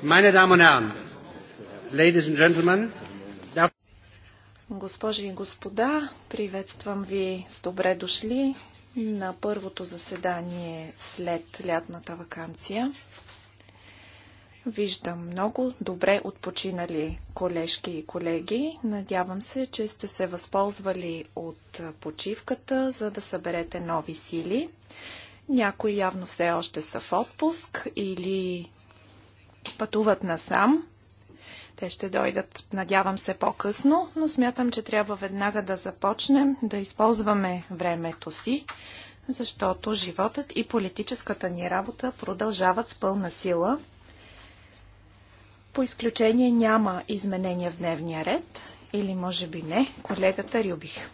Meine Damen und Herren, Ladies and Gentlemen, Госпожи и господа, приветствам ви с добре дошли на първото заседание след лятната вакансия. Виждам много добре отпочинали колежки и колеги. Надявам се, че сте се възползвали от почивката, за да съберете нови сили. Някои явно все още са в отпуск или пътуват насам. Те ще дойдат, надявам се, по-късно, но смятам, че трябва веднага да започнем да използваме времето си, защото животът и политическата ни работа продължават с пълна сила. По изключение няма изменения в дневния ред, или може би не, колегата Рюбих.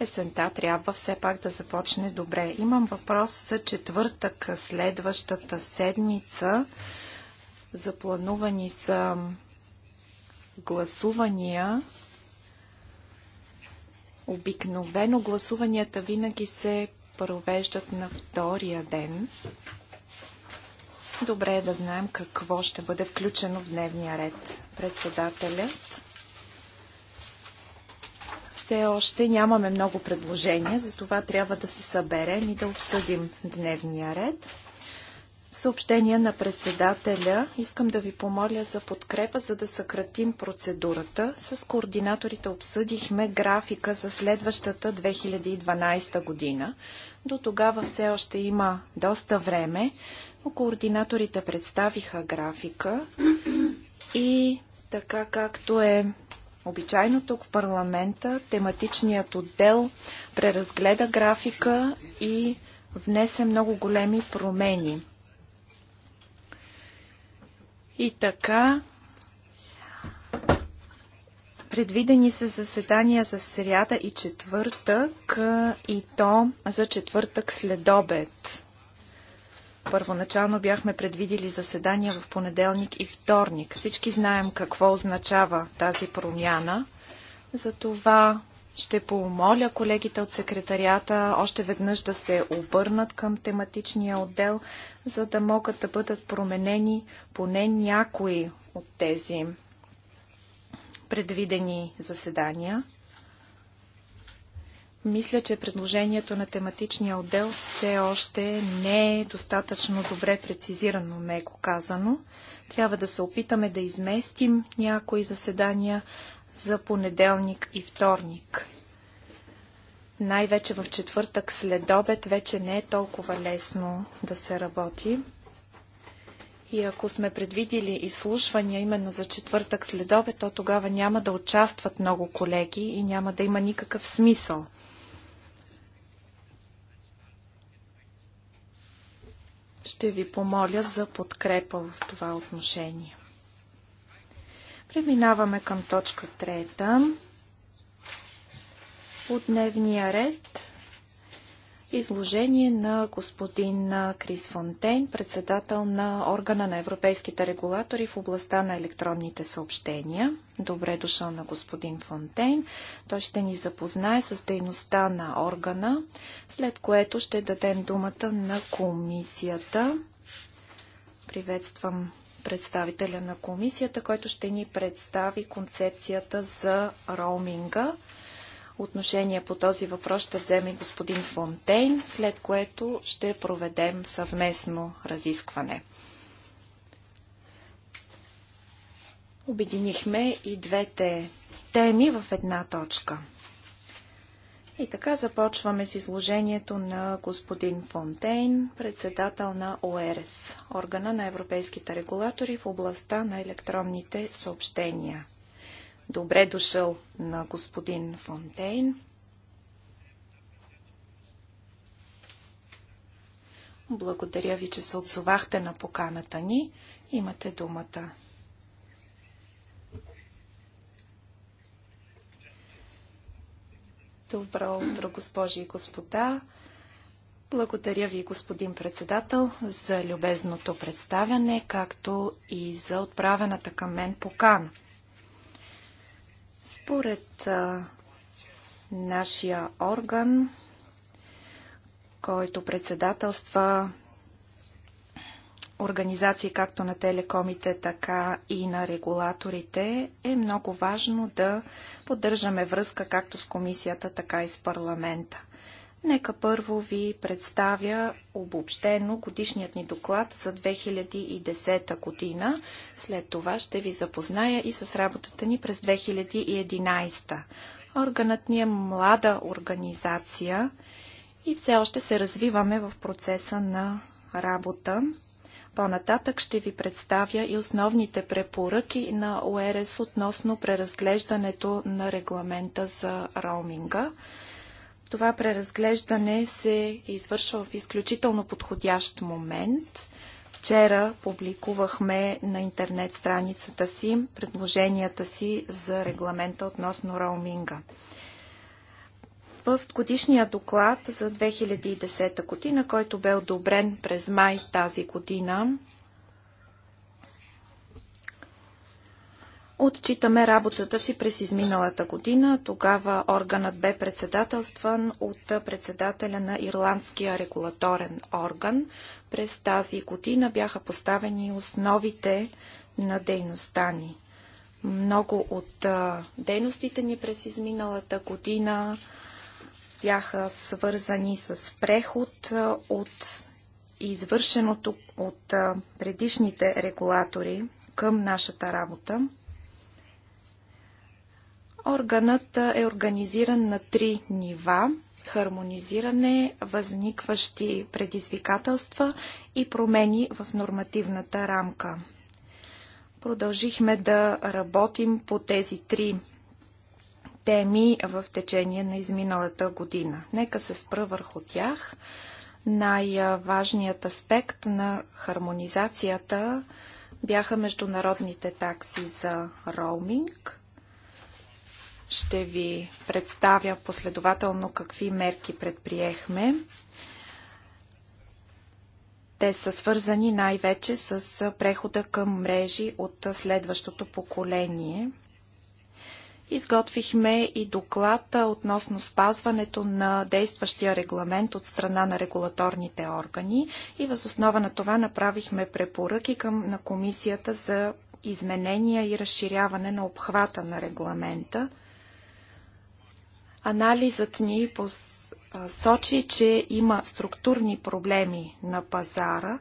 есента трябва все пак да започне добре. Имам въпрос за четвъртък следващата седмица. Запланувани са гласувания. Обикновено гласуванията винаги се провеждат на втория ден. Добре е да знаем какво ще бъде включено в дневния ред. Председателят все още нямаме много предложения, затова трябва да се съберем и да обсъдим дневния ред. Съобщение на председателя. Искам да ви помоля за подкрепа, за да съкратим процедурата. С координаторите обсъдихме графика за следващата 2012 година. До тогава все още има доста време, но координаторите представиха графика и така както е Обичайно тук в парламента тематичният отдел преразгледа графика и внесе много големи промени. И така, предвидени са заседания за сряда и четвъртък и то за четвъртък след обед. Първоначално бяхме предвидили заседания в понеделник и вторник. Всички знаем какво означава тази промяна. Затова ще помоля колегите от секретарията още веднъж да се обърнат към тематичния отдел, за да могат да бъдат променени поне някои от тези предвидени заседания. Мисля, че предложението на тематичния отдел все още не е достатъчно добре прецизирано, меко казано. Трябва да се опитаме да изместим някои заседания за понеделник и вторник. Най-вече в четвъртък след обед вече не е толкова лесно да се работи. И ако сме предвидили изслушвания именно за четвъртък след обед, то тогава няма да участват много колеги и няма да има никакъв смисъл – Ще ви помоля за подкрепа в това отношение. Преминаваме към точка трета. От дневния ред Изложение на господин Крис Фонтейн, председател на органа на европейските регулатори в областта на електронните съобщения. Добре дошъл на господин Фонтейн. Той ще ни запознае с дейността на органа, след което ще дадем думата на комисията. Приветствам представителя на комисията, който ще ни представи концепцията за роуминга – Отношение по този въпрос ще вземе господин Фонтейн, след което ще проведем съвместно разискване. Обединихме и двете теми в една точка. И така започваме с изложението на господин Фонтейн, председател на ОЕРС, органа на европейските регулатори в областта на електронните съобщения. Добре дошъл на господин Фонтейн. Благодаря ви, че се отзовахте на поканата ни. Имате думата. Добро утро, госпожи и господа. Благодаря ви, господин председател, за любезното представяне, както и за отправената към мен покана. Според а, нашия орган, който председателства организации както на телекомите, така и на регулаторите, е много важно да поддържаме връзка както с комисията, така и с парламента. Нека първо ви представя обобщено годишният ни доклад за 2010 година. След това ще ви запозная и с работата ни през 2011. Органът ни е млада организация и все още се развиваме в процеса на работа. По-нататък ще ви представя и основните препоръки на ОРС относно преразглеждането на регламента за роуминга. Това преразглеждане се е извършва в изключително подходящ момент. Вчера публикувахме на интернет страницата си предложенията си за регламента относно роуминга. В годишния доклад за 2010 година, който бе одобрен през май тази година, Отчитаме работата си през изминалата година. Тогава органът бе председателстван от председателя на Ирландския регулаторен орган. През тази година бяха поставени основите на дейността ни. Много от дейностите ни през изминалата година бяха свързани с преход от извършеното от предишните регулатори към нашата работа. Органът е организиран на три нива хармонизиране, възникващи предизвикателства и промени в нормативната рамка. Продължихме да работим по тези три теми в течение на изминалата година. Нека се спра върху тях. Най-важният аспект на хармонизацията бяха международните такси за роуминг – ще ви представя последователно какви мерки предприехме. Те са свързани най-вече с прехода към мрежи от следващото поколение. Изготвихме и доклад относно спазването на действащия регламент от страна на регулаторните органи и възоснова на това направихме препоръки към на комисията за изменения и разширяване на обхвата на регламента. Анализът ни сочи, че има структурни проблеми на пазара,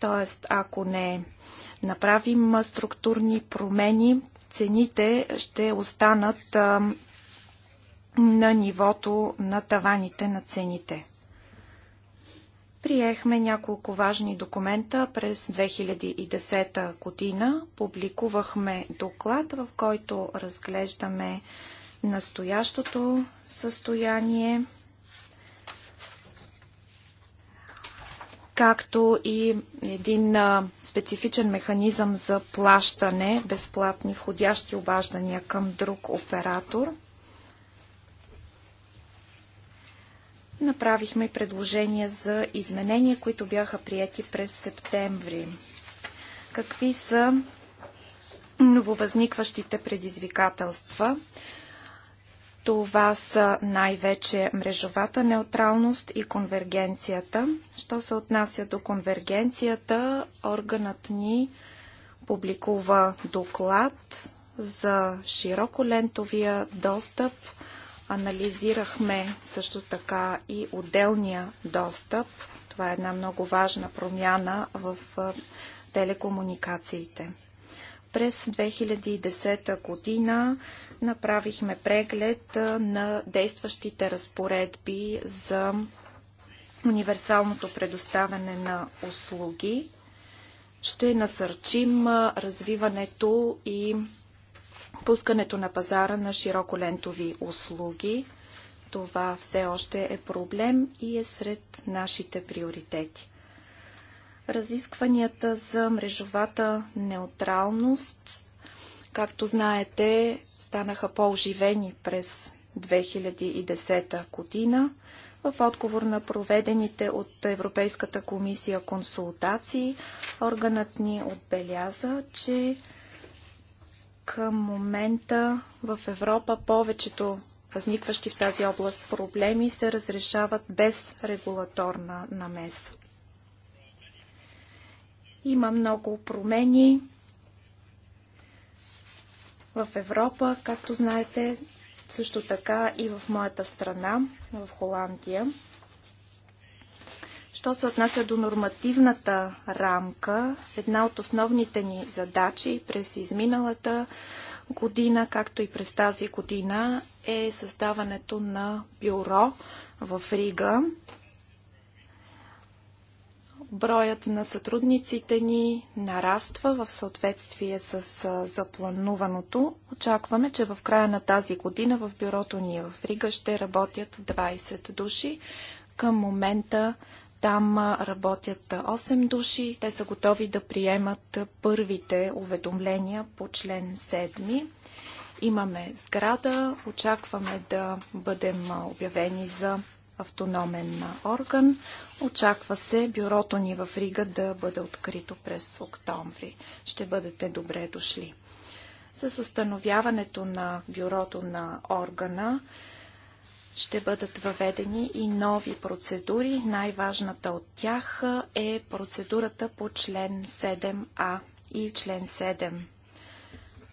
т.е. ако не направим структурни промени, цените ще останат на нивото на таваните на цените. Приехме няколко важни документа през 2010 година. Публикувахме доклад, в който разглеждаме настоящото състояние, както и един специфичен механизъм за плащане, безплатни входящи обаждания към друг оператор. Направихме предложения за изменения, които бяха прияти през септември. Какви са нововъзникващите предизвикателства? Това са най-вече мрежовата неутралност и конвергенцията. Що се отнася до конвергенцията, органът ни публикува доклад за широколентовия достъп. Анализирахме също така и отделния достъп. Това е една много важна промяна в телекомуникациите. През 2010 година направихме преглед на действащите разпоредби за универсалното предоставяне на услуги. Ще насърчим развиването и пускането на пазара на широколентови услуги. Това все още е проблем и е сред нашите приоритети разискванията за мрежовата неутралност, както знаете, станаха по-оживени през 2010 година. В отговор на проведените от Европейската комисия консултации, органът ни отбеляза, че към момента в Европа повечето възникващи в тази област проблеми се разрешават без регулаторна намеса. Има много промени в Европа, както знаете, също така и в моята страна, в Холандия. Що се отнася до нормативната рамка, една от основните ни задачи през изминалата година, както и през тази година, е създаването на бюро в Рига, Броят на сътрудниците ни нараства в съответствие с заплануваното. Очакваме, че в края на тази година в бюрото ни в Рига ще работят 20 души. Към момента там работят 8 души. Те са готови да приемат първите уведомления по член 7. Имаме сграда. Очакваме да бъдем обявени за автономен орган. Очаква се бюрото ни в Рига да бъде открито през октомври. Ще бъдете добре дошли. С установяването на бюрото на органа ще бъдат въведени и нови процедури. Най-важната от тях е процедурата по член 7а и член 7.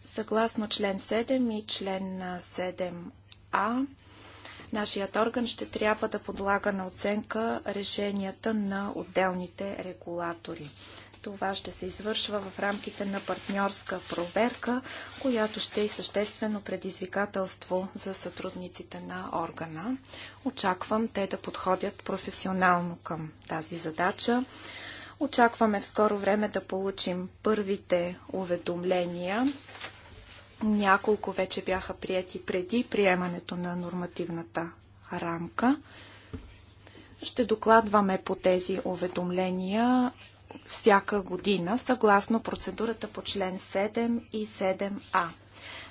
Съгласно член 7 и член 7а, Нашият орган ще трябва да подлага на оценка решенията на отделните регулатори. Това ще се извършва в рамките на партньорска проверка, която ще е съществено предизвикателство за сътрудниците на органа. Очаквам те да подходят професионално към тази задача. Очакваме в скоро време да получим първите уведомления няколко вече бяха прияти преди приемането на нормативната рамка. Ще докладваме по тези уведомления всяка година, съгласно процедурата по член 7 и 7а.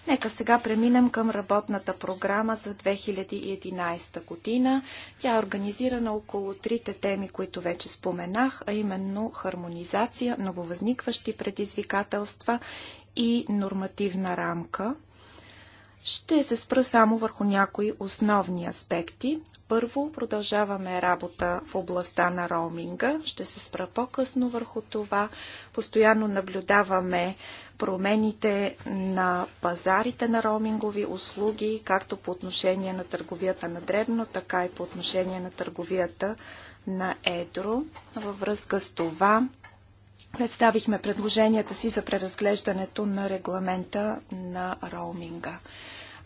Нека сега преминем към работната програма за 2011 година. Тя е организирана около трите теми, които вече споменах, а именно хармонизация, нововъзникващи предизвикателства и нормативна рамка. Ще се спра само върху някои основни аспекти. Първо, продължаваме работа в областта на роуминга. Ще се спра по-късно върху това. Постоянно наблюдаваме промените на пазарите на роумингови услуги, както по отношение на търговията на дребно, така и по отношение на търговията на едро. Във връзка с това представихме предложенията си за преразглеждането на регламента на роуминга.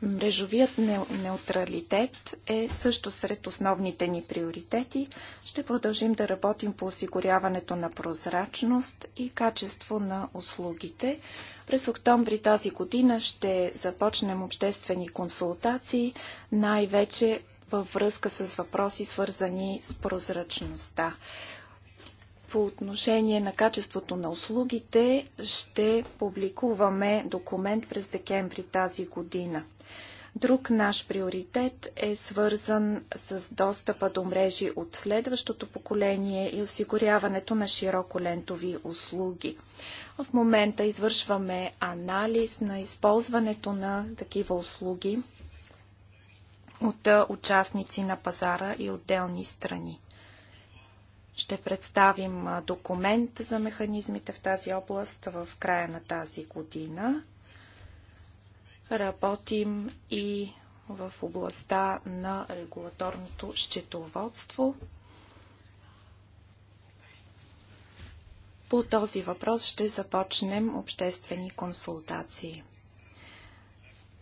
Мрежовият неутралитет е също сред основните ни приоритети. Ще продължим да работим по осигуряването на прозрачност и качество на услугите. През октомври тази година ще започнем обществени консултации, най-вече във връзка с въпроси, свързани с прозрачността. По отношение на качеството на услугите ще публикуваме документ през декември тази година. Друг наш приоритет е свързан с достъпа до мрежи от следващото поколение и осигуряването на широколентови услуги. В момента извършваме анализ на използването на такива услуги от участници на пазара и отделни страни. Ще представим документ за механизмите в тази област в края на тази година. Работим и в областта на регулаторното счетоводство. По този въпрос ще започнем обществени консултации.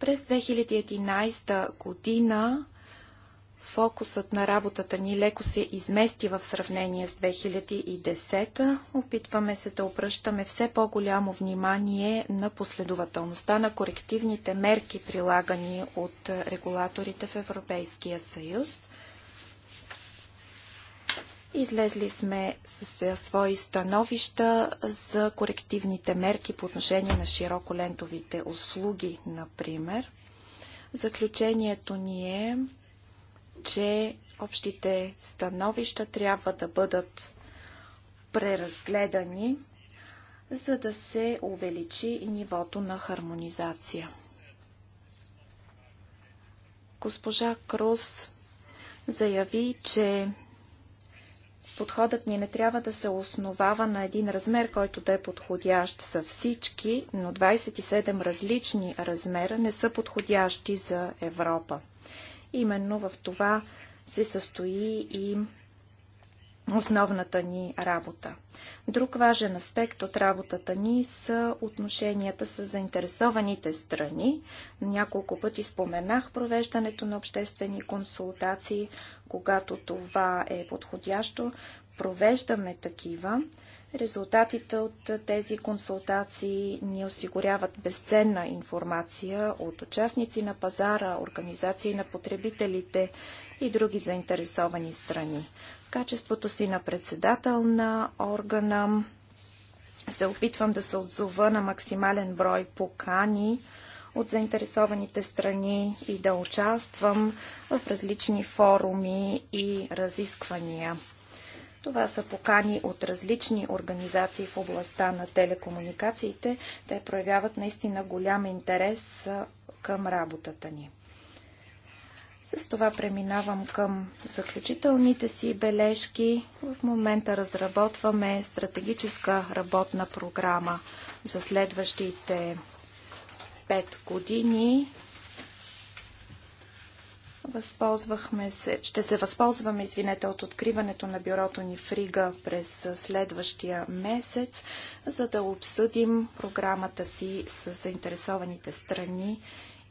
През 2011 година Фокусът на работата ни леко се измести в сравнение с 2010. Опитваме се да обръщаме все по-голямо внимание на последователността на корективните мерки, прилагани от регулаторите в Европейския съюз. Излезли сме с свои становища за корективните мерки по отношение на широколентовите услуги, например. Заключението ни е, че общите становища трябва да бъдат преразгледани, за да се увеличи нивото на хармонизация. Госпожа Крус заяви, че подходът ни не трябва да се основава на един размер, който да е подходящ за всички, но 27 различни размера не са подходящи за Европа. Именно в това се състои и основната ни работа. Друг важен аспект от работата ни са отношенията с заинтересованите страни. Няколко пъти споменах провеждането на обществени консултации, когато това е подходящо. Провеждаме такива. Резултатите от тези консултации ни осигуряват безценна информация от участници на пазара, организации на потребителите и други заинтересовани страни. В качеството си на председател на органа се опитвам да се отзова на максимален брой покани от заинтересованите страни и да участвам в различни форуми и разисквания. Това са покани от различни организации в областта на телекомуникациите. Те проявяват наистина голям интерес към работата ни. С това преминавам към заключителните си бележки. В момента разработваме стратегическа работна програма за следващите 5 години. Възползвахме се, ще се възползваме, извинете, от откриването на бюрото ни в Рига през следващия месец, за да обсъдим програмата си с заинтересованите страни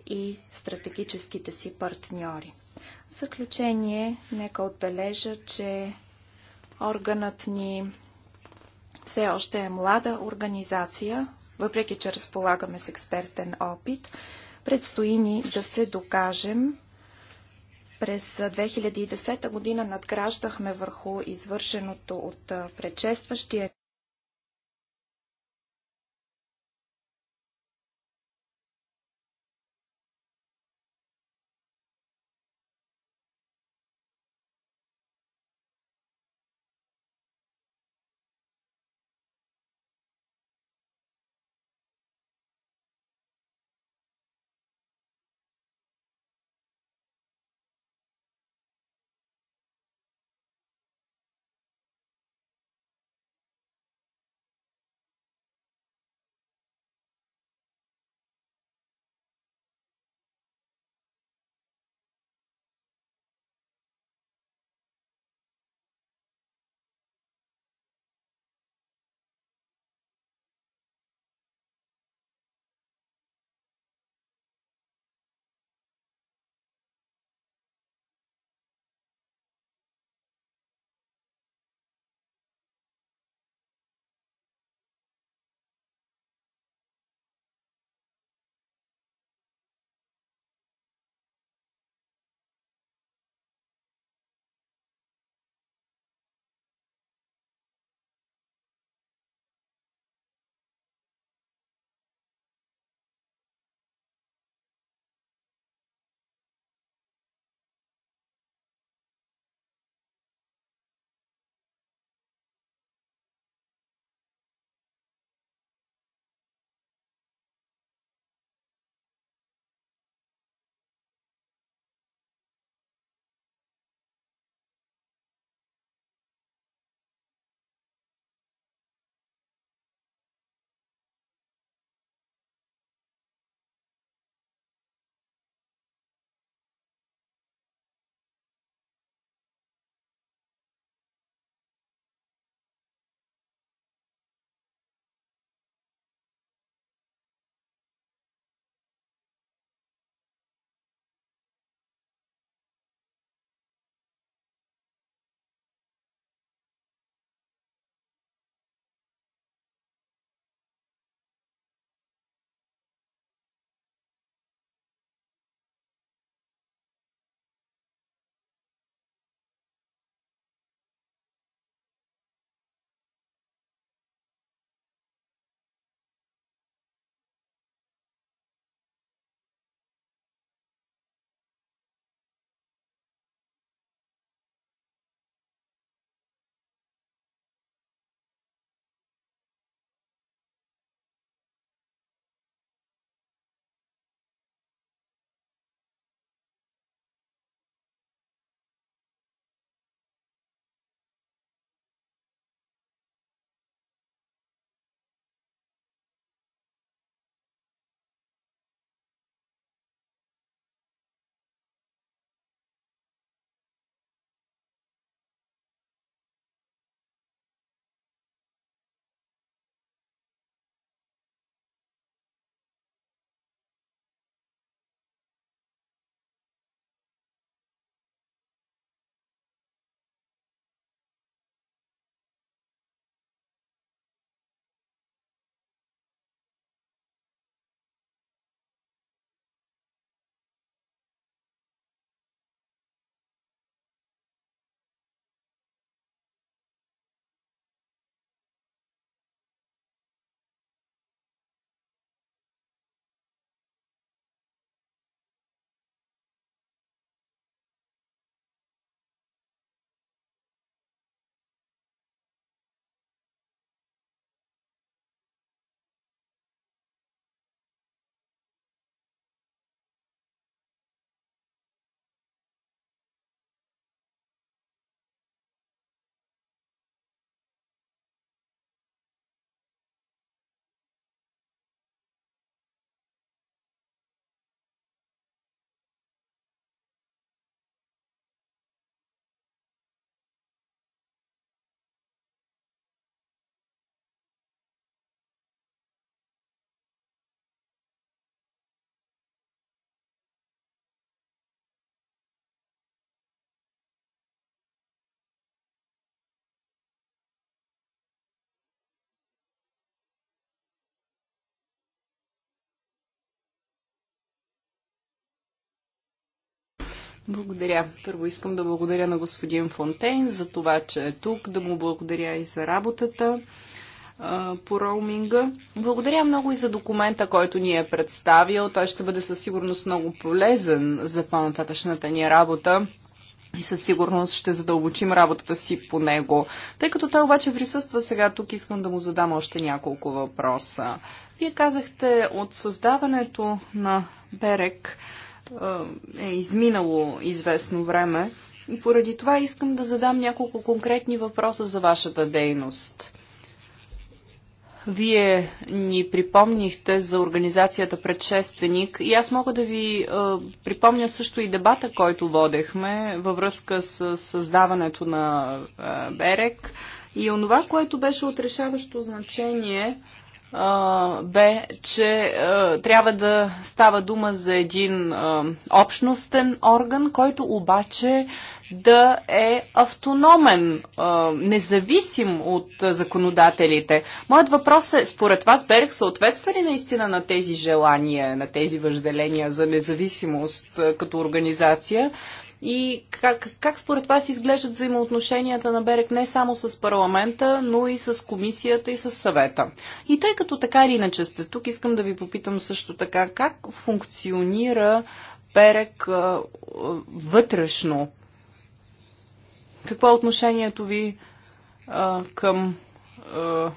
и стратегическите си партньори. В заключение, нека отбележа, че органът ни все още е млада организация, въпреки че разполагаме с експертен опит. Предстои ни да се докажем през 2010 година надграждахме върху извършеното от предшестващия Благодаря. Първо искам да благодаря на господин Фонтейн за това, че е тук, да му благодаря и за работата по роуминга. Благодаря много и за документа, който ни е представил. Той ще бъде със сигурност много полезен за по-нататъчната ни работа и със сигурност ще задълбочим работата си по него. Тъй като той обаче присъства сега тук, искам да му задам още няколко въпроса. Вие казахте от създаването на Берек, е, е изминало известно време. И поради това искам да задам няколко конкретни въпроса за вашата дейност. Вие ни припомнихте за организацията предшественик и аз мога да ви е, припомня също и дебата, който водехме във връзка с създаването на е, БЕРЕК и онова, което беше отрешаващо значение – бе, че трябва да става дума за един общностен орган, който обаче да е автономен, независим от законодателите. Моят въпрос е, според вас Берг съответства ли наистина на тези желания, на тези въжделения за независимост като организация? и как, как според вас изглеждат взаимоотношенията на Берек не само с парламента, но и с комисията и с съвета. И тъй като така или иначе сте тук, искам да ви попитам също така как функционира Берек а, вътрешно. Какво е отношението ви а, към а,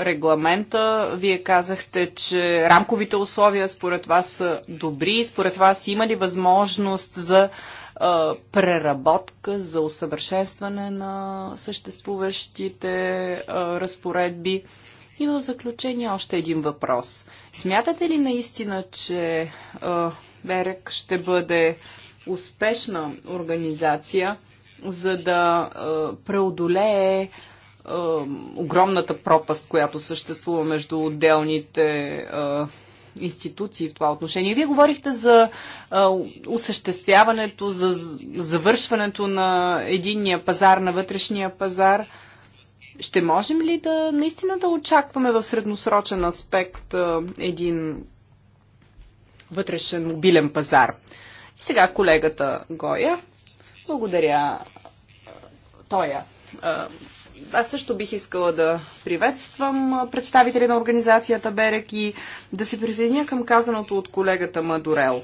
регламента. Вие казахте, че рамковите условия според вас са добри. Според вас има ли възможност за а, преработка, за усъвършенстване на съществуващите а, разпоредби? И в заключение още един въпрос. Смятате ли наистина, че а, Берек ще бъде успешна организация, за да а, преодолее огромната пропаст, която съществува между отделните а, институции в това отношение. Вие говорихте за а, осъществяването, за завършването на единния пазар, на вътрешния пазар. Ще можем ли да наистина да очакваме в средносрочен аспект а, един вътрешен мобилен пазар? И сега колегата Гоя. Благодаря. Тоя. А, аз също бих искала да приветствам представители на организацията Берек и да се присъединя към казаното от колегата Мадорел.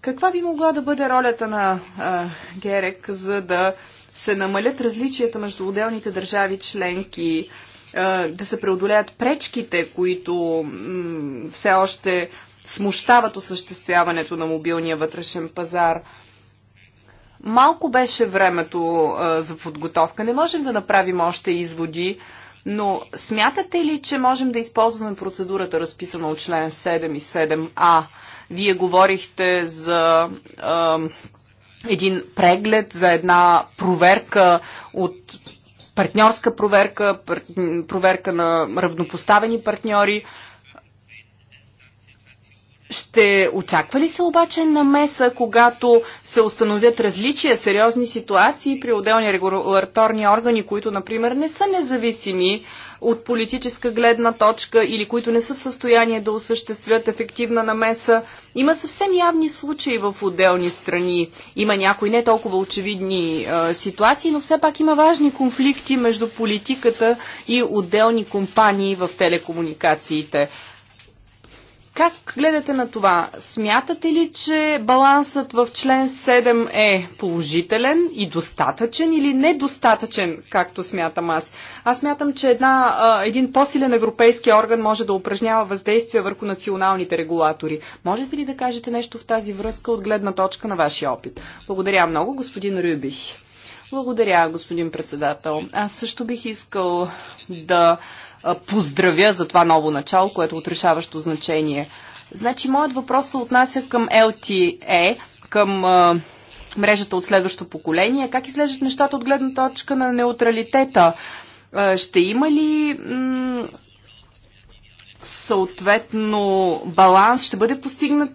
Каква би могла да бъде ролята на а, Герек, за да се намалят различията между отделните държави членки, а, да се преодолеят пречките, които все още смущават осъществяването на мобилния вътрешен пазар? Малко беше времето а, за подготовка. Не можем да направим още изводи, но смятате ли, че можем да използваме процедурата, разписана от член 7 и 7а? Вие говорихте за а, един преглед, за една проверка от партньорска проверка, проверка на равнопоставени партньори. Ще очаква ли се обаче намеса, когато се установят различия, сериозни ситуации при отделни регулаторни органи, които, например, не са независими от политическа гледна точка или които не са в състояние да осъществят ефективна намеса? Има съвсем явни случаи в отделни страни. Има някои не толкова очевидни е, ситуации, но все пак има важни конфликти между политиката и отделни компании в телекомуникациите. Как гледате на това? Смятате ли, че балансът в член 7 е положителен и достатъчен или недостатъчен, както смятам аз? Аз смятам, че една, един по-силен европейски орган може да упражнява въздействие върху националните регулатори. Можете ли да кажете нещо в тази връзка от гледна точка на вашия опит? Благодаря много, господин Рюбих. Благодаря, господин председател. Аз също бих искал да поздравя за това ново начало, което е отрешаващо значение. Значи, моят въпрос се отнася към LTE, е, към а, мрежата от следващото поколение. Как излежат нещата от гледна точка на неутралитета? А, ще има ли съответно баланс, ще бъде постигнат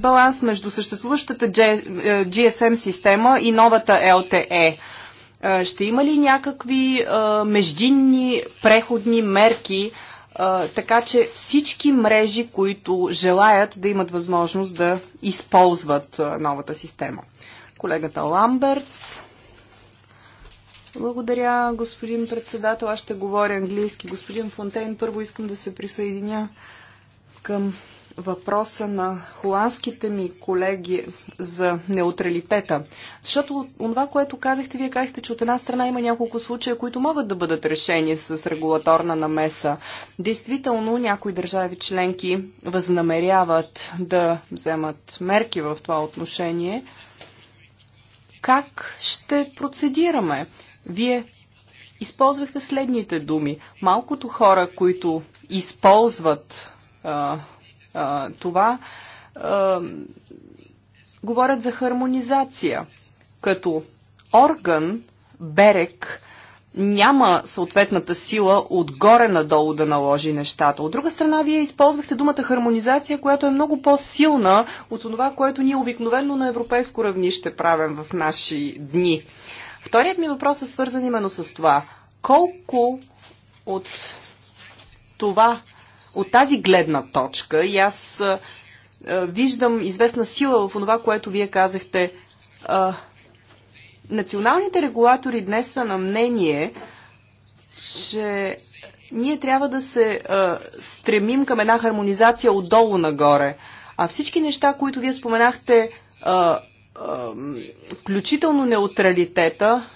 баланс между съществуващата GSM система и новата LTE? Ще има ли някакви междинни преходни мерки, така че всички мрежи, които желаят да имат възможност да използват новата система? Колегата Ламбертс. Благодаря, господин председател. Аз ще говоря английски. Господин Фонтейн, първо искам да се присъединя към въпроса на холандските ми колеги за неутралитета. Защото това, което казахте, вие казахте, че от една страна има няколко случая, които могат да бъдат решени с регулаторна намеса. Действително, някои държави членки възнамеряват да вземат мерки в това отношение. Как ще процедираме? Вие използвахте следните думи. Малкото хора, които използват а, това, а, говорят за хармонизация. Като орган, Берег няма съответната сила отгоре надолу да наложи нещата. От друга страна, вие използвахте думата хармонизация, която е много по-силна от това, което ние обикновено на европейско равнище правим в наши дни. Вторият ми въпрос е свързан именно с това. Колко от това от тази гледна точка и аз виждам известна сила в това, което вие казахте. Националните регулатори днес са на мнение, че ние трябва да се стремим към една хармонизация отдолу нагоре. А всички неща, които вие споменахте, включително неутралитета,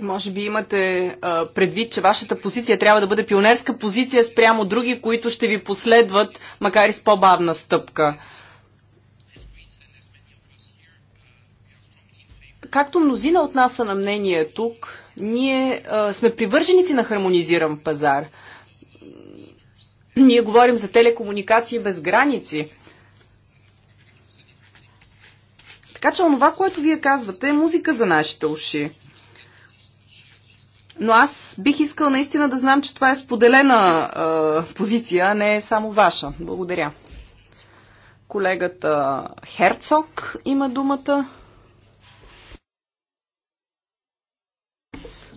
може би имате а, предвид, че вашата позиция трябва да бъде пионерска позиция спрямо други, които ще ви последват, макар и с по-бавна стъпка. Както мнозина от нас са на мнение тук, ние а, сме привърженици на хармонизиран пазар. Ние говорим за телекомуникации без граници. Така че онова, което вие казвате, е музика за нашите уши. Но аз бих искал наистина да знам, че това е споделена а, позиция, а не е само ваша. Благодаря. Колегата Херцог има думата.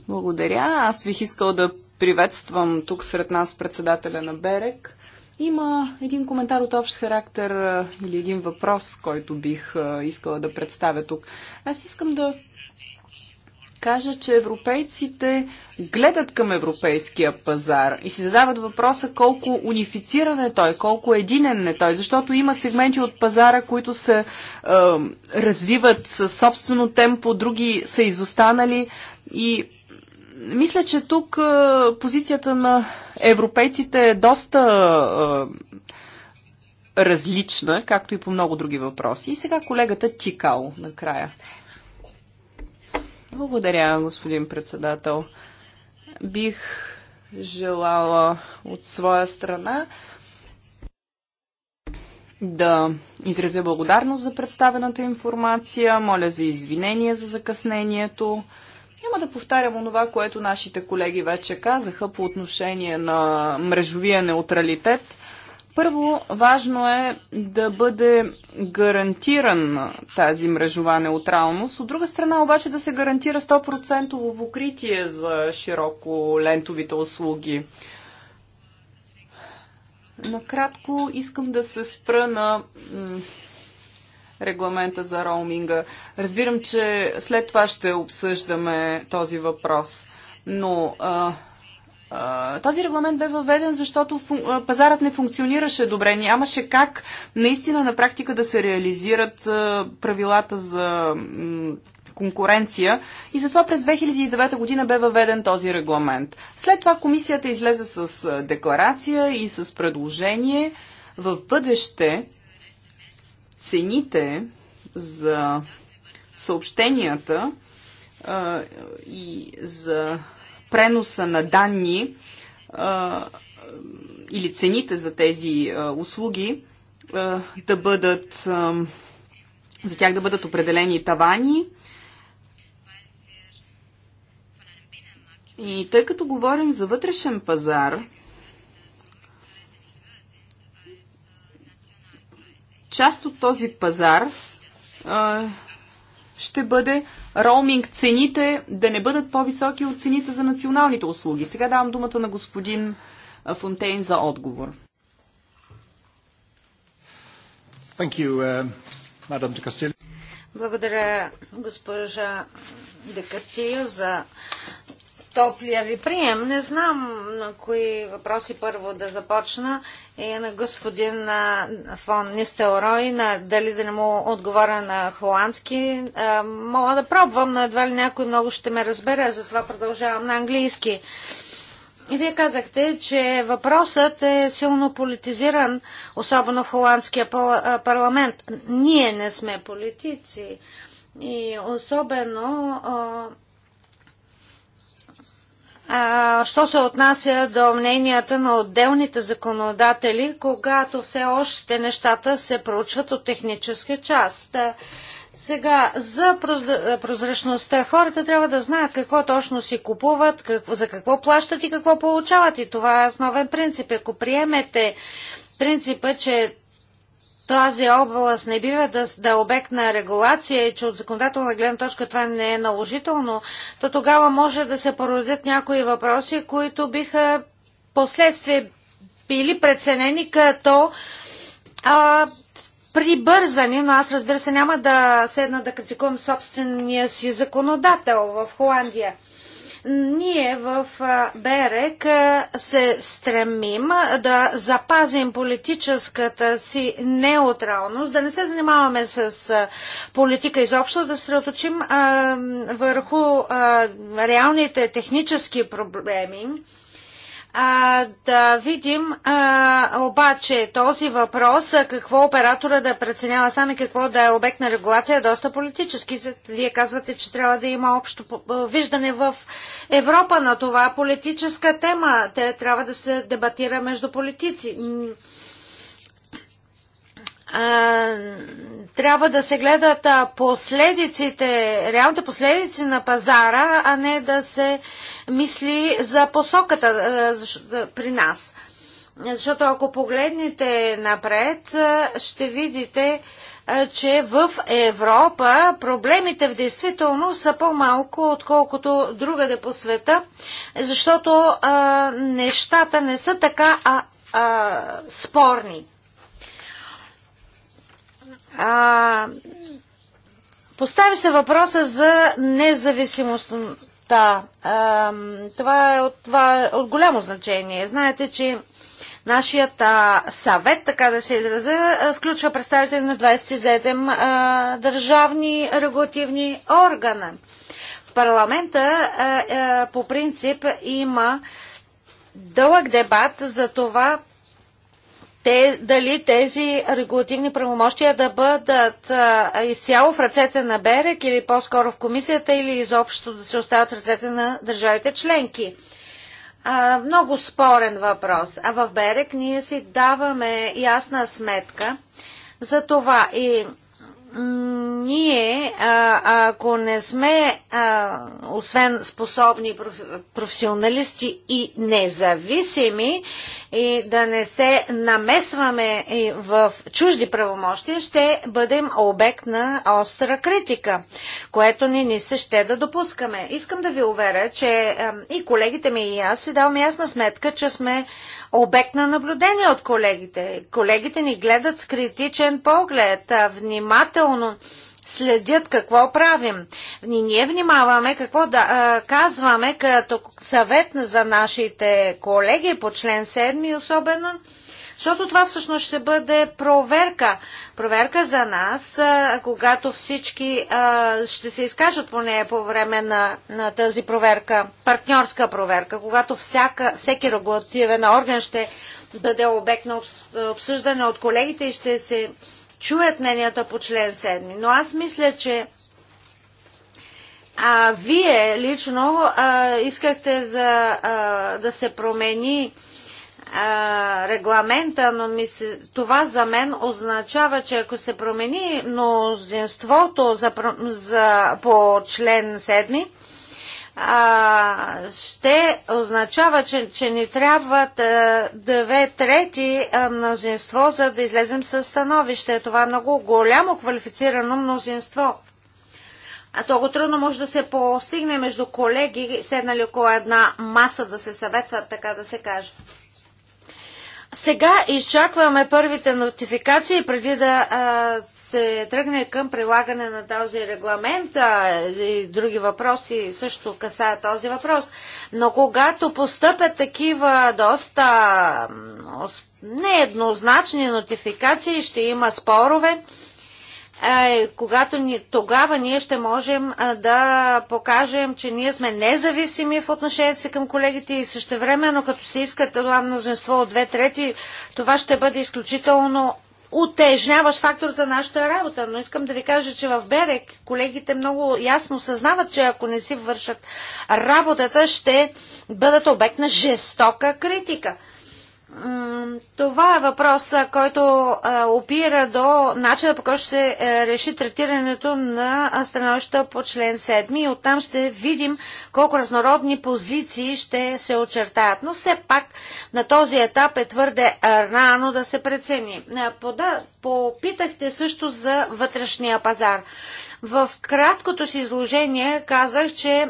Благодаря. Аз бих искал да приветствам тук сред нас председателя на Берек. Има един коментар от общ характер или един въпрос, който бих искала да представя тук. Аз искам да кажа, че европейците гледат към европейския пазар и си задават въпроса колко унифициран е той, колко единен е той, защото има сегменти от пазара, които се е, развиват със собствено темпо, други са изостанали и мисля, че тук е, позицията на европейците е доста е, различна, както и по много други въпроси. И сега колегата Тикал накрая. Благодаря, господин председател. Бих желала от своя страна да изразя благодарност за представената информация, моля за извинение за закъснението. Няма да повтарям онова, което нашите колеги вече казаха по отношение на мрежовия неутралитет – първо, важно е да бъде гарантиран тази мрежова неутралност. От друга страна, обаче, да се гарантира 100% покритие за широко лентовите услуги. Накратко искам да се спра на регламента за роуминга. Разбирам, че след това ще обсъждаме този въпрос, но а, този регламент бе въведен, защото пазарът не функционираше добре. Нямаше как наистина на практика да се реализират правилата за конкуренция и затова през 2009 година бе въведен този регламент. След това комисията излезе с декларация и с предложение в бъдеще цените за съобщенията и за преноса на данни а, или цените за тези а, услуги а, да бъдат а, за тях да бъдат определени тавани. И тъй като говорим за вътрешен пазар, част от този пазар а, ще бъде роуминг цените да не бъдат по-високи от цените за националните услуги. Сега давам думата на господин Фонтейн за отговор. Thank you, uh, Благодаря, госпожа Декастио, за топлия ви прием. Не знам на кои въпроси първо да започна. И на господин фон Нистелрой, на, дали да не му отговоря на холандски. А, мога да пробвам, но едва ли някой много ще ме разбере, затова продължавам на английски. И Вие казахте, че въпросът е силно политизиран, особено в холандския парламент. Ние не сме политици. И особено а, що се отнася до мненията на отделните законодатели, когато все още нещата се проучват от техническа част. Сега, за прозрачността хората трябва да знаят какво точно си купуват, за какво плащат и какво получават. И това е основен принцип. Ако приемете принципа, че тази област не бива да, да е обект на регулация и че от законодателна гледна точка това не е наложително, то тогава може да се породят някои въпроси, които биха последствие били преценени като а, прибързани, но аз разбира се няма да седна да критикувам собствения си законодател в Холандия. Ние в Берек се стремим да запазим политическата си неутралност, да не се занимаваме с политика изобщо, да средоточим върху реалните технически проблеми а, да видим а, обаче този въпрос, а какво оператора да преценява сам и какво да е обект на регулация, е доста политически. Вие казвате, че трябва да има общо виждане в Европа на това политическа тема. Те трябва да се дебатира между политици трябва да се гледат последиците, реалните последици на пазара, а не да се мисли за посоката при нас. Защото ако погледнете напред, ще видите, че в Европа проблемите в действително са по-малко, отколкото другаде по света, защото нещата не са така а, а, спорни. А, постави се въпроса за независимостта. А, това е от, това, е от голямо значение. Знаете, че нашият а, съвет, така да се изразя, включва представители на 27 а, държавни регулативни органа. В парламента а, а, по принцип има дълъг дебат за това те, дали тези регулативни правомощия да бъдат а, изцяло в ръцете на Берек или по-скоро в комисията или изобщо да се остават в ръцете на държавите членки. А, много спорен въпрос. А в Берек ние си даваме ясна сметка за това и ние, а, ако не сме, а, освен способни професионалисти и независими, и да не се намесваме в чужди правомощия, ще бъдем обект на остра критика, което ни ни се ще да допускаме. Искам да ви уверя, че а, и колегите ми и аз си даваме ясна сметка, че сме обект на наблюдение от колегите. Колегите ни гледат с критичен поглед, внимателно внимателно следят какво правим. Ни ние внимаваме какво да а, казваме като съвет за нашите колеги по член 7 особено, защото това всъщност ще бъде проверка. Проверка за нас, а, когато всички а, ще се изкажат по нея по време на, на тази проверка, партньорска проверка, когато всяка, всеки регулативен орган ще бъде обект на обсъждане от колегите и ще се чуят мненията по член 7. Но аз мисля, че а, вие лично а, искахте за, а, да се промени а, регламента, но мисля, това за мен означава, че ако се промени мнозинството за, за, по член 7, а, ще означава, че, че ни трябват две трети мнозинство, за да излезем със становище. Това е много голямо квалифицирано мнозинство. А то го трудно може да се постигне между колеги, седнали около една маса да се съветват, така да се каже. Сега изчакваме първите нотификации преди да а, се тръгне към прилагане на този регламент а, и други въпроси също касаят този въпрос. Но когато постъпят такива доста нееднозначни нотификации, ще има спорове, а, когато ни, тогава ние ще можем а, да покажем, че ние сме независими в отношението си към колегите и същевременно като се иска това мнозинство от две трети, това ще бъде изключително отежняваш фактор за нашата работа. Но искам да ви кажа, че в Берек колегите много ясно съзнават, че ако не си вършат работата, ще бъдат обект на жестока критика. Това е въпрос, който опира до начина по който ще се реши третирането на становища по член 7 и оттам ще видим колко разнородни позиции ще се очертаят. Но все пак на този етап е твърде рано да се прецени. Попитахте също за вътрешния пазар. В краткото си изложение казах, че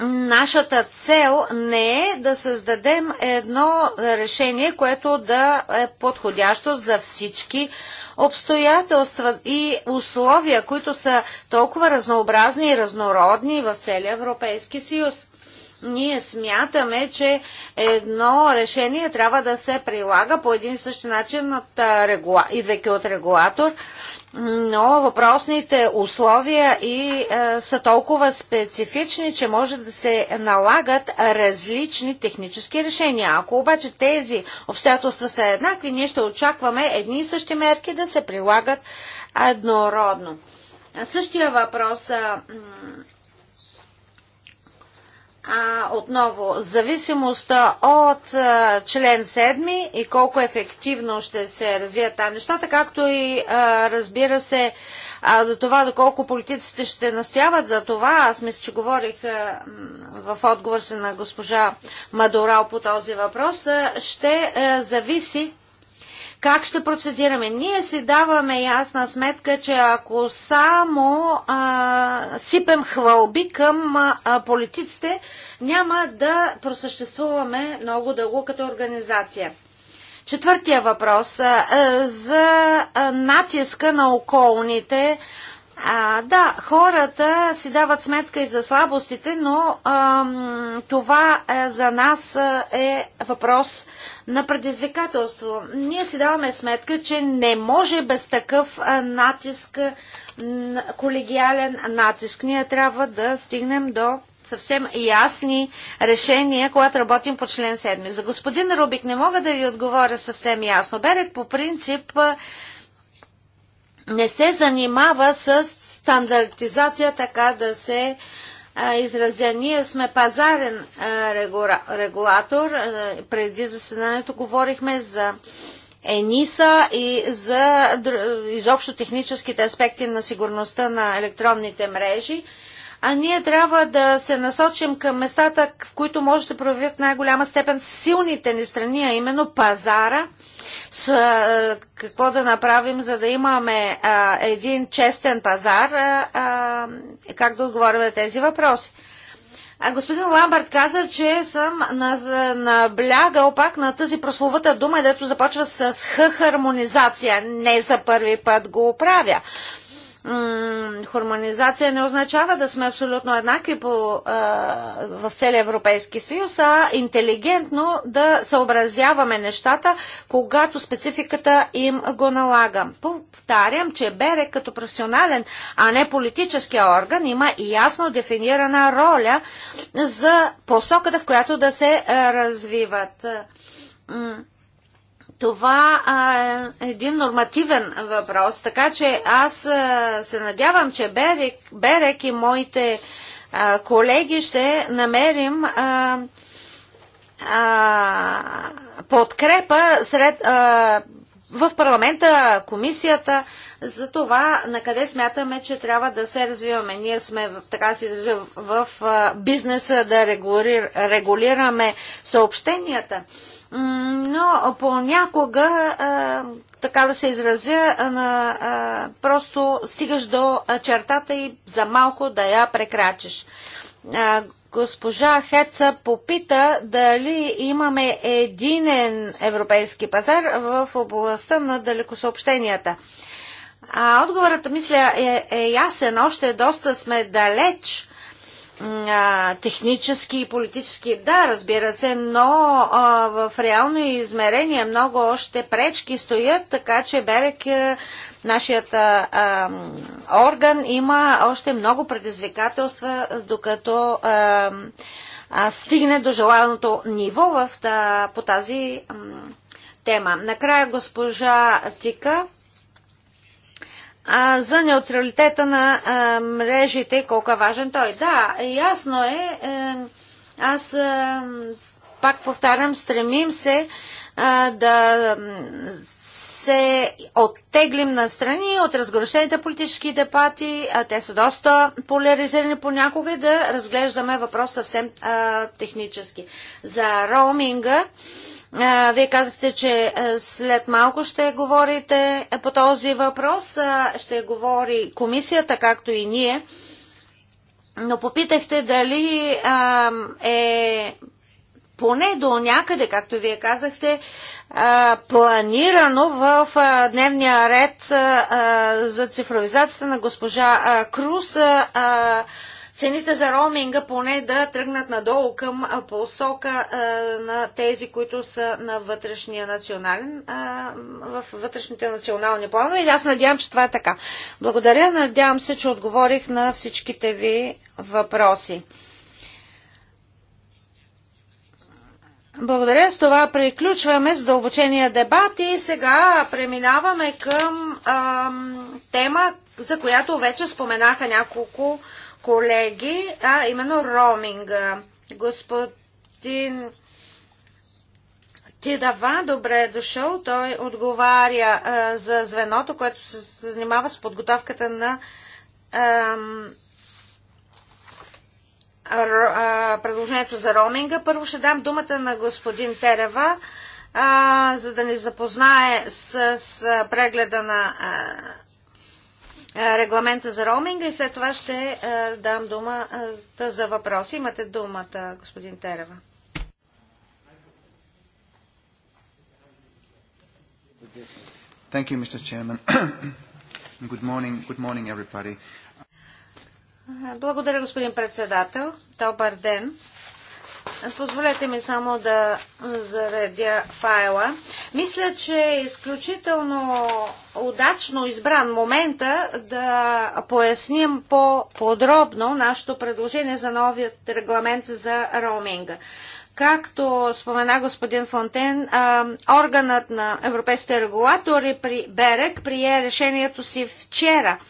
Нашата цел не е да създадем едно решение, което да е подходящо за всички обстоятелства и условия, които са толкова разнообразни и разнородни в целия Европейски съюз. Ние смятаме, че едно решение трябва да се прилага по един и същи начин, от, идвайки от регулатор но въпросните условия и е, са толкова специфични, че може да се налагат различни технически решения. Ако обаче тези обстоятелства са еднакви, ние ще очакваме едни и същи мерки да се прилагат еднородно. Същия въпрос Е, а, отново, зависимостта от а, член 7 и колко ефективно ще се развият там нещата, както и а, разбира се а, до това, доколко политиците ще настояват за това. Аз мисля, че говорих а, в отговор се на госпожа Мадорал по този въпрос. А, ще а, зависи как ще процедираме? Ние си даваме ясна сметка, че ако само а, сипем хвалби към а, политиците, няма да просъществуваме много дълго като организация. Четвъртия въпрос а, за натиска на околните а, да, хората си дават сметка и за слабостите, но ам, това е, за нас е, е въпрос на предизвикателство. Ние си даваме сметка, че не може без такъв е, натиск, колегиален натиск. Ние трябва да стигнем до съвсем ясни решения, когато работим по член 7. За господин Рубик не мога да ви отговоря съвсем ясно. Берег по принцип е, не се занимава с стандартизация, така да се а, изразя. Ние сме пазарен а, регура, регулатор. А, преди заседанието говорихме за ЕНИСА и за изобщо техническите аспекти на сигурността на електронните мрежи а ние трябва да се насочим към местата, в които може да проявят най-голяма степен силните ни страни, а именно пазара, с, а, какво да направим, за да имаме а, един честен пазар, а, как да отговорим на тези въпроси. А господин Ламбард каза, че съм наблягал пак на тази прословата дума, дето започва с хармонизация. Не за първи път го правя хормонизация не означава да сме абсолютно еднакви по, а, в целия Европейски съюз, а интелигентно да съобразяваме нещата, когато спецификата им го налага. Повтарям, че БЕРЕ като професионален, а не политически орган, има и ясно дефинирана роля за посоката, в която да се развиват. Това е един нормативен въпрос, така че аз се надявам, че Берек, Берек и моите колеги ще намерим подкрепа сред в парламента, комисията, за това на къде смятаме, че трябва да се развиваме. Ние сме, така си в бизнеса да регулираме съобщенията но понякога, така да се изразя, просто стигаш до чертата и за малко да я прекрачиш. Госпожа Хеца попита дали имаме единен европейски пазар в областта на далекосъобщенията. А отговорът, мисля, е, е ясен. Още доста сме далеч а, технически и политически, да, разбира се, но а, в реално измерение много още пречки стоят, така че Берек, е, нашият а, орган, има още много предизвикателства, докато а, а, стигне до желаното ниво в, та, по тази а, тема. Накрая госпожа Тика а, за неутралитета на а, мрежите колко е важен той. Да, ясно е. е аз а, е, пак повтарям, стремим се а, да се оттеглим настрани от разгрушените политически дебати, а те са доста поляризирани понякога, да разглеждаме въпрос съвсем а, технически. За роуминга. А, вие казахте, че след малко ще говорите по този въпрос. Ще говори комисията, както и ние. Но попитахте дали е поне до някъде, както вие казахте, планирано в дневния ред за цифровизацията на госпожа Круса цените за роуминга поне да тръгнат надолу към посока на тези, които са на вътрешния национален, в вътрешните национални планове. И аз надявам, че това е така. Благодаря, надявам се, че отговорих на всичките ви въпроси. Благодаря. С това приключваме с дълбочения дебат и сега преминаваме към ам, тема, за която вече споменаха няколко колеги, а именно роуминга. Господин Тидава, добре е дошъл. Той отговаря а, за звеното, което се занимава с подготовката на ам, а, предложението за роуминга. Първо ще дам думата на господин Терева, а, за да ни запознае с, с прегледа на а, е, регламента за роуминга и след това ще е, дам думата за въпроси. Имате думата, господин Терева. Thank you, Mr. Chairman. Good morning, good morning everybody. Благодаря, господин председател. Добър ден. Позволете ми само да заредя файла. Мисля, че е изключително удачно избран момента да поясним по-подробно нашето предложение за новият регламент за роуминга. Както спомена господин Фонтен, органът на европейските регулатори при БЕРЕК прие решението си вчера –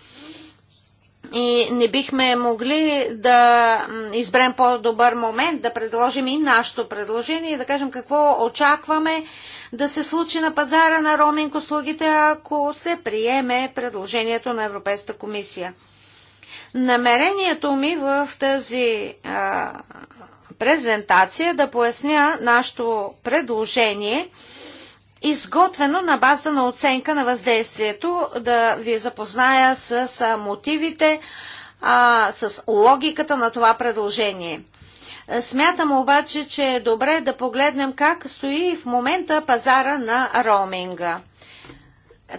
и не бихме могли да изберем по-добър момент да предложим и нашето предложение и да кажем какво очакваме да се случи на пазара на роуминг услугите, ако се приеме предложението на Европейската комисия. Намерението ми в тази а, презентация е да поясня нашето предложение – изготвено на база на оценка на въздействието, да ви запозная с, мотивите, с логиката на това предложение. Смятам обаче, че е добре да погледнем как стои в момента пазара на роуминга.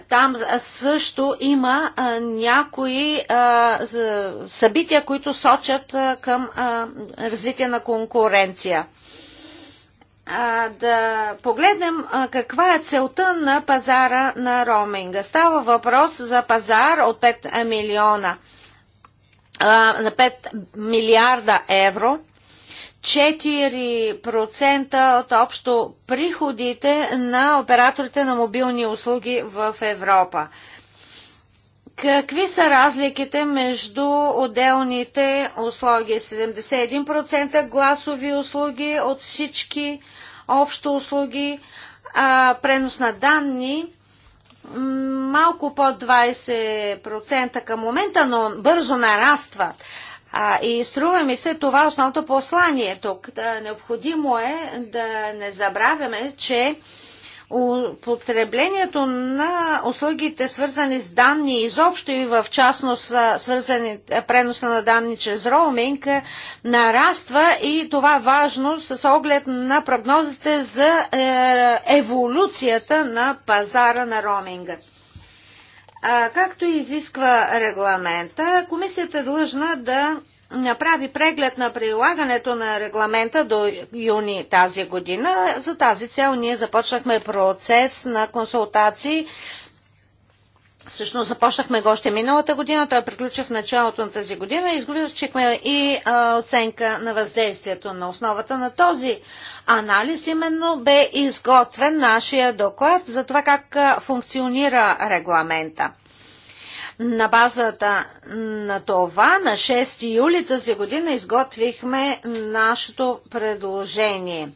Там също има някои събития, които сочат към развитие на конкуренция да погледнем каква е целта на пазара на роуминга. Става въпрос за пазар от 5 милиона, на 5 милиарда евро. 4% от общо приходите на операторите на мобилни услуги в Европа. Какви са разликите между отделните услуги? 71% гласови услуги от всички общо услуги, а, пренос на данни, малко под 20% към момента, но бързо нарастват. А, и струва ми се това основното послание тук. Да, необходимо е да не забравяме, че Употреблението на услугите, свързани с данни, изобщо и в частност свързани, преноса на данни чрез роуминг, нараства и това важно с оглед на прогнозите за е, еволюцията на пазара на роуминга. Както изисква регламента, комисията е длъжна да направи преглед на прилагането на регламента до юни тази година. За тази цел ние започнахме процес на консултации. Всъщност започнахме го още миналата година, той приключи в началото на тази година. Изключихме и а, оценка на въздействието на основата на този анализ. Именно бе изготвен нашия доклад за това как функционира регламента. На базата на това на 6 юли тази година изготвихме нашето предложение.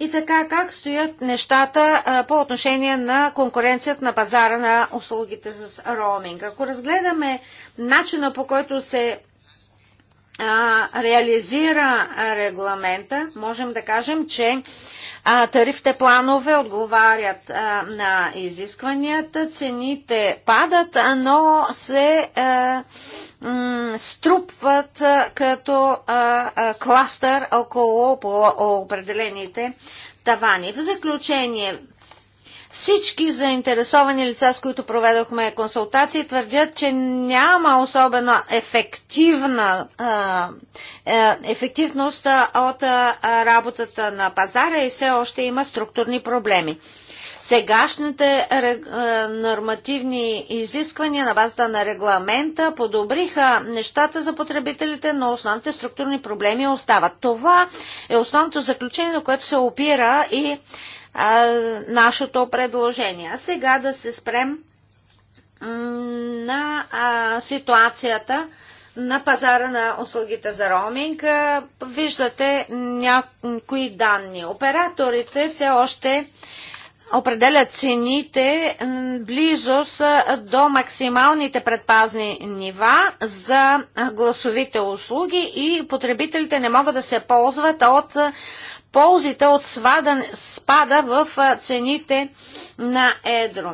И така как стоят нещата по отношение на конкуренцията на пазара на услугите с роуминг. Ако разгледаме начина по който се реализира регламента, можем да кажем, че тарифте планове отговарят на изискванията, цените падат, но се е, струпват като кластър около определените тавани. В заключение, всички заинтересовани лица, с които проведохме консултации, твърдят, че няма особена ефективна е, ефективност от работата на пазара и все още има структурни проблеми. Сегашните е, е, нормативни изисквания на базата на регламента подобриха нещата за потребителите, но основните структурни проблеми остават. Това е основното заключение, на което се опира и а, нашето предложение. А сега да се спрем на а, ситуацията на пазара на услугите за роуминг. Виждате някои данни. Операторите все още определят цените близост до максималните предпазни нива за гласовите услуги и потребителите не могат да се ползват от ползите от свада, спада в цените на едро.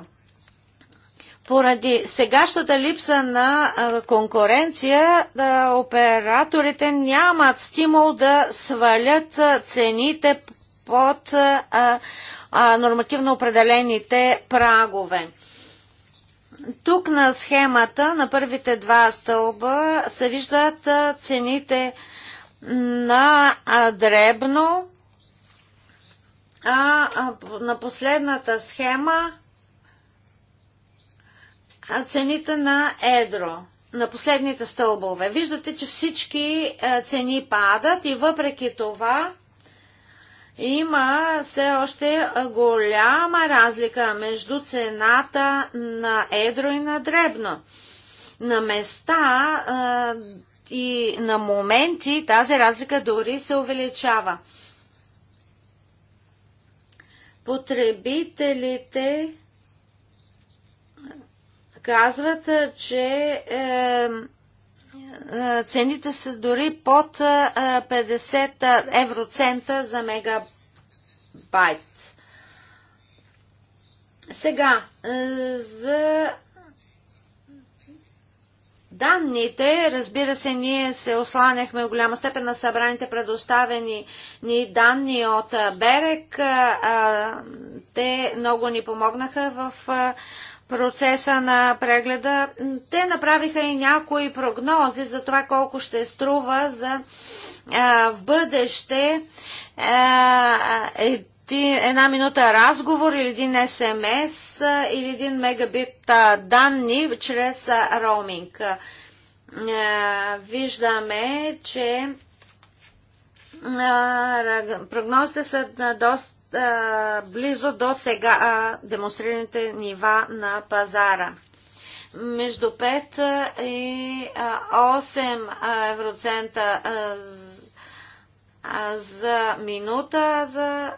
Поради сегашната липса на конкуренция, операторите нямат стимул да свалят цените под а, а, нормативно определените прагове. Тук на схемата, на първите два стълба, се виждат цените на дребно, а на последната схема цените на едро на последните стълбове. Виждате, че всички цени падат и въпреки това има все още голяма разлика между цената на едро и на дребно. На места и на моменти тази разлика дори се увеличава. Потребителите казват, че е, цените са дори под 50 евроцента за мегабайт. Сега, за данните, разбира се, ние се осланяхме в голяма степен на събраните предоставени ни данни от Берек. Те много ни помогнаха в процеса на прегледа. Те направиха и някои прогнози за това колко ще струва за а, в бъдеще а, една минута разговор или един СМС или един мегабит а, данни чрез а, роуминг. А, виждаме, че прогнозите са доста близо до сега демонстрираните нива на пазара. Между 5 и 8 евроцента за минута за,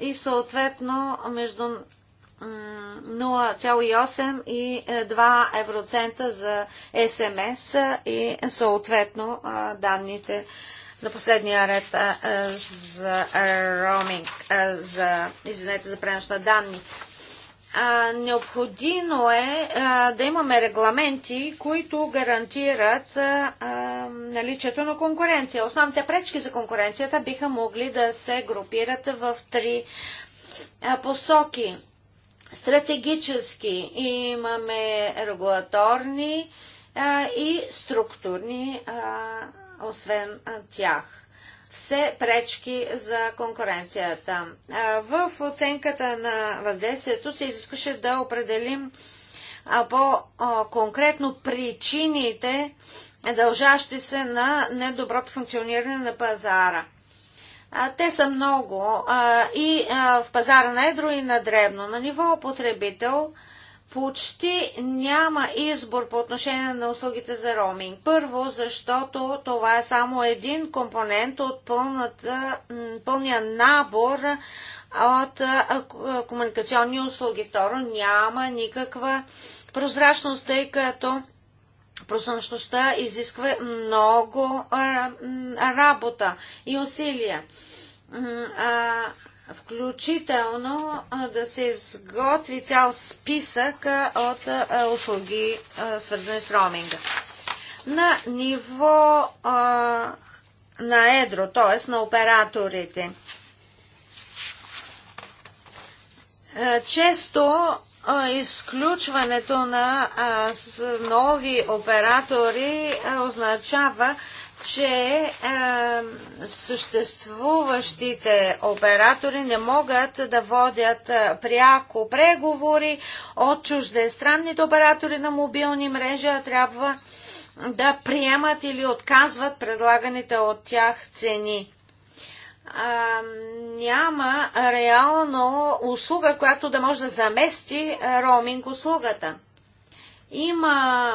и съответно между 0,8 и 2 е, евроцента за СМС и съответно данните на последния ред за роуминг, за, извинете, за пренос на данни. А, необходимо е а, да имаме регламенти, които гарантират а, наличието на конкуренция. Основните пречки за конкуренцията биха могли да се групират в три посоки. Стратегически имаме регулаторни и структурни а, освен тях. Все пречки за конкуренцията. В оценката на въздействието се изискаше да определим по-конкретно причините, дължащи се на недоброто функциониране на пазара. те са много и в пазара на едро и на дребно. На ниво потребител почти няма избор по отношение на услугите за роуминг. Първо, защото това е само един компонент от пълната, пълния набор от комуникационни услуги. Второ, няма никаква прозрачност, тъй като прозрачността изисква много работа и усилия включително да се изготви цял списък от услуги, свързани с роуминга. На ниво на едро, т.е. на операторите. Често изключването на нови оператори означава че е, съществуващите оператори не могат да водят е, пряко преговори от чуждестранните оператори на мобилни мрежи, а трябва да приемат или отказват предлаганите от тях цени. А, няма реално услуга, която да може да замести е, роуминг услугата. Има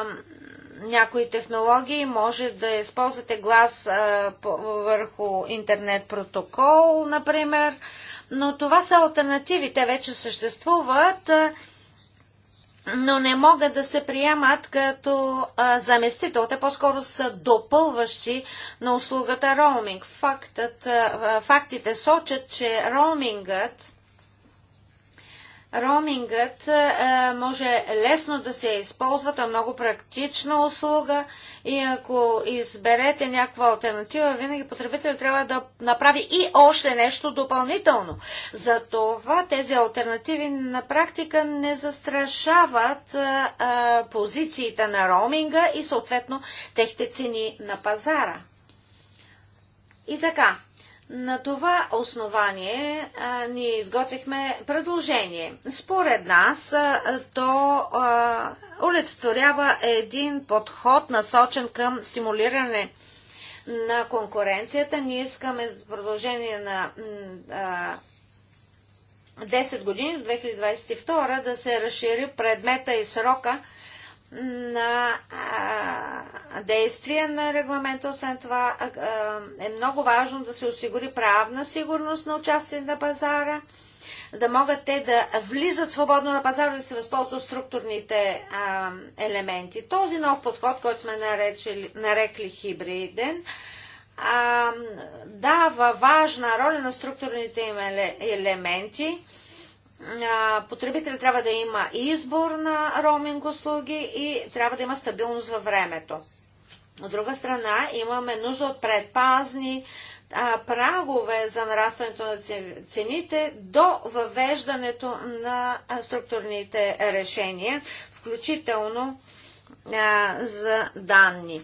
някои технологии може да използвате глас а, по, върху интернет протокол, например, но това са альтернативи. Те вече съществуват, а, но не могат да се приемат като а, заместител. Те по-скоро са допълващи на услугата роуминг. Фактът, а, фактите сочат, че роумингът Ромингът е, може лесно да се използва, е много практична услуга и ако изберете някаква альтернатива, винаги потребителят трябва да направи и още нещо допълнително. Затова тези альтернативи на практика не застрашават е, е, позициите на роуминга и съответно техните цени на пазара. И така, на това основание а, ние изготвихме предложение. Според нас а, то олицетворява един подход насочен към стимулиране на конкуренцията. Ние искаме за продължение на а, 10 години, 2022, да се разшири предмета и срока на а, действие на регламента. Освен това а, е много важно да се осигури правна сигурност на участие на пазара, да могат те да влизат свободно на пазара и да се възползват структурните а, елементи. Този нов подход, който сме наречили, нарекли хибриден, а, дава важна роля на структурните им елементи, потребителя трябва да има избор на роуминг услуги и трябва да има стабилност във времето. От друга страна, имаме нужда от предпазни прагове за нарастването на цените до въвеждането на структурните решения, включително за данни.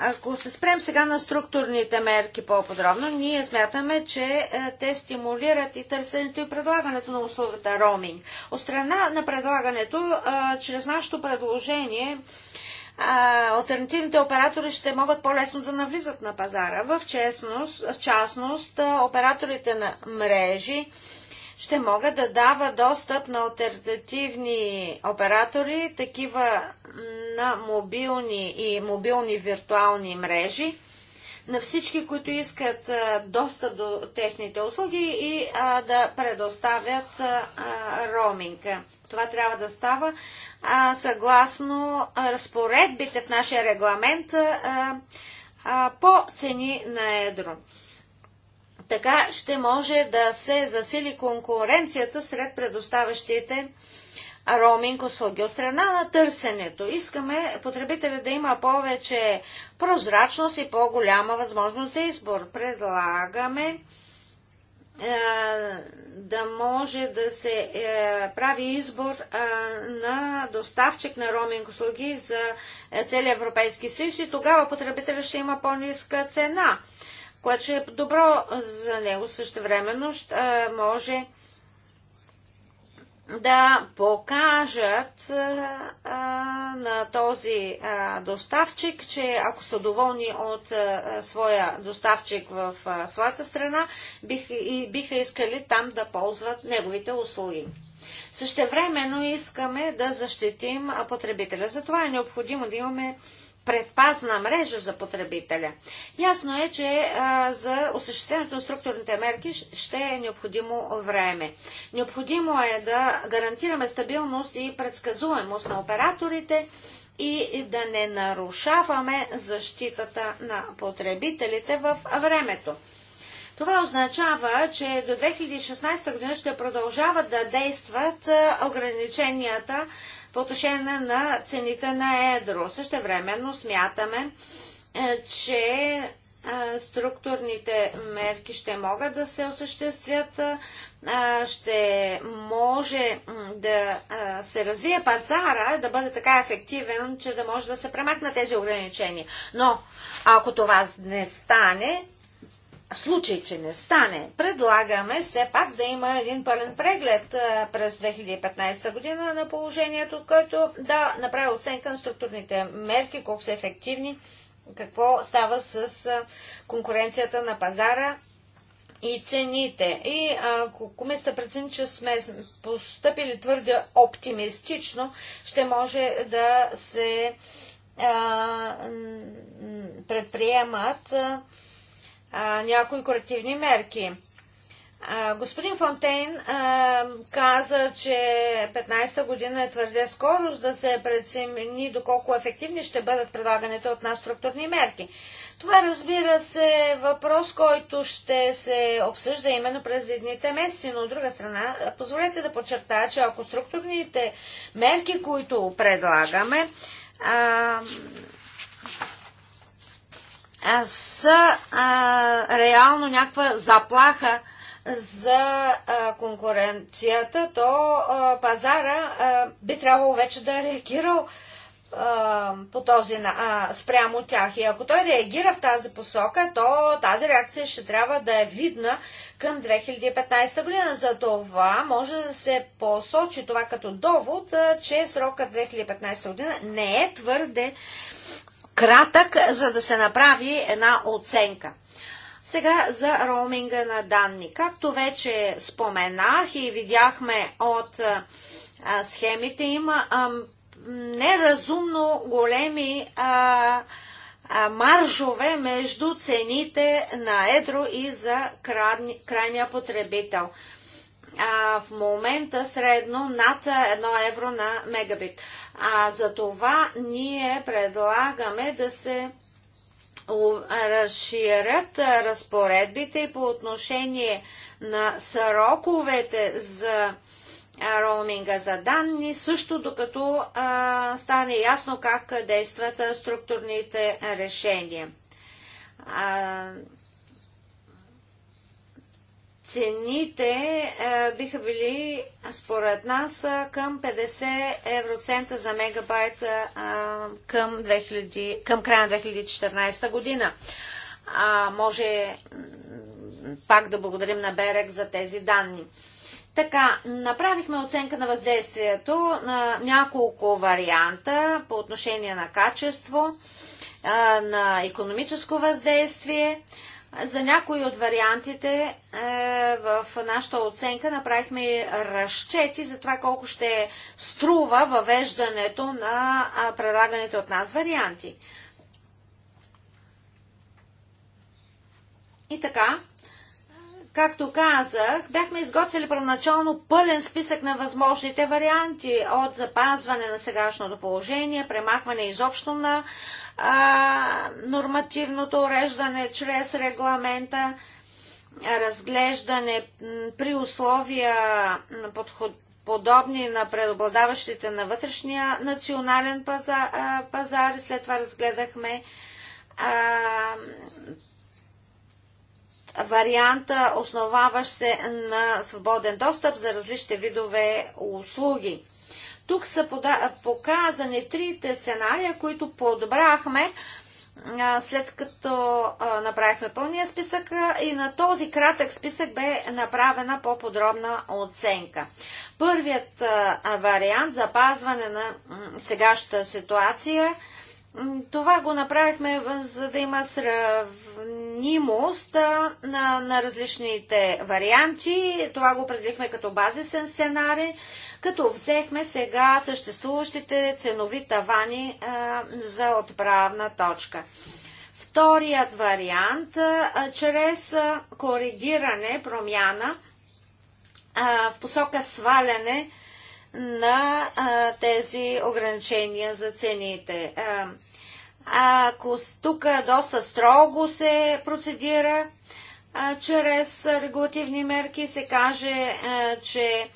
Ако се спрем сега на структурните мерки по-подробно, ние смятаме, че е, те стимулират и търсенето и предлагането на услугата роуминг. От страна на предлагането, е, чрез нашето предложение, е, альтернативните оператори ще могат по-лесно да навлизат на пазара. В, в частност, операторите на мрежи ще могат да дава достъп на альтернативни оператори, такива на мобилни и мобилни виртуални мрежи, на всички, които искат достъп до техните услуги и да предоставят роминг. роуминг. Това трябва да става съгласно разпоредбите в нашия регламент по цени на едро. Така ще може да се засили конкуренцията сред предоставящите роуминг услуги. От страна на търсенето искаме потребителя да има повече прозрачност и по-голяма възможност за избор. Предлагаме е, да може да се е, прави избор е, на доставчик на роуминг услуги за целия Европейски съюз и тогава потребителя ще има по-ниска цена което ще е добро за него. Също времено е, може да покажат е, е, на този доставчик, че ако са доволни от своя доставчик в своята страна, биха искали там да ползват неговите услуги. Същевременно искаме да защитим потребителя. Затова е необходимо да имаме предпазна мрежа за потребителя. Ясно е, че за осъществяването на структурните мерки ще е необходимо време. Необходимо е да гарантираме стабилност и предсказуемост на операторите и да не нарушаваме защитата на потребителите в времето. Това означава, че до 2016 година ще продължават да действат ограниченията по отношение на цените на едро. Също времено смятаме, е, че е, структурните мерки ще могат да се осъществят, е, ще може да се развие пазара, да бъде така ефективен, че да може да се премахнат тези ограничения. Но ако това не стане, в случай, че не стане, предлагаме все пак да има един пълен преглед през 2015 година на положението, който да направи оценка на структурните мерки, колко са ефективни, какво става с конкуренцията на пазара и цените. И ако комисията прецени, че сме поступили твърде оптимистично, ще може да се а, предприемат а, някои корективни мерки. господин Фонтейн каза, че 15-та година е твърде скорост да се прецени доколко ефективни ще бъдат предлаганите от нас структурни мерки. Това разбира се е въпрос, който ще се обсъжда именно през едните месеци, но от друга страна, позволете да подчертая, че ако структурните мерки, които предлагаме, са а, реално някаква заплаха за а, конкуренцията, то а, пазара а, би трябвало вече да е реагирал а, по този, а, спрямо тях. И ако той реагира в тази посока, то тази реакция ще трябва да е видна към 2015 година. За това може да се посочи това като довод, а, че срока 2015 година не е твърде кратък, за да се направи една оценка. Сега за роуминга на данни. Както вече споменах и видяхме от схемите, има неразумно големи маржове между цените на едро и за крайния потребител. в момента средно над 1 евро на мегабит. А за това ние предлагаме да се разширят разпоредбите по отношение на сроковете за роуминга за данни, също докато а, стане ясно как действат структурните решения. А, цените е, биха били, според нас, е, към 50 евроцента за мегабайт е, към, 2000, към края на 2014 година. А, може пак да благодарим на Берек за тези данни. Така, направихме оценка на въздействието на няколко варианта по отношение на качество, на економическо въздействие. За някои от вариантите е, в нашата оценка направихме разчети за това колко ще струва въвеждането на предлаганите от нас варианти. И така, Както казах, бяхме изготвили първоначално пълен списък на възможните варианти от запазване на сегашното положение, премахване изобщо на а, нормативното уреждане чрез регламента, разглеждане при условия подход, подобни на преобладаващите на вътрешния национален пазар, пазар. след това разгледахме а, варианта, основаващ се на свободен достъп за различните видове услуги. Тук са показани трите сценария, които подбрахме след като направихме пълния списък и на този кратък списък бе направена по-подробна оценка. Първият вариант запазване на сегашната ситуация – това го направихме, за да има сравнимост на, на различните варианти. Това го определихме като базисен сценарий, като взехме сега съществуващите ценови тавани а, за отправна точка. Вторият вариант, а, чрез коригиране, промяна а, в посока сваляне а, на а, тези ограничения за цените. А, ако тук доста строго се процедира а, чрез регулативни мерки, се каже, а, че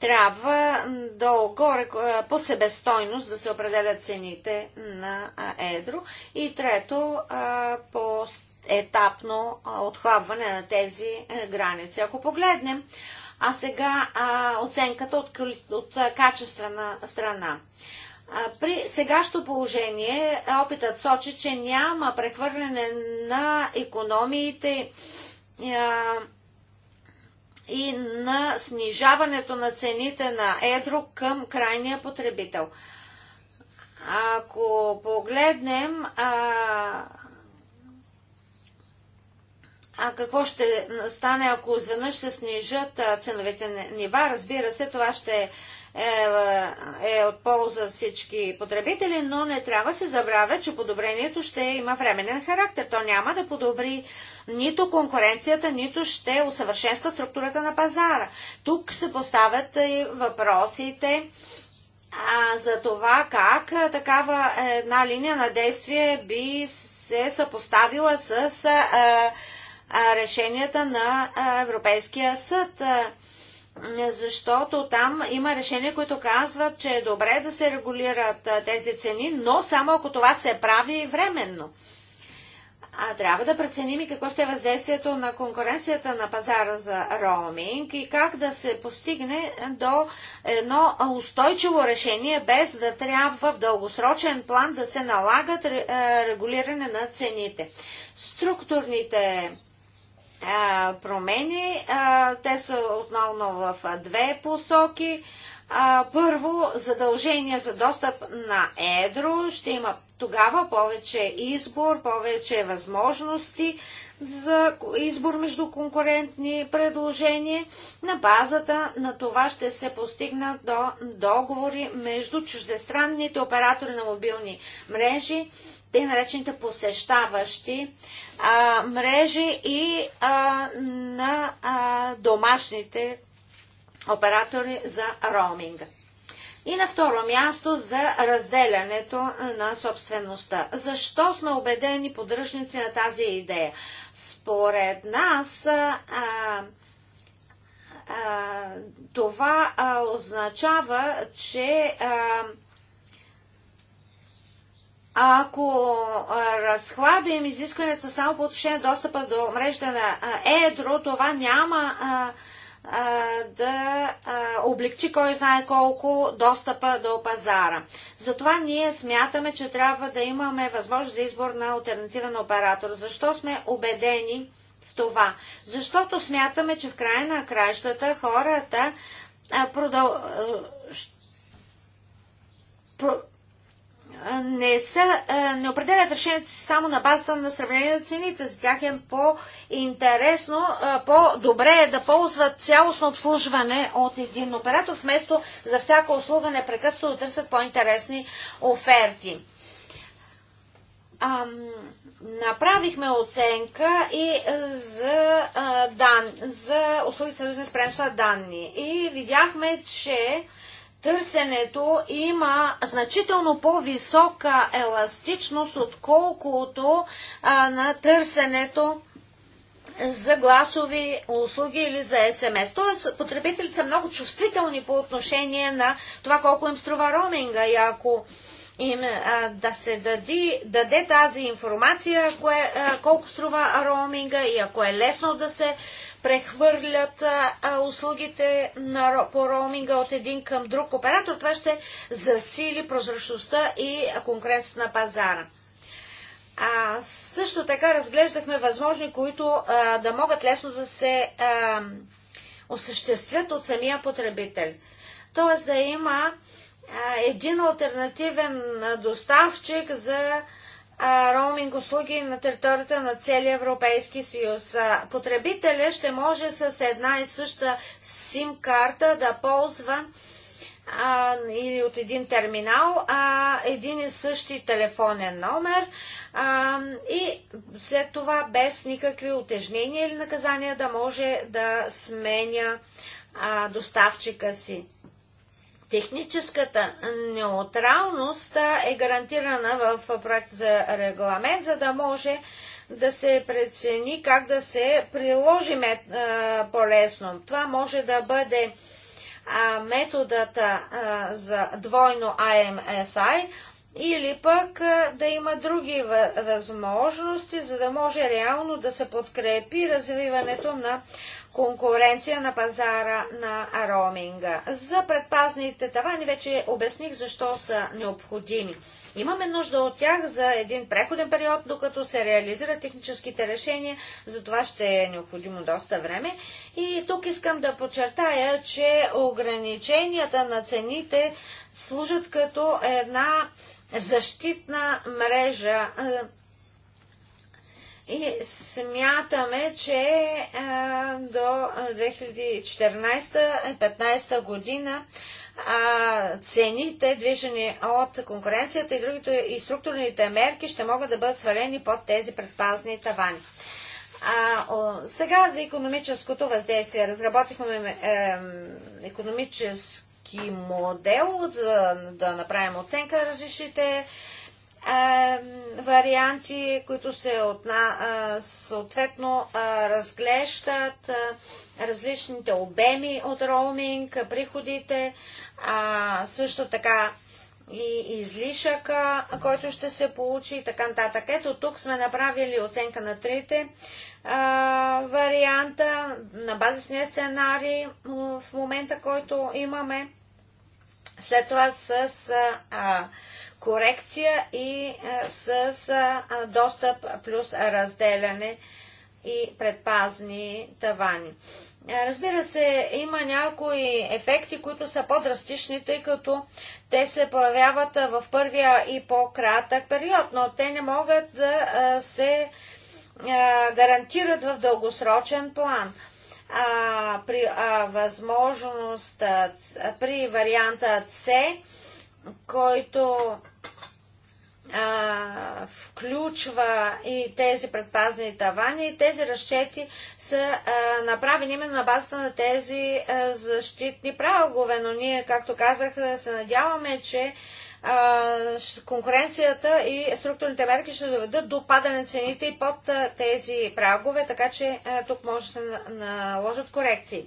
трябва долу горе по себестойност да се определят цените на едро. И трето, а, по етапно отхлабване на тези граници. Ако погледнем а сега а, оценката от, от качествена страна. При сегащо положение опитът сочи, че няма прехвърляне на економиите а, и на снижаването на цените на едро към крайния потребител. Ако погледнем а, а какво ще стане, ако изведнъж се снижат ценовите нива? Разбира се, това ще е, е, е от полза всички потребители, но не трябва да се забравя, че подобрението ще има временен характер. То няма да подобри нито конкуренцията, нито ще усъвършенства структурата на пазара. Тук се поставят и въпросите а, за това как такава една линия на действие би се съпоставила с а, решенията на Европейския съд. Защото там има решения, които казват, че е добре да се регулират тези цени, но само ако това се прави временно. А трябва да преценим и какво ще е въздействието на конкуренцията на пазара за роуминг и как да се постигне до едно устойчиво решение, без да трябва в дългосрочен план да се налагат регулиране на цените. Структурните промени. Те са отново в две посоки. Първо, задължение за достъп на едро. Ще има тогава повече избор, повече възможности за избор между конкурентни предложения. На базата на това ще се постигна до договори между чуждестранните оператори на мобилни мрежи те наречените посещаващи а, мрежи и а, на а, домашните оператори за роуминг. И на второ място за разделянето на собствеността. Защо сме убедени поддръжници на тази идея? Според нас а, а, това а, означава, че а, ако разхлабим изискването само по отношение на достъпа до мрежата на Едро, това няма да облегчи кой знае колко достъпа до пазара. Затова ние смятаме, че трябва да имаме възможност за избор на альтернативен оператор. Защо сме убедени в това? Защото смятаме, че в края на краищата хората продължават не, са, не определят решението си само на базата на сравнение на цените. За тях е по-интересно, по-добре е да ползват цялостно обслужване от един оператор, вместо за всяка услуга непрекъснато да търсят по-интересни оферти. Ам, направихме оценка и за, а, дан, за услуги свързани с преноса данни. И видяхме, че търсенето има значително по-висока еластичност, отколкото а, на търсенето за гласови услуги или за СМС. Тоест, потребителите са много чувствителни по отношение на това колко им струва роуминга и ако им а, да се дади, даде тази информация, кое, а, колко струва роуминга и ако е лесно да се прехвърлят а, услугите на, по роуминга от един към друг оператор. Това ще засили прозрачността и конкуренцията на пазара. А, също така разглеждахме възможни, които а, да могат лесно да се а, осъществят от самия потребител. Тоест да има а, един альтернативен доставчик за роуминг услуги на територията на целия Европейски съюз. Потребителя ще може с една и съща сим карта да ползва а, или от един терминал, а, един и същи телефонен номер а, и след това без никакви отежнения или наказания да може да сменя а, доставчика си. Техническата неутралност е гарантирана в проект за регламент, за да може да се прецени как да се приложи по-лесно. Това може да бъде методата за двойно IMSI или пък да има други възможности, за да може реално да се подкрепи развиването на конкуренция на пазара на роуминга. За предпазните тавани вече обясних защо са необходими. Имаме нужда от тях за един преходен период, докато се реализират техническите решения. За това ще е необходимо доста време. И тук искам да подчертая, че ограниченията на цените служат като една защитна мрежа е, и смятаме, че до 2014-2015 година цените, движени от конкуренцията и другите и структурните мерки ще могат да бъдат свалени под тези предпазни тавани. А, о, сега за економическото въздействие. Разработихме е, економически модел, за да направим оценка на различните варианти, които се отна, съответно разглеждат различните обеми от роуминг, приходите, също така и излишъка, който ще се получи и така нататък. Ето тук сме направили оценка на трите варианта на базисния сценарий в момента, който имаме. След това с а, корекция и е, с е, достъп плюс разделяне и предпазни тавани. Е, разбира се, има някои ефекти, които са по-драстични, тъй като те се появяват в първия и по-кратък период, но те не могат да се гарантират в дългосрочен план. А, при а, възможност, при варианта С, който а, включва и тези предпазни тавани. И тези разчети са а, направени именно на базата на тези а, защитни прагове. Но ние, както казах, се надяваме, че а, конкуренцията и структурните мерки ще доведат до падане цените и под а, тези прагове, така че а, тук може да се наложат корекции.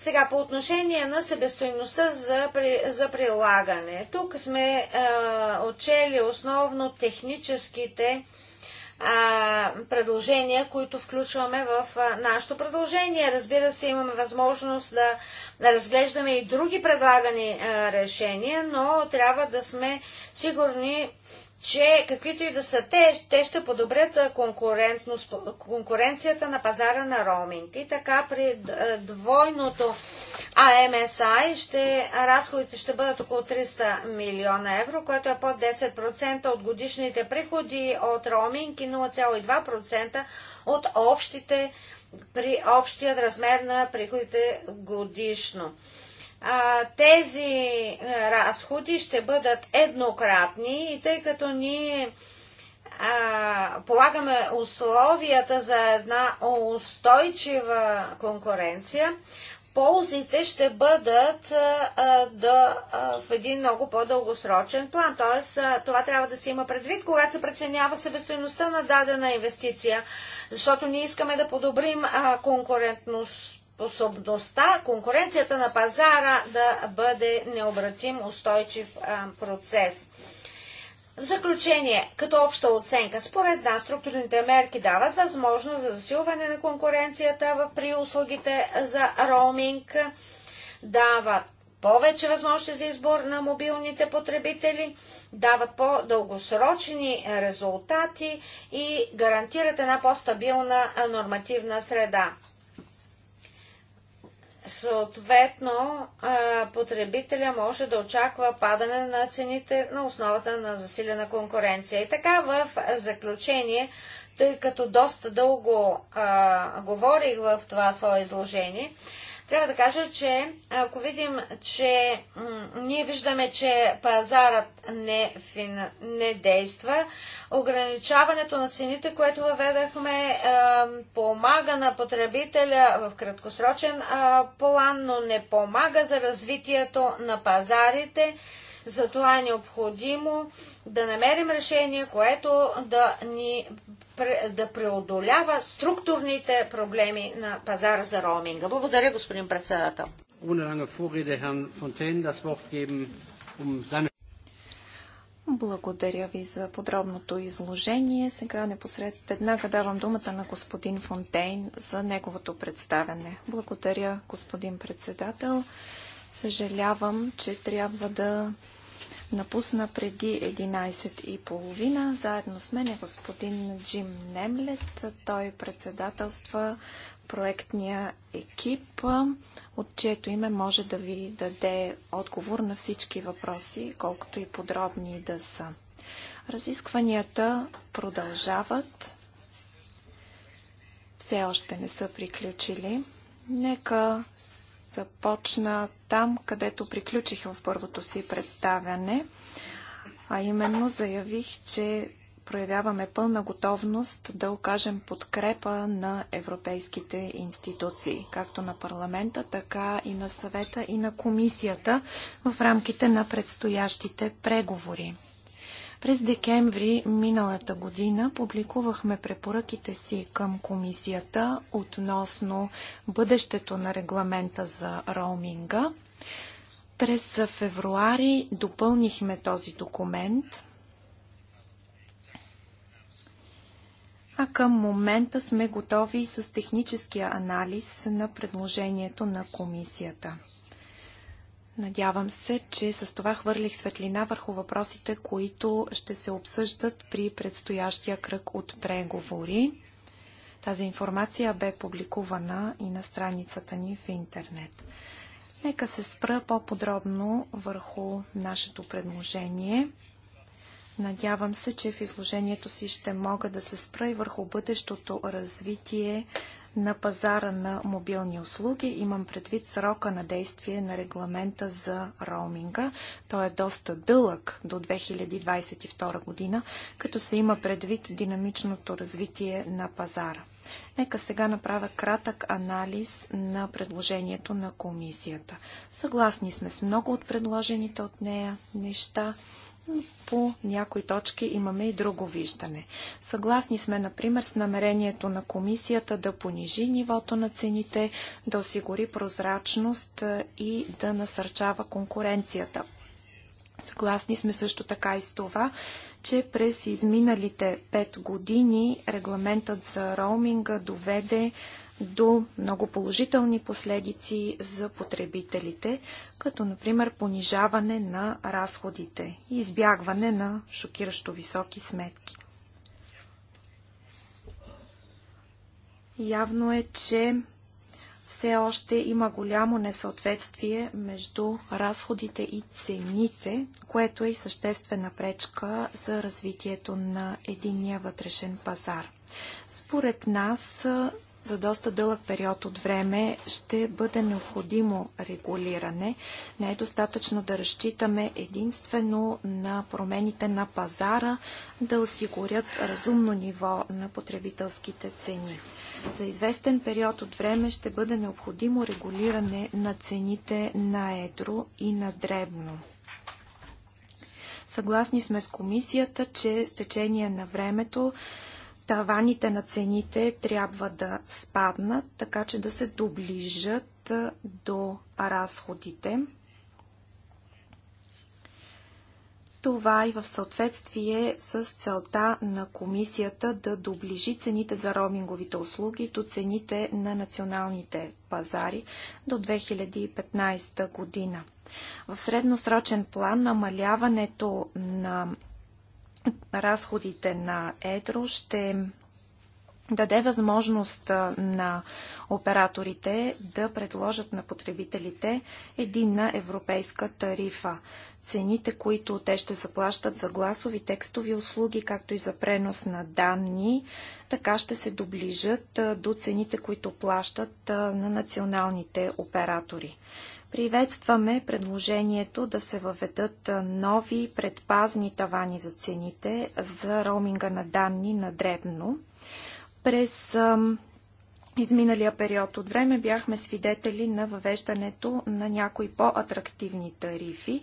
Сега, по отношение на себестоиността за, при, за прилагане. Тук сме а, е, отчели основно техническите а, е, предложения, които включваме в а, е, нашето предложение. Разбира се, имаме възможност да, да разглеждаме и други предлагани а, решения, но трябва да сме сигурни, че каквито и да са те, те ще подобрят конкуренцията на пазара на роуминг. И така при двойното AMSI ще, разходите ще бъдат около 300 милиона евро, което е под 10% от годишните приходи от роуминг и 0,2% от общите, при общият размер на приходите годишно тези е, разходи ще бъдат еднократни и тъй като ние полагаме условията за една устойчива конкуренция, ползите ще бъдат е, е, да, в един много по-дългосрочен план. Тоест, това трябва да се има предвид, когато се преценява себестоеността на дадена инвестиция, защото ние искаме да подобрим конкурентност способността, конкуренцията на пазара да бъде необратим устойчив процес. В заключение, като обща оценка, според нас структурните мерки дават възможност за засилване на конкуренцията при услугите за роуминг, дават повече възможности за избор на мобилните потребители, дават по-дългосрочни резултати и гарантират една по-стабилна нормативна среда. Съответно, потребителя може да очаква падане на цените на основата на засилена конкуренция. И така в заключение, тъй като доста дълго а, говорих в това свое изложение, трябва да кажа, че ако видим, че ние виждаме, че пазарът не, фин... не действа, ограничаването на цените, което въведахме, е, помага на потребителя в краткосрочен е, план, но не помага за развитието на пазарите. Затова е необходимо да намерим решение, което да ни да преодолява структурните проблеми на пазара за роуминга. Благодаря, господин председател. Um Благодаря ви за подробното изложение. Сега непосредствено веднага давам думата на господин Фонтейн за неговото представяне. Благодаря, господин председател. Съжалявам, че трябва да напусна преди 11.30. Заедно с мен е господин Джим Немлет. Той председателства проектния екип, от чието име може да ви даде отговор на всички въпроси, колкото и подробни да са. Разискванията продължават. Все още не са приключили. Нека започна там, където приключих в първото си представяне, а именно заявих, че проявяваме пълна готовност да окажем подкрепа на европейските институции, както на парламента, така и на съвета и на комисията в рамките на предстоящите преговори. През декември миналата година публикувахме препоръките си към комисията относно бъдещето на регламента за роуминга. През февруари допълнихме този документ а към момента сме готови с техническия анализ на предложението на комисията. Надявам се, че с това хвърлих светлина върху въпросите, които ще се обсъждат при предстоящия кръг от преговори. Тази информация бе публикувана и на страницата ни в интернет. Нека се спра по-подробно върху нашето предложение. Надявам се, че в изложението си ще мога да се спра и върху бъдещото развитие на пазара на мобилни услуги. Имам предвид срока на действие на регламента за роуминга. Той е доста дълъг до 2022 година, като се има предвид динамичното развитие на пазара. Нека сега направя кратък анализ на предложението на комисията. Съгласни сме с много от предложените от нея неща по някои точки имаме и друго виждане. Съгласни сме, например, с намерението на комисията да понижи нивото на цените, да осигури прозрачност и да насърчава конкуренцията. Съгласни сме също така и с това, че през изминалите 5 години регламентът за роуминга доведе до много положителни последици за потребителите, като например понижаване на разходите и избягване на шокиращо високи сметки. Явно е, че все още има голямо несъответствие между разходите и цените, което е и съществена пречка за развитието на единния вътрешен пазар. Според нас за доста дълъг период от време ще бъде необходимо регулиране. Не е достатъчно да разчитаме единствено на промените на пазара да осигурят разумно ниво на потребителските цени. За известен период от време ще бъде необходимо регулиране на цените на едро и на дребно. Съгласни сме с комисията, че с течение на времето Таваните на цените трябва да спаднат, така че да се доближат до разходите. Това и в съответствие с целта на комисията да доближи цените за роуминговите услуги до цените на националните пазари до 2015 година. В средносрочен план намаляването на разходите на едро ще даде възможност на операторите да предложат на потребителите единна европейска тарифа. Цените, които те ще заплащат за гласови текстови услуги, както и за пренос на данни, така ще се доближат до цените, които плащат на националните оператори. Приветстваме предложението да се въведат нови предпазни тавани за цените за роуминга на данни на дребно. През изминалия период от време бяхме свидетели на въвеждането на някои по-атрактивни тарифи,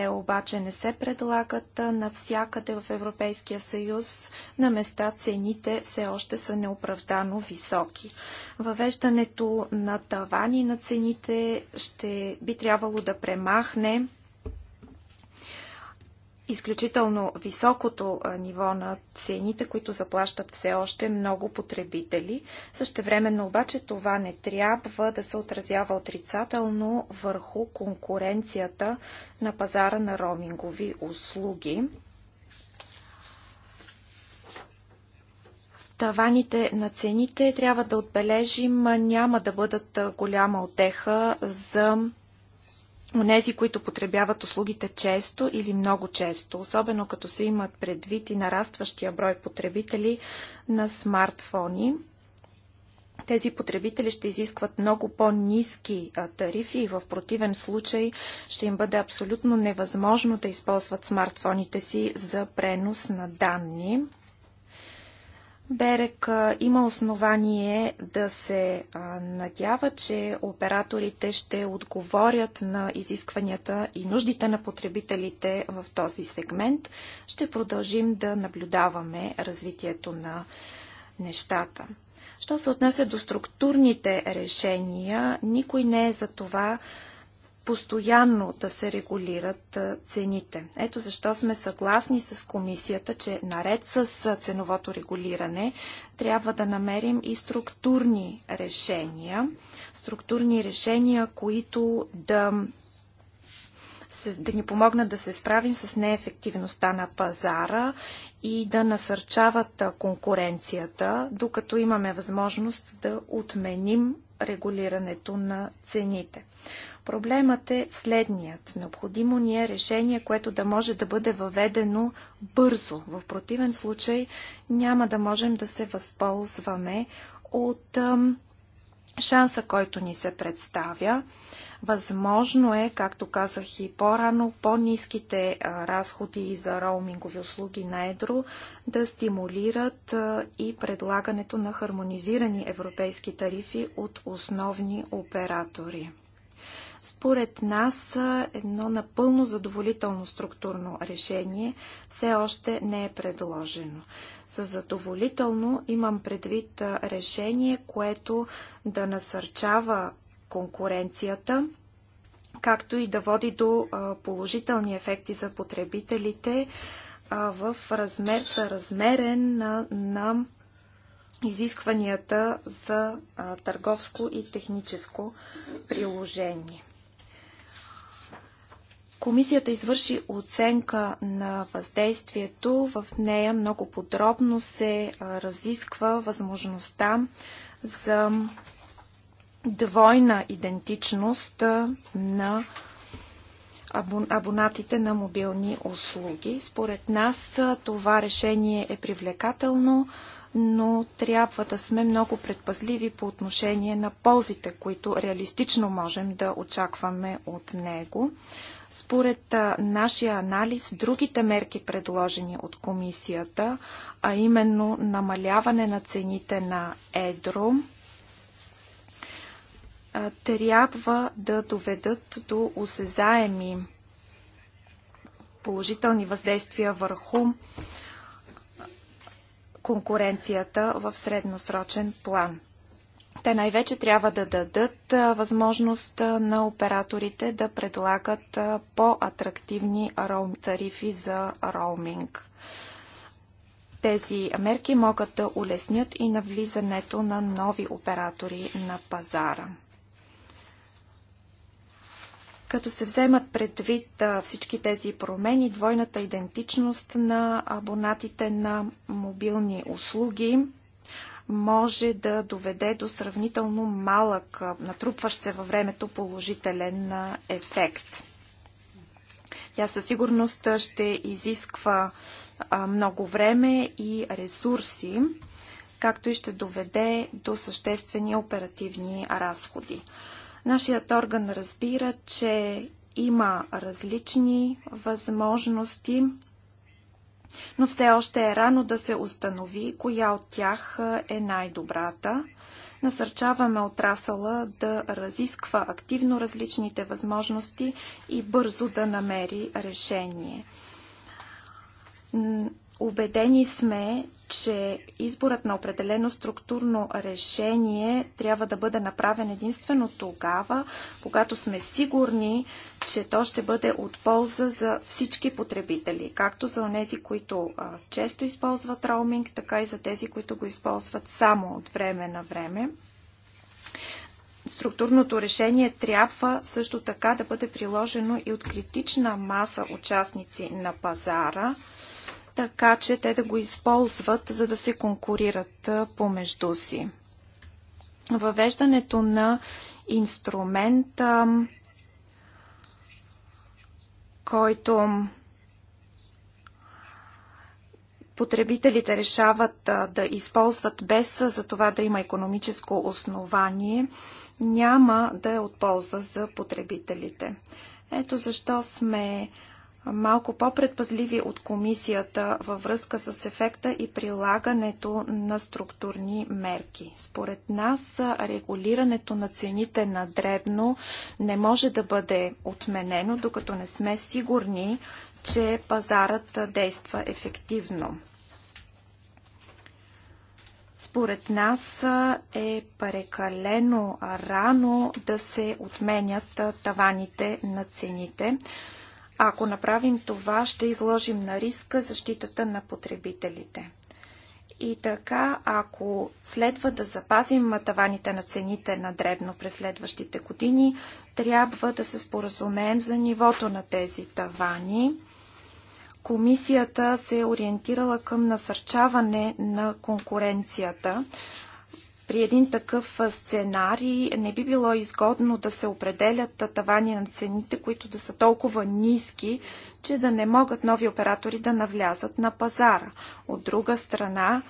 те обаче не се предлагат навсякъде в Европейския съюз. На места цените все още са неоправдано високи. Въвеждането на тавани на цените ще би трябвало да премахне изключително високото ниво на цените, които заплащат все още много потребители. Същевременно обаче това не трябва да се отразява отрицателно върху конкуренцията на пазара на роумингови услуги. Таваните на цените трябва да отбележим няма да бъдат голяма отеха за Онези, които потребяват услугите често или много често, особено като се имат предвид и нарастващия брой потребители на смартфони, тези потребители ще изискват много по-низки тарифи и в противен случай ще им бъде абсолютно невъзможно да използват смартфоните си за пренос на данни. Берек има основание да се надява, че операторите ще отговорят на изискванията и нуждите на потребителите в този сегмент. Ще продължим да наблюдаваме развитието на нещата. Що се отнася до структурните решения, никой не е за това постоянно да се регулират цените. Ето защо сме съгласни с комисията, че наред с ценовото регулиране трябва да намерим и структурни решения. Структурни решения, които да да ни помогнат да се справим с неефективността на пазара и да насърчават конкуренцията, докато имаме възможност да отменим регулирането на цените. Проблемът е следният. Необходимо ни е решение, което да може да бъде въведено бързо. В противен случай няма да можем да се възползваме от шанса, който ни се представя. Възможно е, както казах и по-рано, по-низките разходи за роумингови услуги на Едро да стимулират и предлагането на хармонизирани европейски тарифи от основни оператори. Според нас едно напълно задоволително структурно решение все още не е предложено. За задоволително имам предвид решение, което да насърчава конкуренцията, както и да води до положителни ефекти за потребителите в размер размерен на, на изискванията за търговско и техническо приложение. Комисията извърши оценка на въздействието. В нея много подробно се разисква възможността за двойна идентичност на абонатите на мобилни услуги. Според нас това решение е привлекателно, но трябва да сме много предпазливи по отношение на ползите, които реалистично можем да очакваме от него. Според нашия анализ, другите мерки, предложени от комисията, а именно намаляване на цените на едро, трябва да доведат до осезаеми положителни въздействия върху конкуренцията в средносрочен план. Те най-вече трябва да дадат възможност на операторите да предлагат по-атрактивни тарифи за роуминг. Тези мерки могат да улеснят и навлизането на нови оператори на пазара като се вземат предвид всички тези промени, двойната идентичност на абонатите на мобилни услуги, може да доведе до сравнително малък, натрупващ се във времето положителен ефект. Тя със сигурност ще изисква много време и ресурси, както и ще доведе до съществени оперативни разходи. Нашият орган разбира, че има различни възможности но все още е рано да се установи коя от тях е най-добрата. Насърчаваме отрасъла да разисква активно различните възможности и бързо да намери решение Убедени сме, че изборът на определено структурно решение трябва да бъде направен единствено тогава, когато сме сигурни, че то ще бъде от полза за всички потребители, както за тези, които а, често използват роуминг, така и за тези, които го използват само от време на време. Структурното решение трябва също така да бъде приложено и от критична маса участници на пазара – така че те да го използват, за да се конкурират помежду си. Въвеждането на инструмента, който потребителите решават да използват без за това да има економическо основание, няма да е от полза за потребителите. Ето защо сме малко по-предпазливи от комисията във връзка с ефекта и прилагането на структурни мерки. Според нас регулирането на цените на дребно не може да бъде отменено, докато не сме сигурни, че пазарът действа ефективно. Според нас е прекалено рано да се отменят таваните на цените. Ако направим това, ще изложим на риска защитата на потребителите. И така, ако следва да запазим таваните на цените на дребно през следващите години, трябва да се споразумеем за нивото на тези тавани. Комисията се е ориентирала към насърчаване на конкуренцията, при един такъв сценарий не би било изгодно да се определят тавани на цените, които да са толкова ниски, че да не могат нови оператори да навлязат на пазара. От друга страна,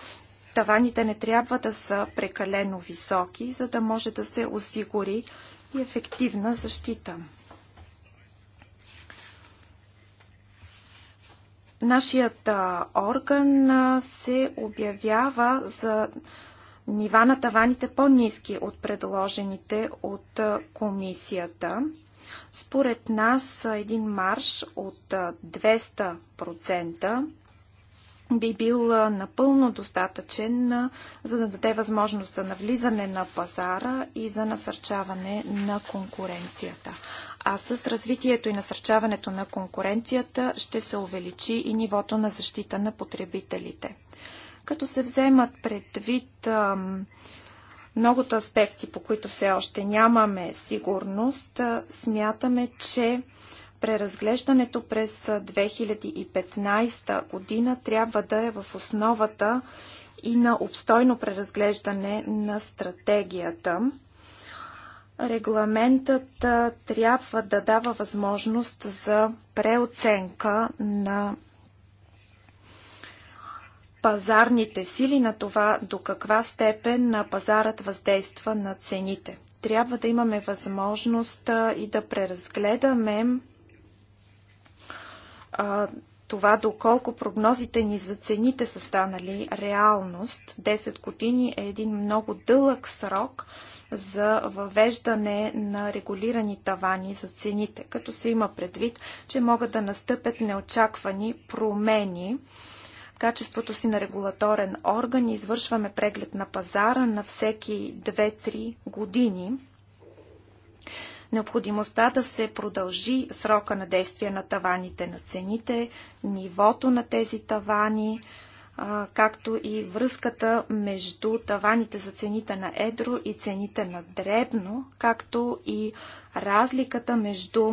таваните не трябва да са прекалено високи, за да може да се осигури и ефективна защита. Нашият орган се обявява за нива на таваните по-низки от предложените от комисията. Според нас един марш от 200% би бил напълно достатъчен, за да даде възможност за навлизане на пазара и за насърчаване на конкуренцията. А с развитието и насърчаването на конкуренцията ще се увеличи и нивото на защита на потребителите като се вземат предвид многото аспекти, по които все още нямаме сигурност, смятаме, че преразглеждането през 2015 година трябва да е в основата и на обстойно преразглеждане на стратегията. Регламентът трябва да дава възможност за преоценка на пазарните сили, на това до каква степен на пазарът въздейства на цените. Трябва да имаме възможност и да преразгледаме това доколко прогнозите ни за цените са станали реалност. 10 години е един много дълъг срок за въвеждане на регулирани тавани за цените, като се има предвид, че могат да настъпят неочаквани промени качеството си на регулаторен орган извършваме преглед на пазара на всеки 2-3 години. Необходимостта да се продължи срока на действие на таваните на цените, нивото на тези тавани, както и връзката между таваните за цените на едро и цените на дребно, както и разликата между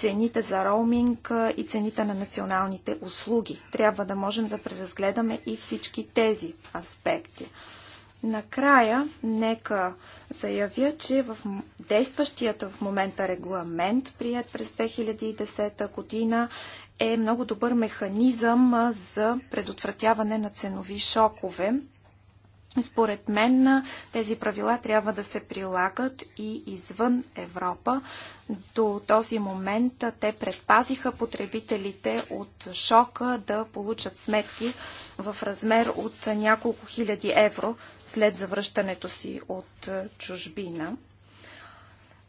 цените за роуминг и цените на националните услуги. Трябва да можем да преразгледаме и всички тези аспекти. Накрая, нека заявя, че в действащият в момента регламент, прият през 2010 година, е много добър механизъм за предотвратяване на ценови шокове. Според мен тези правила трябва да се прилагат и извън Европа. До този момент те предпазиха потребителите от шока да получат сметки в размер от няколко хиляди евро след завръщането си от чужбина.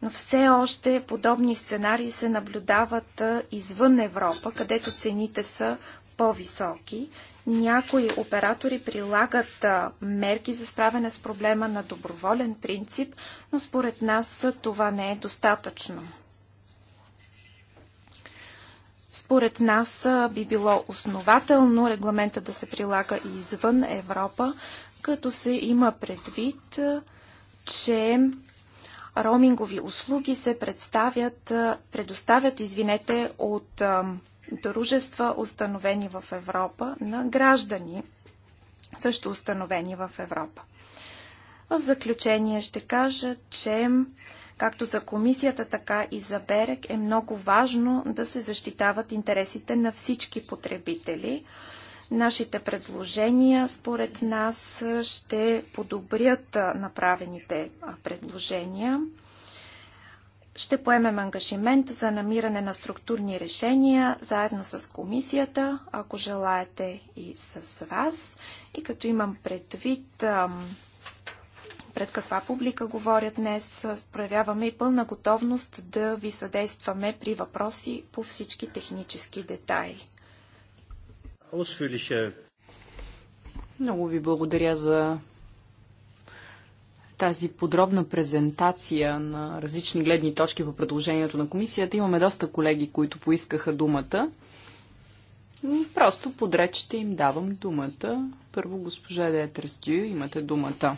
Но все още подобни сценарии се наблюдават извън Европа, където цените са по-високи някои оператори прилагат мерки за справяне с проблема на доброволен принцип, но според нас това не е достатъчно. Според нас би било основателно регламента да се прилага и извън Европа, като се има предвид, че роумингови услуги се представят, предоставят, извинете, от дружества, установени в Европа, на граждани, също установени в Европа. В заключение ще кажа, че както за комисията, така и за Берек е много важно да се защитават интересите на всички потребители. Нашите предложения, според нас, ще подобрят направените предложения ще поемем ангажимент за намиране на структурни решения заедно с комисията, ако желаете и с вас. И като имам предвид пред каква публика говоря днес, проявяваме и пълна готовност да ви съдействаме при въпроси по всички технически детайли. Много ви благодаря за тази подробна презентация на различни гледни точки по предложението на комисията. Имаме доста колеги, които поискаха думата. Просто подред ще им давам думата. Първо госпожа Детрестю, имате думата.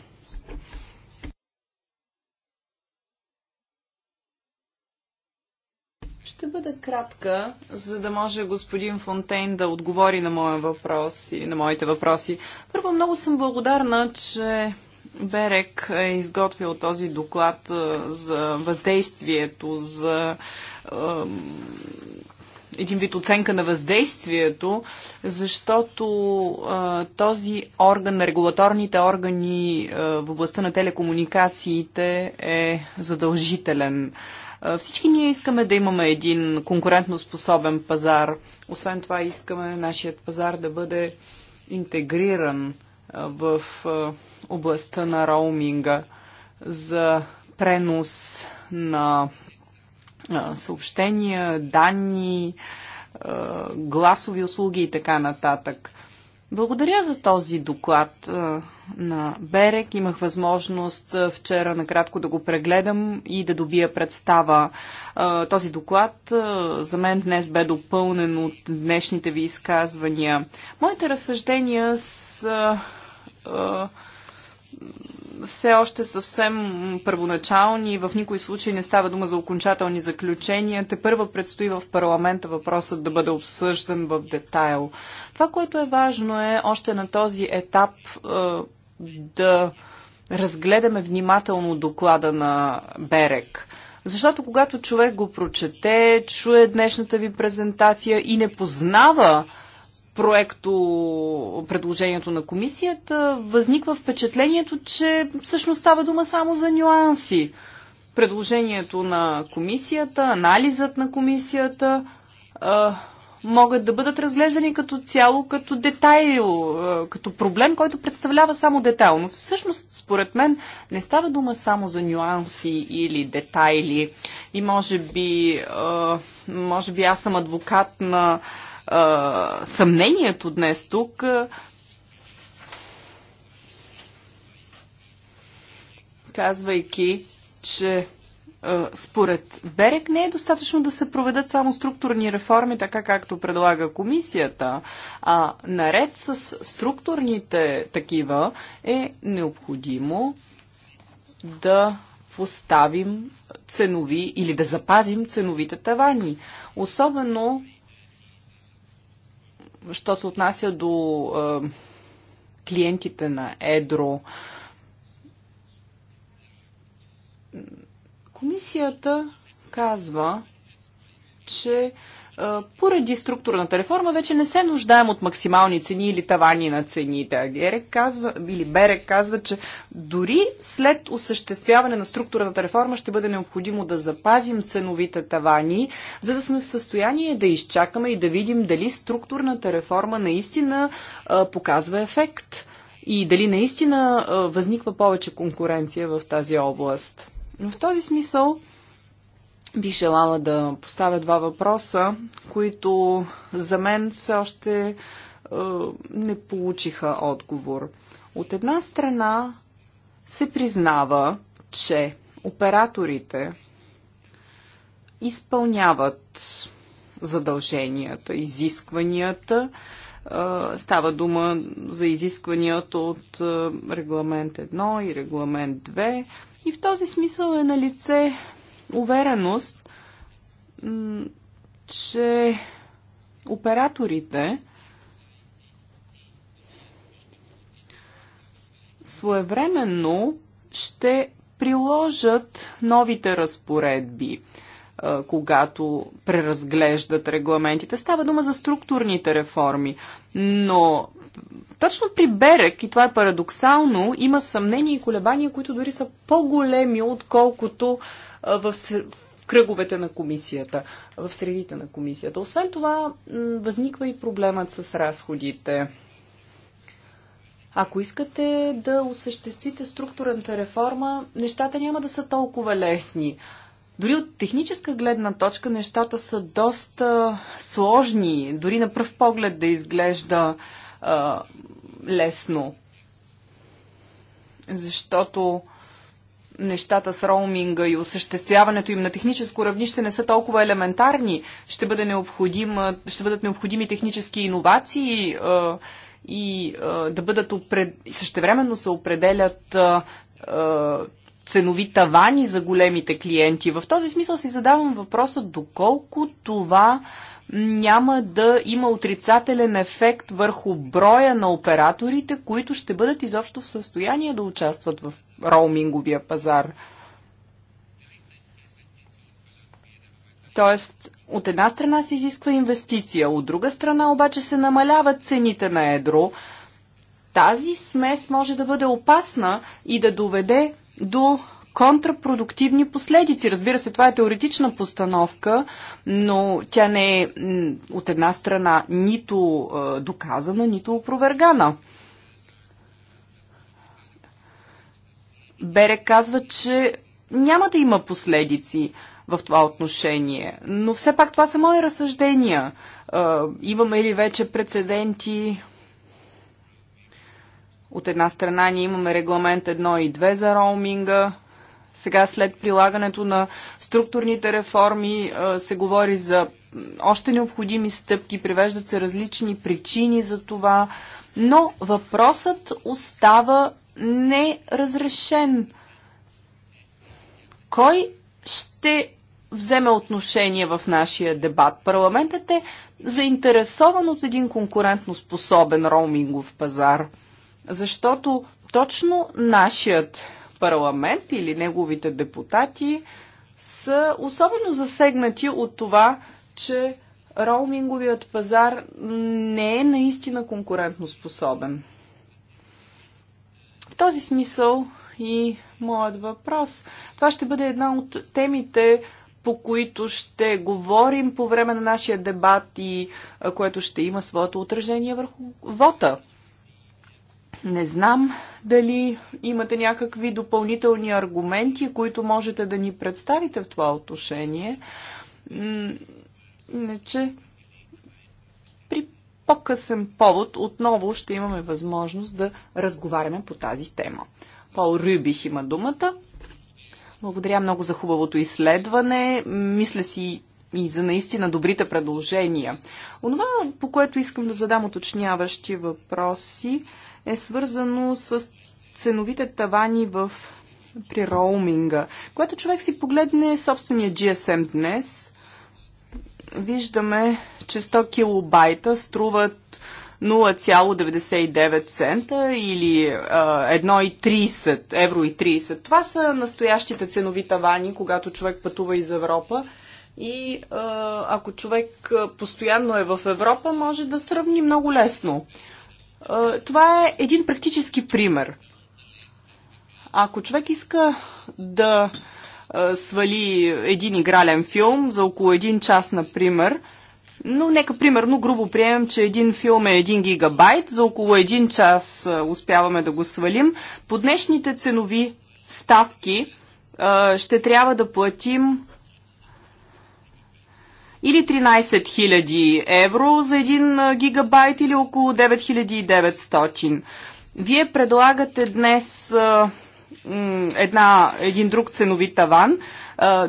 Ще бъда кратка, за да може господин Фонтейн да отговори на моя въпрос и на моите въпроси. Първо, много съм благодарна, че Берек е изготвил този доклад е, за въздействието, за е, един вид оценка на въздействието, защото а, е, този орган, регулаторните органи а, в областта на телекомуникациите е задължителен. Всички ние искаме да имаме един конкурентно способен пазар. Освен това искаме нашият пазар да бъде интегриран в областта на роуминга за пренос на съобщения, данни, гласови услуги и така нататък. Благодаря за този доклад на Берек. Имах възможност вчера накратко да го прегледам и да добия представа. Този доклад за мен днес бе допълнен от днешните ви изказвания. Моите разсъждения са все още съвсем първоначални. В никой случай не става дума за окончателни заключения. Те първа предстои в парламента въпросът да бъде обсъждан в детайл. Това, което е важно е още на този етап е, да разгледаме внимателно доклада на Берек. Защото когато човек го прочете, чуе днешната ви презентация и не познава проекто предложението на комисията, възниква впечатлението, че всъщност става дума само за нюанси. Предложението на комисията, анализът на комисията а, могат да бъдат разглеждани като цяло, като детайл, а, като проблем, който представлява само детайл. Но всъщност, според мен, не става дума само за нюанси или детайли. И може би, а, може би аз съм адвокат на а, съмнението днес тук. казвайки, че а, според Берек не е достатъчно да се проведат само структурни реформи, така както предлага комисията, а наред с структурните такива е необходимо да поставим ценови или да запазим ценовите тавани. Особено що се отнася до клиентите на Едро, комисията казва, че поради структурната реформа вече не се нуждаем от максимални цени или тавани на цените. Герек казва, или Берек казва, че дори след осъществяване на структурната реформа ще бъде необходимо да запазим ценовите тавани, за да сме в състояние да изчакаме и да видим дали структурната реформа наистина а, показва ефект и дали наистина а, възниква повече конкуренция в тази област. Но в този смисъл би желала да поставя два въпроса, които за мен все още е, не получиха отговор. От една страна се признава, че операторите изпълняват задълженията, изискванията. Е, става дума за изискванията от е, регламент 1 и регламент 2. И в този смисъл е на лице увереност, че операторите своевременно ще приложат новите разпоредби, когато преразглеждат регламентите. Става дума за структурните реформи, но точно при Берек, и това е парадоксално, има съмнения и колебания, които дори са по-големи, отколкото в кръговете на комисията, в средите на комисията. Освен това, възниква и проблемът с разходите. Ако искате да осъществите структурната реформа, нещата няма да са толкова лесни. Дори от техническа гледна точка нещата са доста сложни, дори на пръв поглед да изглежда а, лесно. Защото нещата с роуминга и осъществяването им на техническо равнище не са толкова елементарни. Ще, бъде необходим, ще бъдат необходими технически иновации а, и а, да бъдат опред... същевременно се определят а, а, ценови тавани за големите клиенти. В този смисъл си задавам въпроса доколко това няма да има отрицателен ефект върху броя на операторите, които ще бъдат изобщо в състояние да участват в роуминговия пазар. Тоест, от една страна се изисква инвестиция, от друга страна обаче се намаляват цените на едро. Тази смес може да бъде опасна и да доведе до контрапродуктивни последици. Разбира се, това е теоретична постановка, но тя не е от една страна нито доказана, нито опровергана. Берек казва, че няма да има последици в това отношение. Но все пак това са мои разсъждения. Имаме ли вече прецеденти? От една страна ние имаме регламент 1 и 2 за роуминга. Сега след прилагането на структурните реформи се говори за още необходими стъпки, привеждат се различни причини за това, но въпросът остава неразрешен. Кой ще вземе отношение в нашия дебат? Парламентът е заинтересован от един конкурентно способен роумингов пазар, защото точно нашият парламент или неговите депутати са особено засегнати от това, че роуминговият пазар не е наистина конкурентно способен този смисъл и моят въпрос. Това ще бъде една от темите, по които ще говорим по време на нашия дебат и което ще има своето отражение върху вота. Не знам дали имате някакви допълнителни аргументи, които можете да ни представите в това отношение. Не че по-късен повод отново ще имаме възможност да разговаряме по тази тема. Пол Рюбих има думата. Благодаря много за хубавото изследване. Мисля си и за наистина добрите предложения. Онова, по което искам да задам уточняващи въпроси, е свързано с ценовите тавани в при роуминга. Когато човек си погледне собствения GSM днес, виждаме, че 100 килобайта струват 0,99 цента или 1,30 евро и 30. Това са настоящите ценови тавани, когато човек пътува из Европа. И а, ако човек постоянно е в Европа, може да сравни много лесно. А, това е един практически пример. Ако човек иска да свали един игрален филм за около един час, например, но нека примерно грубо приемем, че един филм е 1 гигабайт, за около един час успяваме да го свалим. По днешните ценови ставки ще трябва да платим или 13 000 евро за един гигабайт или около 9900. Вие предлагате днес една, един друг ценови таван.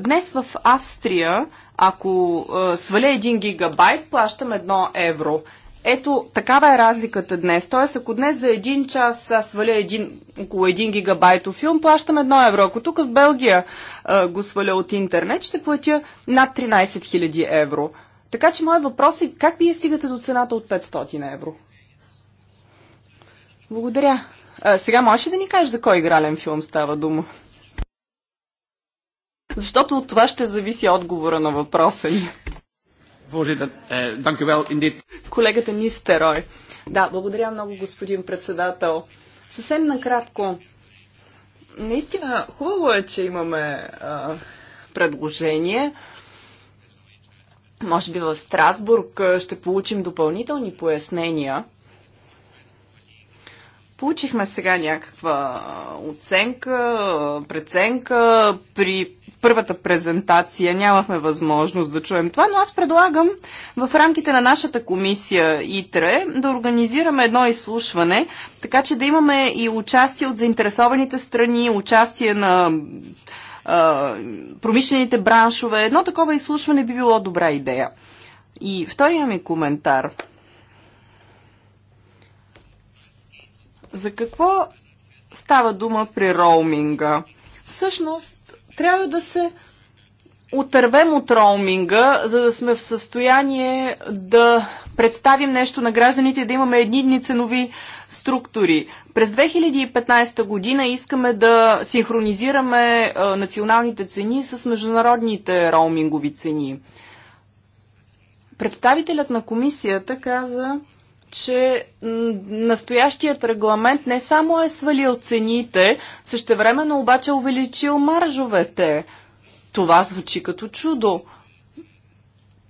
Днес в Австрия, ако сваля 1 гигабайт, плащам 1 евро. Ето, такава е разликата днес. Тоест, ако днес за един час аз сваля един, около 1 гигабайтов филм, плащам 1 евро. Ако тук в Белгия а, го сваля от интернет, ще платя над 13 000 евро. Така че моят въпрос е, как вие стигате до цената от 500 евро? Благодаря. А, сега можеш ли да ни кажеш за кой игрален филм става дума? Защото от това ще зависи отговора на въпроса ни. Eh, Колегата Нистерой. Е да, благодаря много, господин председател. Съвсем накратко. Наистина, хубаво е, че имаме а, предложение. Може би в Страсбург ще получим допълнителни пояснения. Получихме сега някаква оценка, преценка. При първата презентация нямахме възможност да чуем това, но аз предлагам в рамките на нашата комисия ИТРЕ да организираме едно изслушване, така че да имаме и участие от заинтересованите страни, участие на а, промишлените браншове. Едно такова изслушване би било добра идея. И втория ми коментар – За какво става дума при роуминга? Всъщност, трябва да се отървем от роуминга, за да сме в състояние да представим нещо на гражданите, да имаме едни ценови структури. През 2015 година искаме да синхронизираме националните цени с международните роумингови цени. Представителят на комисията каза, че настоящият регламент не само е свалил цените, същевременно обаче е увеличил маржовете. Това звучи като чудо.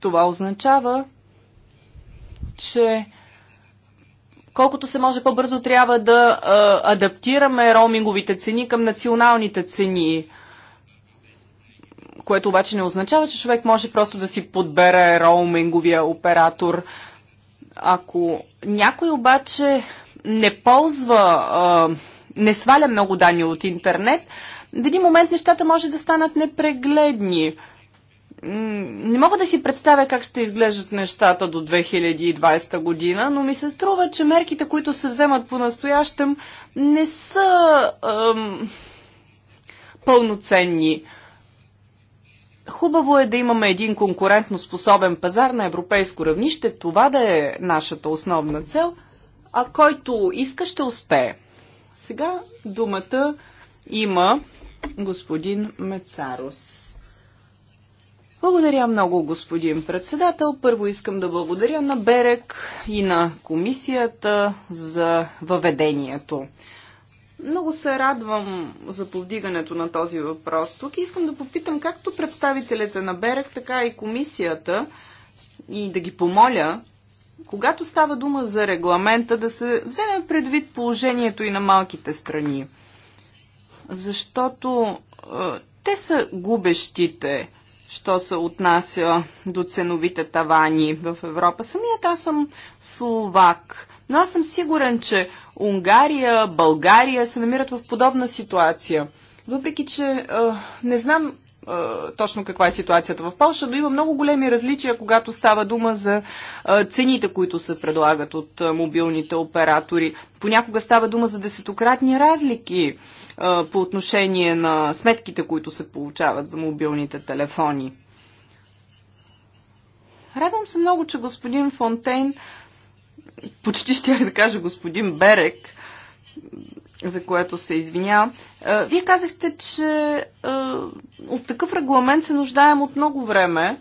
Това означава, че колкото се може по-бързо трябва да а, адаптираме роуминговите цени към националните цени, което обаче не означава, че човек може просто да си подбере роуминговия оператор – ако някой обаче не ползва, а, не сваля много данни от интернет, в един момент нещата може да станат непрегледни. Не мога да си представя как ще изглеждат нещата до 2020 година, но ми се струва, че мерките, които се вземат по-настоящем, не са ам, пълноценни. Хубаво е да имаме един конкурентно способен пазар на европейско равнище. Това да е нашата основна цел. А който иска, ще успее. Сега думата има господин Мецарос. Благодаря много, господин председател. Първо искам да благодаря на Берек и на комисията за въведението. Много се радвам за повдигането на този въпрос. Тук искам да попитам както представителите на Берег, така и комисията и да ги помоля, когато става дума за регламента, да се вземе предвид положението и на малките страни. Защото е, те са губещите, що се отнася до ценовите тавани в Европа. Самият аз съм словак но аз съм сигурен, че Унгария, България се намират в подобна ситуация. Въпреки, че е, не знам точно каква е ситуацията в Польша, но има много големи различия, когато става дума за цените, които се предлагат от мобилните оператори. Понякога става дума за десетократни разлики по отношение на сметките, които се получават за мобилните телефони. Радвам се много, че господин Фонтейн почти ще я да кажа господин Берек, за което се извинявам. Вие казахте, че от такъв регламент се нуждаем от много време.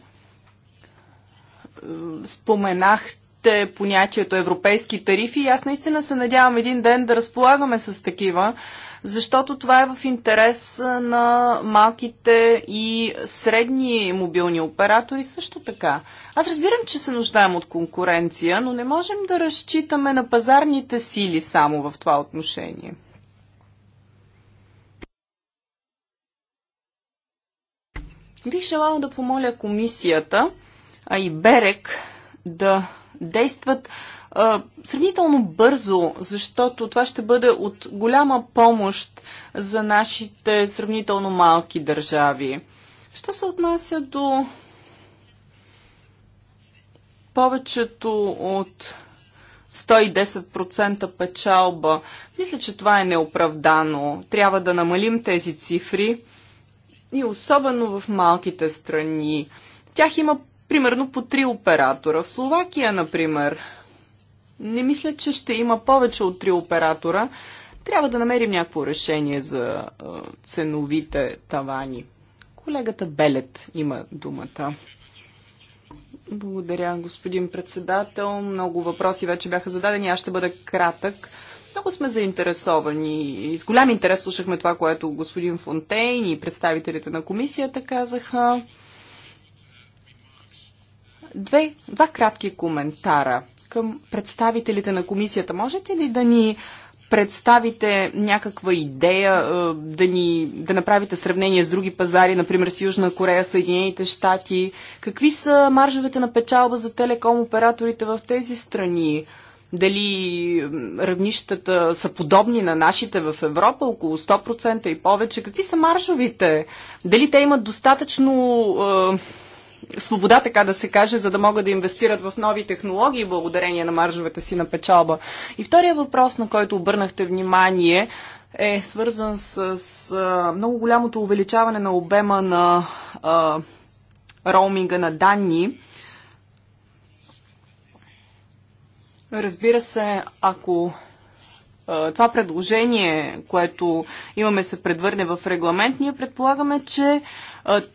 Споменахте понятието европейски тарифи и аз наистина се надявам един ден да разполагаме с такива, защото това е в интерес на малките и средни мобилни оператори също така. Аз разбирам, че се нуждаем от конкуренция, но не можем да разчитаме на пазарните сили само в това отношение. Бих желала да помоля комисията, а и Берек да действат сравнително бързо, защото това ще бъде от голяма помощ за нашите сравнително малки държави. Що се отнася до повечето от 110% печалба, мисля, че това е неоправдано. Трябва да намалим тези цифри и особено в малките страни. Тях има примерно по три оператора. В Словакия, например, не мисля, че ще има повече от три оператора. Трябва да намерим някакво решение за ценовите тавани. Колегата Белет има думата. Благодаря, господин председател. Много въпроси вече бяха зададени. Аз ще бъда кратък. Много сме заинтересовани и с голям интерес слушахме това, което господин Фонтейн и представителите на комисията казаха. Две, два кратки коментара към представителите на комисията. Можете ли да ни представите някаква идея, е, да, ни, да направите сравнение с други пазари, например с Южна Корея, Съединените щати? Какви са маржовете на печалба за телеком операторите в тези страни? Дали е, равнищата са подобни на нашите в Европа, около 100% и повече? Какви са маржовите? Дали те имат достатъчно е, свобода, така да се каже, за да могат да инвестират в нови технологии благодарение на маржовете си на печалба. И втория въпрос, на който обърнахте внимание, е свързан с, с много голямото увеличаване на обема на а, роуминга на данни. Разбира се, ако това предложение, което имаме се предвърне в регламент, ние предполагаме, че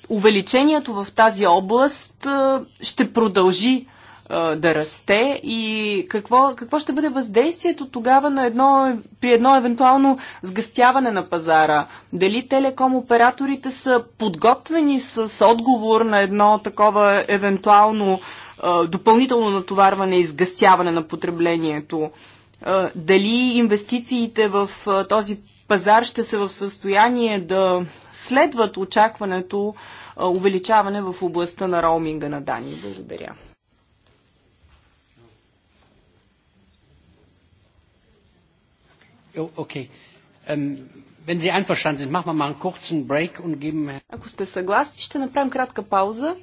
увеличението в тази област ще продължи да расте и какво, какво ще бъде въздействието тогава на едно, при едно евентуално сгъстяване на пазара? Дали телеком операторите са подготвени с отговор на едно такова евентуално допълнително натоварване и сгъстяване на потреблението? Дали инвестициите в този пазар ще са в състояние да следват очакването увеличаване в областта на роуминга на дани. Благодаря. Okay. Ако сте съгласни, ще направим кратка пауза.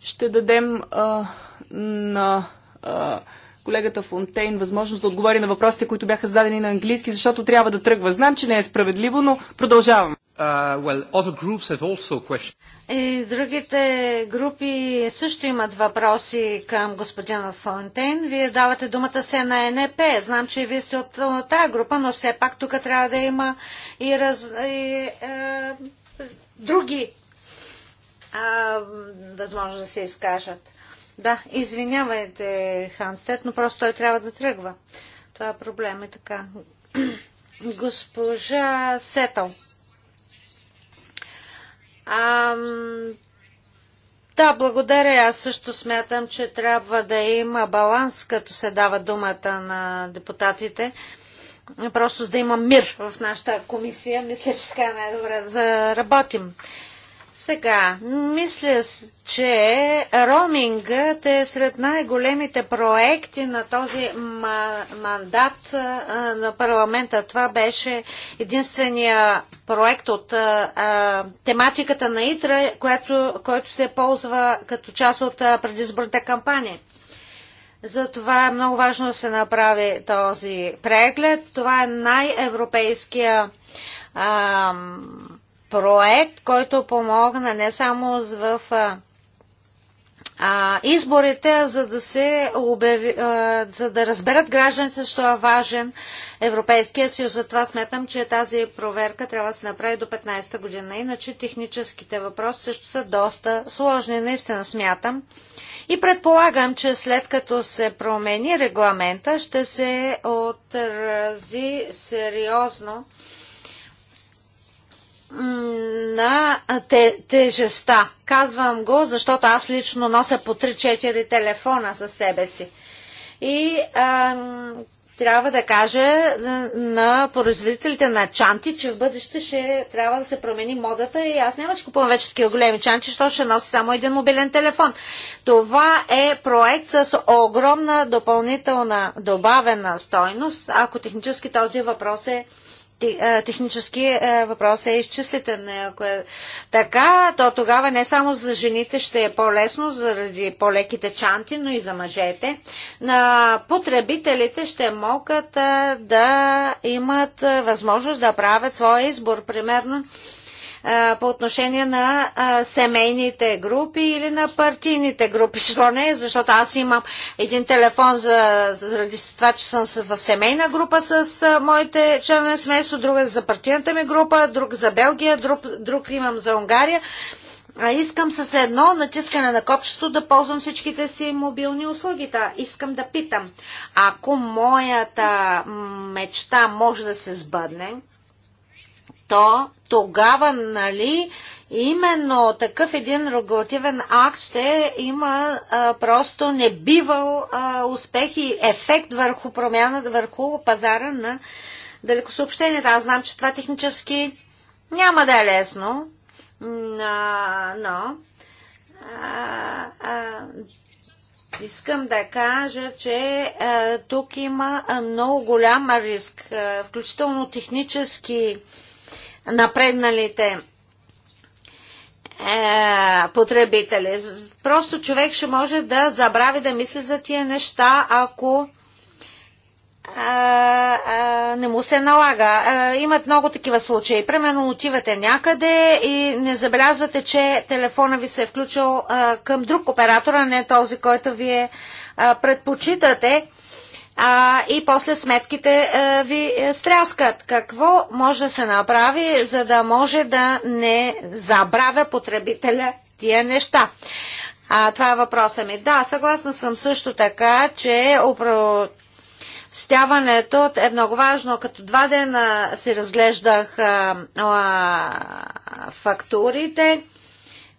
Ще дадем а, на а, колегата Фонтейн възможност да отговори на въпросите, които бяха зададени на английски, защото трябва да тръгва. Знам, че не е справедливо, но продължавам. Uh, well, И е, другите групи също имат въпроси към господин Фонтейн. Вие давате думата се на НП. Знам, че вие сте от, тази група, но все пак тук трябва да има и, раз, и е, други възможности да се изкажат. Да, извинявайте, ханстет, но просто той трябва да тръгва. Това е проблем е така. Госпожа Сетъл. Ам... Да, благодаря. Аз също смятам, че трябва да има баланс, като се дава думата на депутатите. Просто за да има мир в нашата комисия, мисля, че така най-добре да работим. Сега, мисля, че роумингът е сред най-големите проекти на този мандат на парламента. Това беше единствения проект от тематиката на ИТРА, която, който се ползва като част от предизборната кампания. Затова е много важно да се направи този преглед. Това е най-европейския проект, който помогна не само в а, изборите, за да се обяви, а, за да разберат гражданите, защо е важен Европейския съюз. Затова смятам, че тази проверка трябва да се направи до 15-та година. Иначе техническите въпроси също са доста сложни. Наистина смятам. И предполагам, че след като се промени регламента, ще се отрази сериозно на те, тежеста. Казвам го, защото аз лично нося по 3-4 телефона със себе си. И а, трябва да кажа на производителите на чанти, че в бъдеще ще трябва да се промени модата и аз няма да купувам вече такива големи чанти, защото ще носи само един мобилен телефон. Това е проект с огромна допълнителна добавена стойност, ако технически този въпрос е технически въпрос е изчислителен. Ако е така, то тогава не само за жените ще е по-лесно заради по-леките чанти, но и за мъжете. На потребителите ще могат да имат възможност да правят своя избор. Примерно, по отношение на семейните групи или на партийните групи. Що не? Защото аз имам един телефон за, заради това, че съм в семейна група с моите членове смесо, друга е за партийната ми група, друг за Белгия, друг, друг имам за Унгария. А искам с едно натискане на копчето да ползвам всичките си мобилни услуги. Та, искам да питам, ако моята мечта може да се сбъдне, то тогава, нали, именно такъв един регулативен акт ще има а, просто небивал а, успех и ефект върху промяната, върху пазара на далекосъобщенията. Аз знам, че това технически няма да е лесно, но, но а, а, искам да кажа, че а, тук има много голям риск, а, включително технически а, напредналите е, потребители. Просто човек ще може да забрави да мисли за тия неща, ако е, е, не му се налага. А, имат много такива случаи. Примерно отивате някъде и не забелязвате, че телефона ви се е включил към друг оператор, а не този, който вие предпочитате а, и после сметките а, ви е, стряскат. Какво може да се направи, за да може да не забравя потребителя тия неща? А, това е въпроса ми. Да, съгласна съм също така, че опро... Стяването е много важно. Като два дена си разглеждах а, а, фактурите,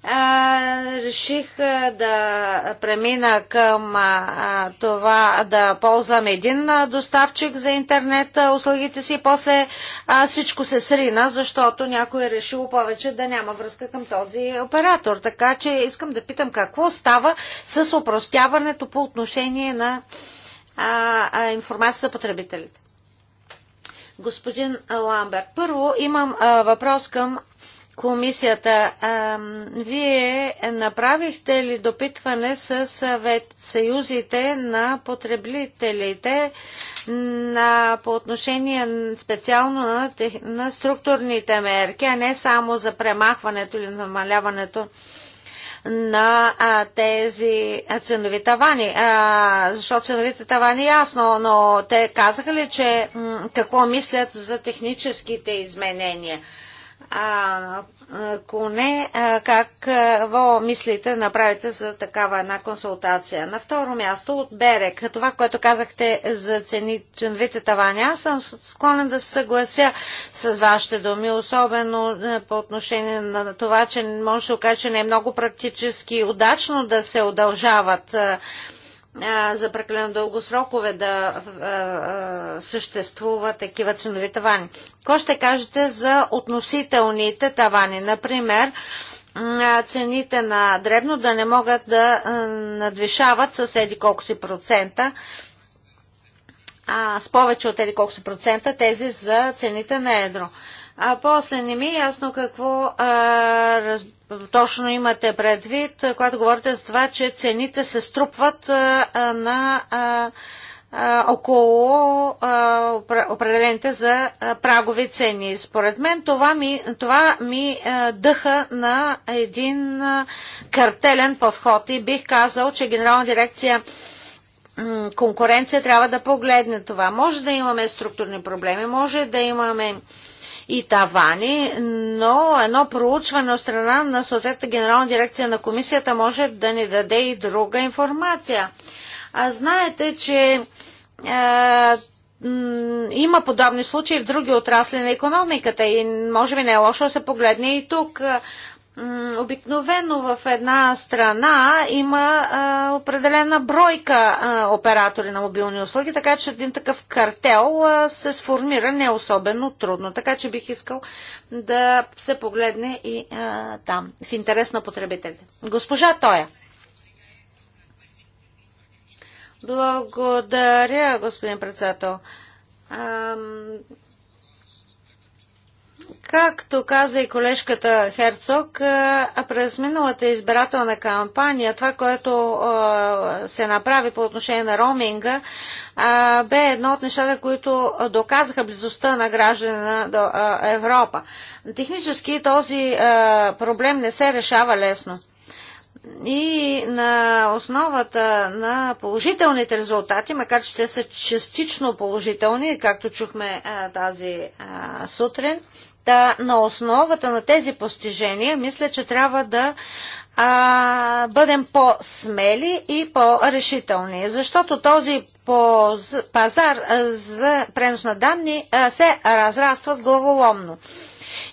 а, реших а, да премина към а, това да ползвам един а, доставчик за интернет а, услугите си и после а, всичко се срина, защото някой е решил повече да няма връзка към този оператор. Така че искам да питам какво става с опростяването по отношение на а, а, информация за потребителите. Господин Ламберт, първо имам а, въпрос към комисията. А, вие направихте ли допитване с съюзите на потребителите на, по отношение специално на, на структурните мерки, а не само за премахването или намаляването на а, тези ценови тавани. А, защото ценовите тавани е ясно, но те казаха ли, че какво мислят за техническите изменения? А, ако не, какво мислите направите за такава една консултация? На второ място от Берек. Това, което казахте за цени, ценовите тавани, аз съм склонен да се съглася с вашите думи, особено е, по отношение на това, че може да се окаже, че не е много практически удачно да се удължават е, за прекалено дълго срокове да съществуват такива ценови тавани. Какво ще кажете за относителните тавани? Например, цените на дребно да не могат да надвишават с еди колко си процента а, с повече от еди колко си процента тези за цените на едро. А после не ми е ясно какво а, раз, точно имате предвид, когато говорите за това, че цените се струпват а, на а, а, около а, определените за а, прагови цени. Според мен това ми, това ми а, дъха на един а, картелен подход и бих казал, че Генерална дирекция конкуренция трябва да погледне това. Може да имаме структурни проблеми, може да имаме и тавани, но едно проучване от страна на съответната генерална дирекция на комисията може да ни даде и друга информация. А знаете, че е, има подобни случаи в други отрасли на економиката и може би не е лошо да се погледне и тук. Обикновено в една страна има а, определена бройка а, оператори на мобилни услуги, така че един такъв картел а, се сформира не особено трудно. Така че бих искал да се погледне и а, там, в интерес на потребителите. Госпожа Тоя. Благодаря, господин председател. А, Както каза и колежката Херцог, през миналата избирателна кампания, това, което се направи по отношение на роминга, бе едно от нещата, които доказаха близостта на граждане на Европа. Технически този проблем не се решава лесно. И на основата на положителните резултати, макар че те са частично положителни, както чухме тази сутрин, Та на основата на тези постижения, мисля, че трябва да а, бъдем по-смели и по-решителни, защото този по пазар за пренос на данни а, се разраства главоломно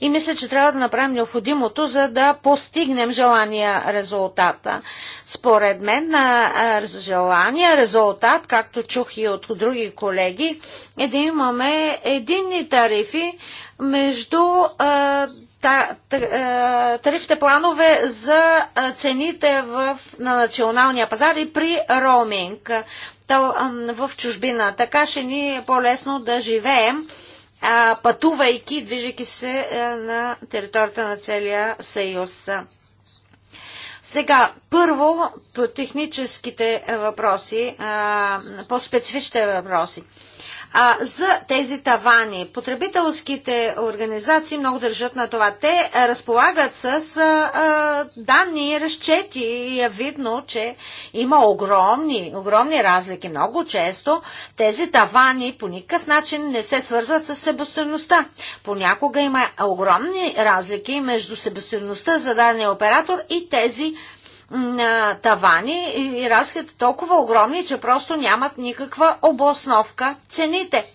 и мисля, че трябва да направим необходимото, за да постигнем желания резултата. Според мен, на желания резултат, както чух и от други колеги, е да имаме единни тарифи между тарифите планове за цените в, на националния пазар и при роуминг в чужбина. Така ще ни е по-лесно да живеем а, пътувайки, движейки се а, е, на територията на целия съюз. Сега, първо по техническите въпроси, по-специфичните въпроси а, за тези тавани. Потребителските организации много държат на това. Те разполагат с а, данни и разчети и е видно, че има огромни, огромни разлики. Много често тези тавани по никакъв начин не се свързват с себестоеността. Понякога има огромни разлики между себестоеността за дадения оператор и тези на тавани и разходите толкова огромни, че просто нямат никаква обосновка цените.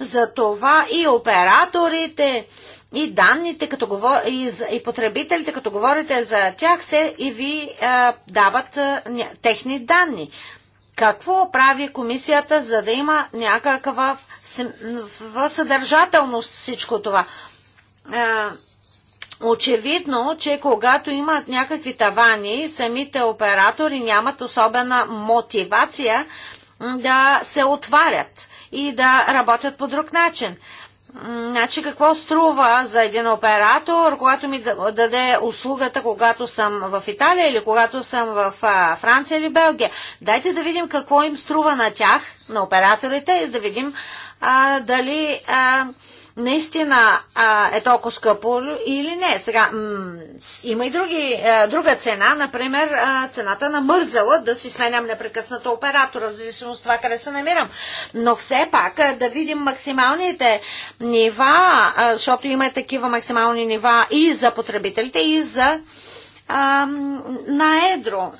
Затова и операторите, и данните, като говор... и, за... и потребителите, като говорите за тях, се и ви а, дават а, техни данни. Какво прави комисията, за да има някаква в... В съдържателност всичко това? А, Очевидно, че когато имат някакви тавани, самите оператори нямат особена мотивация да се отварят и да работят по друг начин. Значи какво струва за един оператор, когато ми даде услугата, когато съм в Италия или когато съм в Франция или Белгия? Дайте да видим какво им струва на тях, на операторите, и да видим а, дали а, наистина а, е толкова скъпо или не. Сега, има и други, а, е, друга цена, например а, цената на мързала, да си сменям непрекъснато оператора, в зависимост от това къде се намирам. Но все пак а, да видим максималните нива, а, защото има такива максимални нива и за потребителите, и за а, на едро.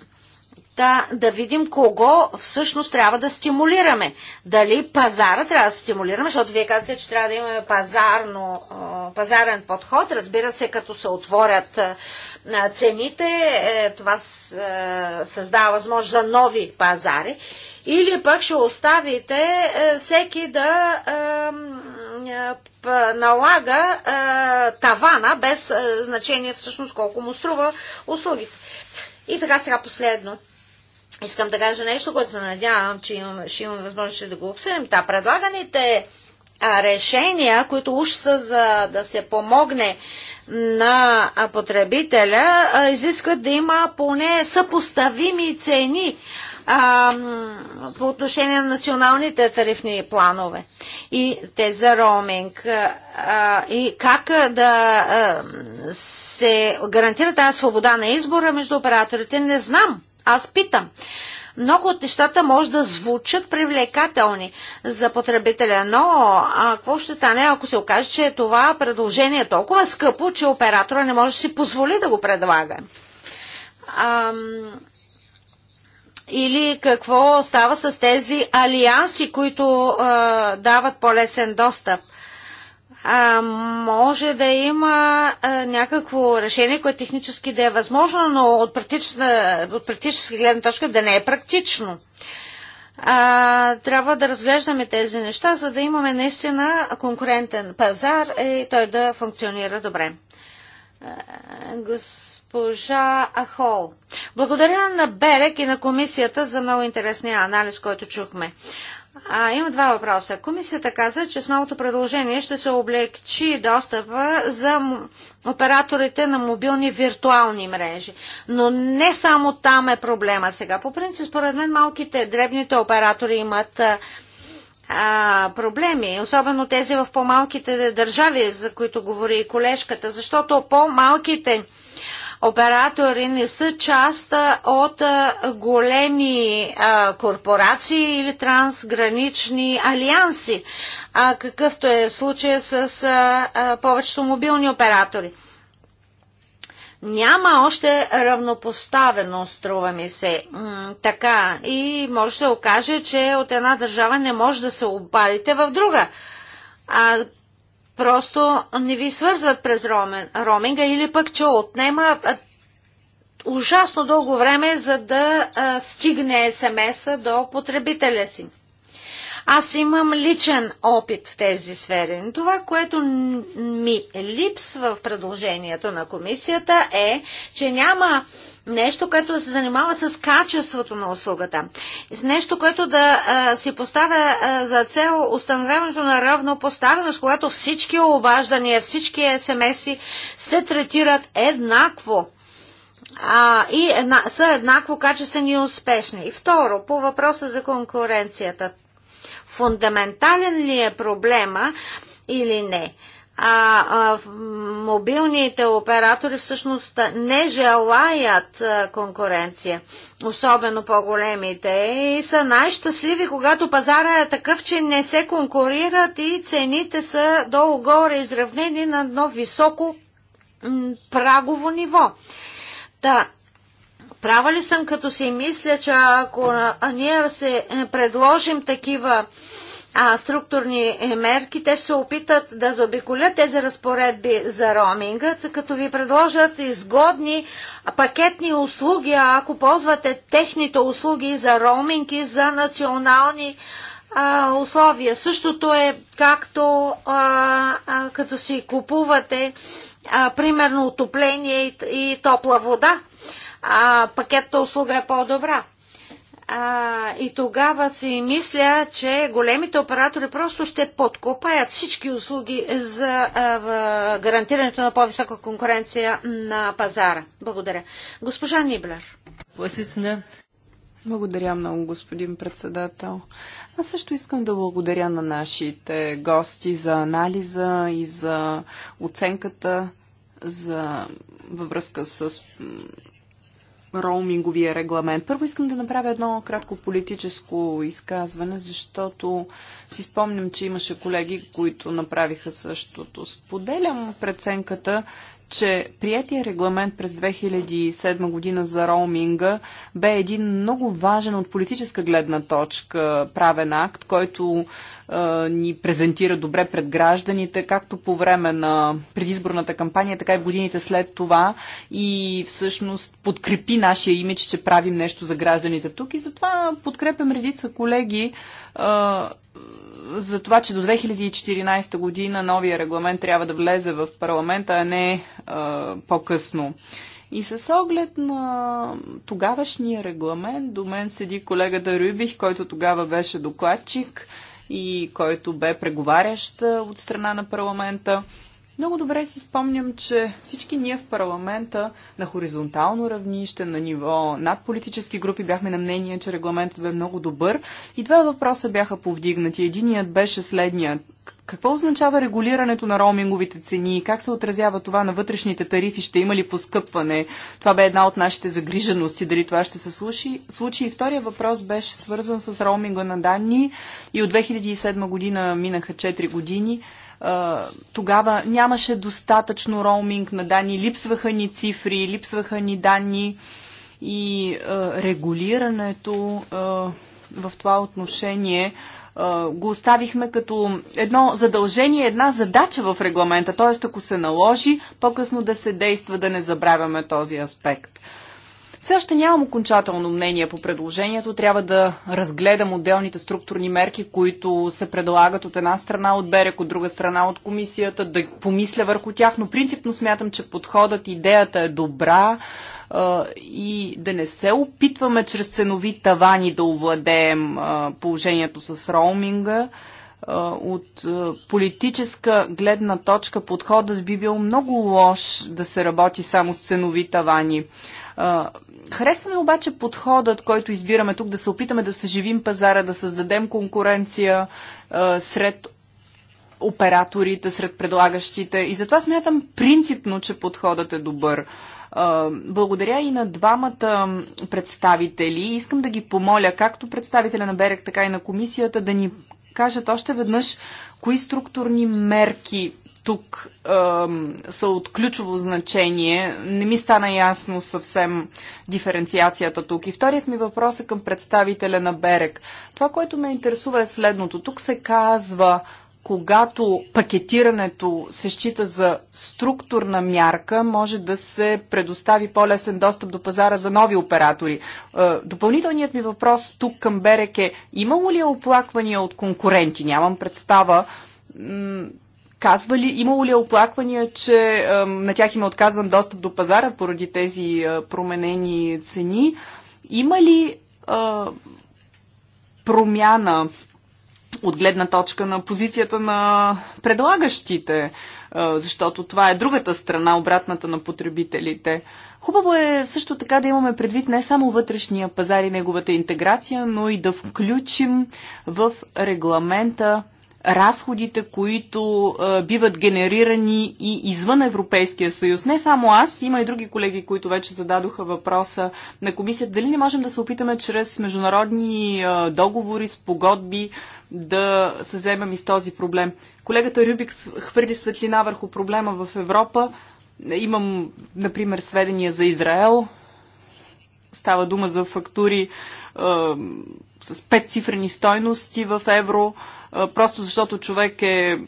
Та, да видим кого всъщност трябва да стимулираме. Дали пазара трябва да стимулираме, защото вие казвате, че трябва да имаме пазарно, пазарен подход. Разбира се, като се отворят цените, е, това е, създава възможност за нови пазари. Или пък ще оставите е, всеки да налага тавана, без значение всъщност колко му струва услугите. И така сега последно. Искам да кажа нещо, което се надявам, че имам, ще имам възможност да го обсъдим. Та, предлаганите решения, които уж са за да се помогне на потребителя, изискват да има поне съпоставими цени а, по отношение на националните тарифни планове и те за роуминг. А, и как да а, се гарантира тази свобода на избора между операторите, не знам. Аз питам. Много от нещата може да звучат привлекателни за потребителя, но а, какво ще стане, ако се окаже, че това предложение е толкова скъпо, че оператора не може да си позволи да го предлага? А, или какво става с тези алианси, които а, дават по-лесен достъп? а, може да има а, някакво решение, което технически да е възможно, но от, от практически гледна точка да не е практично. А, трябва да разглеждаме тези неща, за да имаме наистина конкурентен пазар и той да функционира добре. Госпожа Ахол. Благодаря на Берек и на комисията за много интересния анализ, който чухме. А, има два въпроса. Комисията каза, че с новото предложение ще се облегчи достъпа за операторите на мобилни виртуални мрежи. Но не само там е проблема сега. По принцип, според мен, малките, дребните оператори имат а, проблеми, особено тези в по-малките държави, за които говори и колежката, защото по-малките оператори не са част от големи корпорации или трансгранични алианси, какъвто е случая с повечето мобилни оператори. Няма още равнопоставено, струва ми се. М- така, и може да се окаже, че от една държава не може да се обадите в друга. А, просто не ви свързват през роминга или пък, че отнема ужасно дълго време, за да а, стигне СМС-а до потребителя си. Аз имам личен опит в тези сфери. Това, което ми липсва в предложението на комисията е, че няма нещо, което да се занимава с качеството на услугата, с нещо, което да а, си поставя а, за цел установяването на равнопоставеност, когато всички обаждания, всички СМС-и се третират еднакво а, и една, са еднакво качествени и успешни. И второ, по въпроса за конкуренцията. Фундаментален ли е проблема или не? а, а, мобилните оператори всъщност не желаят а, конкуренция, особено по-големите, и са най-щастливи, когато пазара е такъв, че не се конкурират и цените са долу-горе изравнени на едно високо прагово ниво. Та, права ли съм, като си мисля, че ако ние се е, предложим такива а, структурни мерки, те ще се опитат да заобиколят тези разпоредби за роуминга, като ви предложат изгодни пакетни услуги, а ако ползвате техните услуги за роуминг и за национални а, условия. Същото е както а, а, като си купувате а, примерно отопление и, и топла вода. А, пакетта услуга е по-добра. А, и тогава си мисля, че големите оператори просто ще подкопаят всички услуги за а, в, гарантирането на по-висока конкуренция на пазара. Благодаря. Госпожа Ниблер. Благодаря много, господин председател. Аз също искам да благодаря на нашите гости за анализа и за оценката за, във връзка с роуминговия регламент. Първо искам да направя едно кратко политическо изказване, защото си спомням, че имаше колеги, които направиха същото. Споделям преценката, че приятия регламент през 2007 година за роуминга бе един много важен от политическа гледна точка правен акт, който е, ни презентира добре пред гражданите, както по време на предизборната кампания, така и в годините след това и всъщност подкрепи нашия имидж, че правим нещо за гражданите тук и затова подкрепям редица колеги е, за това, че до 2014 година новия регламент трябва да влезе в парламента, а не по-късно. И с оглед на тогавашния регламент, до мен седи колегата Рюбих, който тогава беше докладчик и който бе преговарящ от страна на парламента. Много добре си спомням, че всички ние в парламента на хоризонтално равнище, на ниво над политически групи бяхме на мнение, че регламентът бе много добър и два въпроса бяха повдигнати. Единият беше следният. Какво означава регулирането на роуминговите цени? Как се отразява това на вътрешните тарифи? Ще има ли поскъпване? Това бе една от нашите загрижености, дали това ще се случи. случи. И втория въпрос беше свързан с роуминга на данни и от 2007 година минаха 4 години. Тогава нямаше достатъчно роуминг на данни, липсваха ни цифри, липсваха ни данни и регулирането в това отношение го оставихме като едно задължение, една задача в регламента, т.е. ако се наложи, по-късно да се действа, да не забравяме този аспект. Все още нямам окончателно мнение по предложението. Трябва да разгледам отделните структурни мерки, които се предлагат от една страна от Берек, от друга страна от комисията, да помисля върху тях, но принципно смятам, че подходът, идеята е добра и да не се опитваме чрез ценови тавани да овладеем положението с роуминга. От политическа гледна точка подходът би бил много лош да се работи само с ценови тавани. Харесваме обаче подходът, който избираме тук, да се опитаме да съживим пазара, да създадем конкуренция а, сред операторите, сред предлагащите. И затова смятам принципно, че подходът е добър. Благодаря и на двамата представители. Искам да ги помоля, както представителя на Берег, така и на комисията, да ни кажат още веднъж кои структурни мерки тук а, са от ключово значение. Не ми стана ясно съвсем диференциацията тук. И вторият ми въпрос е към представителя на Берек. Това, което ме интересува е следното. Тук се казва, когато пакетирането се счита за структурна мярка, може да се предостави по-лесен достъп до пазара за нови оператори. Е, допълнителният ми въпрос тук към Берек е, имало ли е оплаквания от конкуренти? Нямам представа казва ли, имало ли е оплаквания, че а, на тях им е отказан достъп до пазара поради тези а, променени цени? Има ли а, промяна от гледна точка на позицията на предлагащите? защото това е другата страна, обратната на потребителите. Хубаво е също така да имаме предвид не само вътрешния пазар и неговата интеграция, но и да включим в регламента разходите, които а, биват генерирани и извън Европейския съюз. Не само аз, има и други колеги, които вече зададоха въпроса на комисията. Дали не можем да се опитаме чрез международни а, договори, спогодби да се вземем и с този проблем? Колегата Рюбик хвърли светлина върху проблема в Европа. Имам, например, сведения за Израел. Става дума за фактури а, с пет цифрени стойности в евро. А, просто защото човек е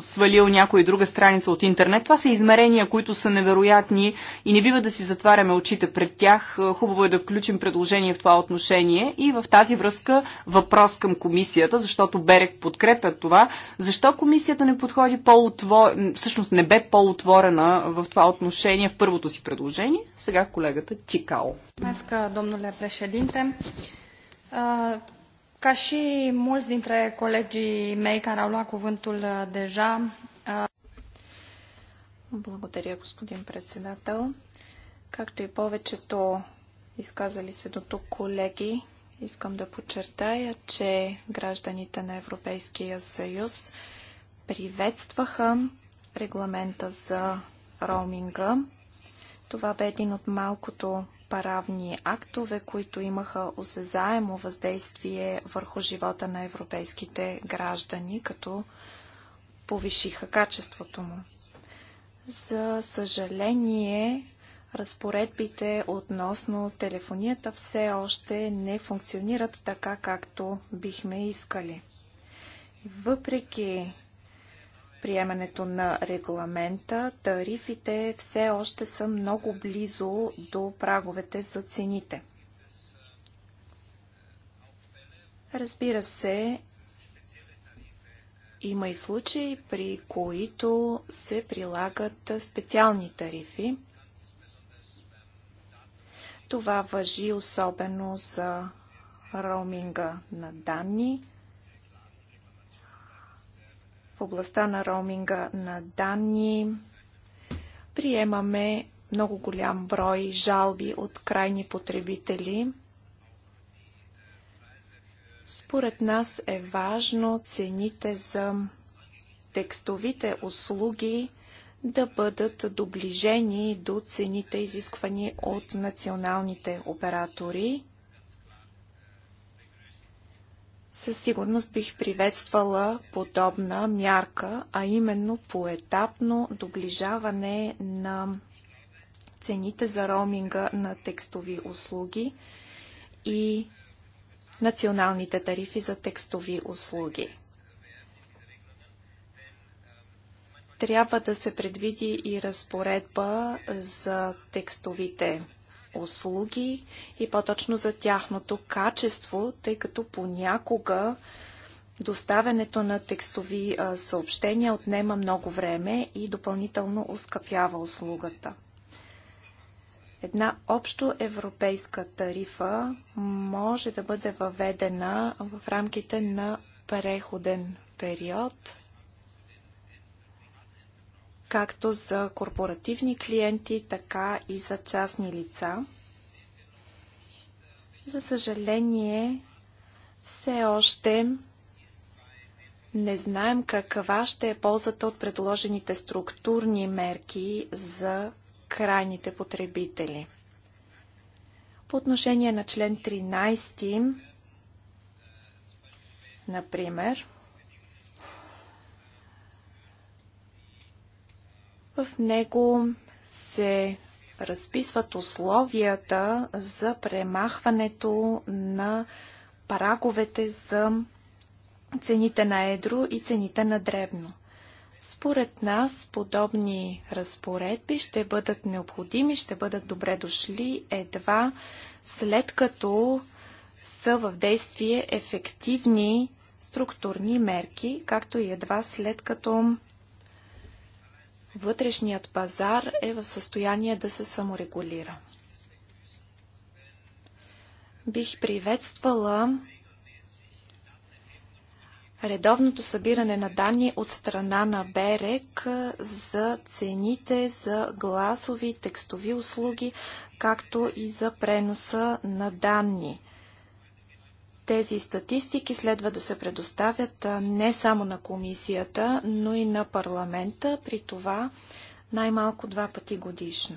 свалил някоя друга страница от интернет. Това са измерения, които са невероятни и не бива да си затваряме очите пред тях. Хубаво е да включим предложение в това отношение и в тази връзка въпрос към комисията, защото Берек подкрепя това. Защо комисията не подходи по отвор всъщност не бе по-отворена в това отношение в първото си предложение? Сега колегата Тикао. Днеска, домнуле președинте, Ca și mulți dintre colegii mei care au luat cuvântul uh, deja. Uh, Благодаря, господин председател. Както и повечето изказали се до тук колеги, искам да подчертая, че гражданите на Европейския съюз приветстваха регламента за роуминга. Това бе един от малкото правни актове, които имаха осезаемо въздействие върху живота на европейските граждани, като повишиха качеството му. За съжаление, разпоредбите относно телефонията все още не функционират така, както бихме искали. Въпреки приемането на регламента, тарифите все още са много близо до праговете за цените. Разбира се, има и случаи, при които се прилагат специални тарифи. Това въжи особено за роуминга на данни областта на роуминга на данни. Приемаме много голям брой жалби от крайни потребители. Според нас е важно цените за текстовите услуги да бъдат доближени до цените, изисквани от националните оператори със сигурност бих приветствала подобна мярка, а именно поетапно доближаване на цените за роуминга на текстови услуги и националните тарифи за текстови услуги. Трябва да се предвиди и разпоредба за текстовите услуги и по-точно за тяхното качество, тъй като понякога доставянето на текстови съобщения отнема много време и допълнително ускъпява услугата. Една общо европейска тарифа може да бъде въведена в рамките на преходен период както за корпоративни клиенти, така и за частни лица. За съжаление, все още не знаем каква ще е ползата от предложените структурни мерки за крайните потребители. По отношение на член 13, например, В него се разписват условията за премахването на праговете за цените на едро и цените на дребно. Според нас подобни разпоредби ще бъдат необходими, ще бъдат добре дошли едва след като са в действие ефективни структурни мерки, както и едва след като вътрешният пазар е в състояние да се саморегулира. Бих приветствала редовното събиране на данни от страна на Берек за цените за гласови, текстови услуги, както и за преноса на данни – тези статистики следва да се предоставят не само на комисията, но и на парламента, при това най-малко два пъти годишно.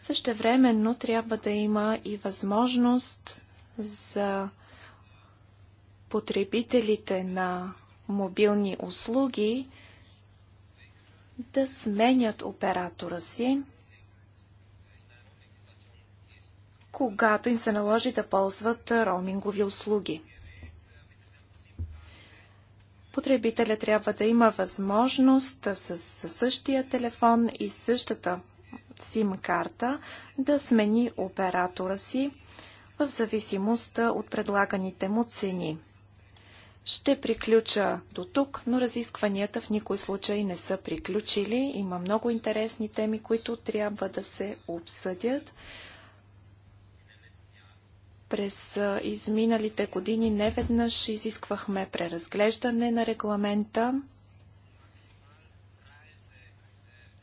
Същевременно трябва да има и възможност за потребителите на мобилни услуги да сменят оператора си когато им се наложи да ползват роумингови услуги. Потребителя трябва да има възможност с същия телефон и същата сим-карта да смени оператора си в зависимост от предлаганите му цени. Ще приключа до тук, но разискванията в никой случай не са приключили. Има много интересни теми, които трябва да се обсъдят. През изминалите години неведнъж изисквахме преразглеждане на регламента.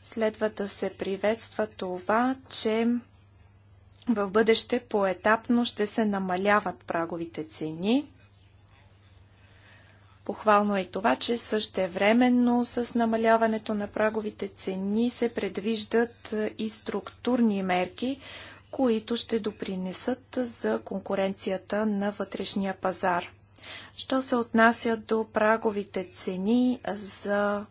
Следва да се приветства това, че в бъдеще поетапно ще се намаляват праговите цени. Похвално е това, че същевременно с намаляването на праговите цени се предвиждат и структурни мерки, които ще допринесат за конкуренцията на вътрешния пазар. Що се отнася до праговите цени за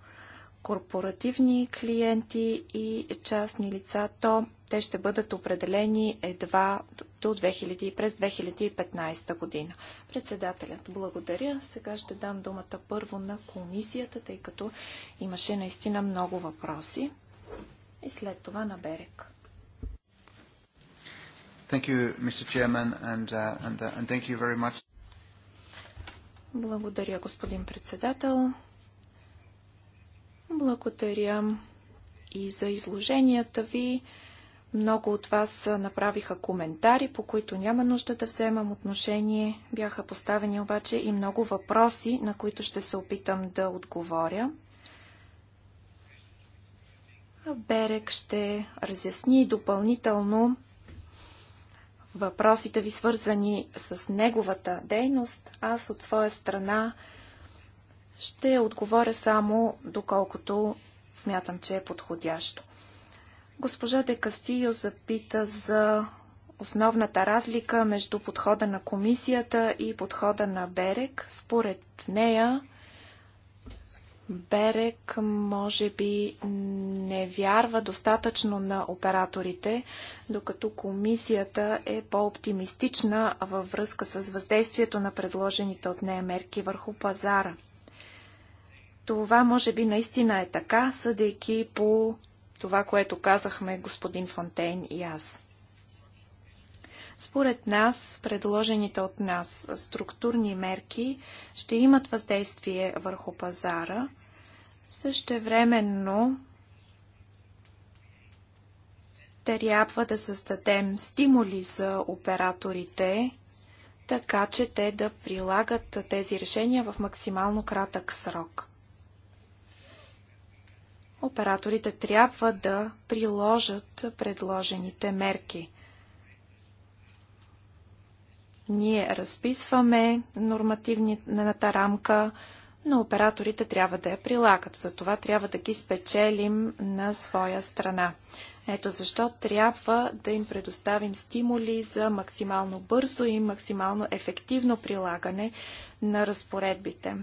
корпоративни клиенти и частни лица, то те ще бъдат определени едва до 2000, през 2015 година. Председателят, благодаря. Сега ще дам думата първо на комисията, тъй като имаше наистина много въпроси. И след това на Берег. Thank you, Mr. Chairman, and, uh, and, uh, and thank you very much. Благодаря, господин председател. Благодаря и за изложенията ви. Много от вас направиха коментари, по които няма нужда да вземам отношение. Бяха поставени обаче и много въпроси, на които ще се опитам да отговоря. Берек ще разясни допълнително въпросите ви свързани с неговата дейност, аз от своя страна ще отговоря само доколкото смятам, че е подходящо. Госпожа Де Кастио запита за основната разлика между подхода на комисията и подхода на Берек. Според нея, Берек може би не вярва достатъчно на операторите, докато комисията е по-оптимистична във връзка с въздействието на предложените от нея мерки върху пазара. Това може би наистина е така, съдейки по това, което казахме господин Фонтейн и аз. Според нас, предложените от нас структурни мерки ще имат въздействие върху пазара – Същевременно трябва да създадем стимули за операторите, така че те да прилагат тези решения в максимално кратък срок. Операторите трябва да приложат предложените мерки. Ние разписваме нормативната рамка, но операторите трябва да я прилагат. За това трябва да ги спечелим на своя страна. Ето защо трябва да им предоставим стимули за максимално бързо и максимално ефективно прилагане на разпоредбите.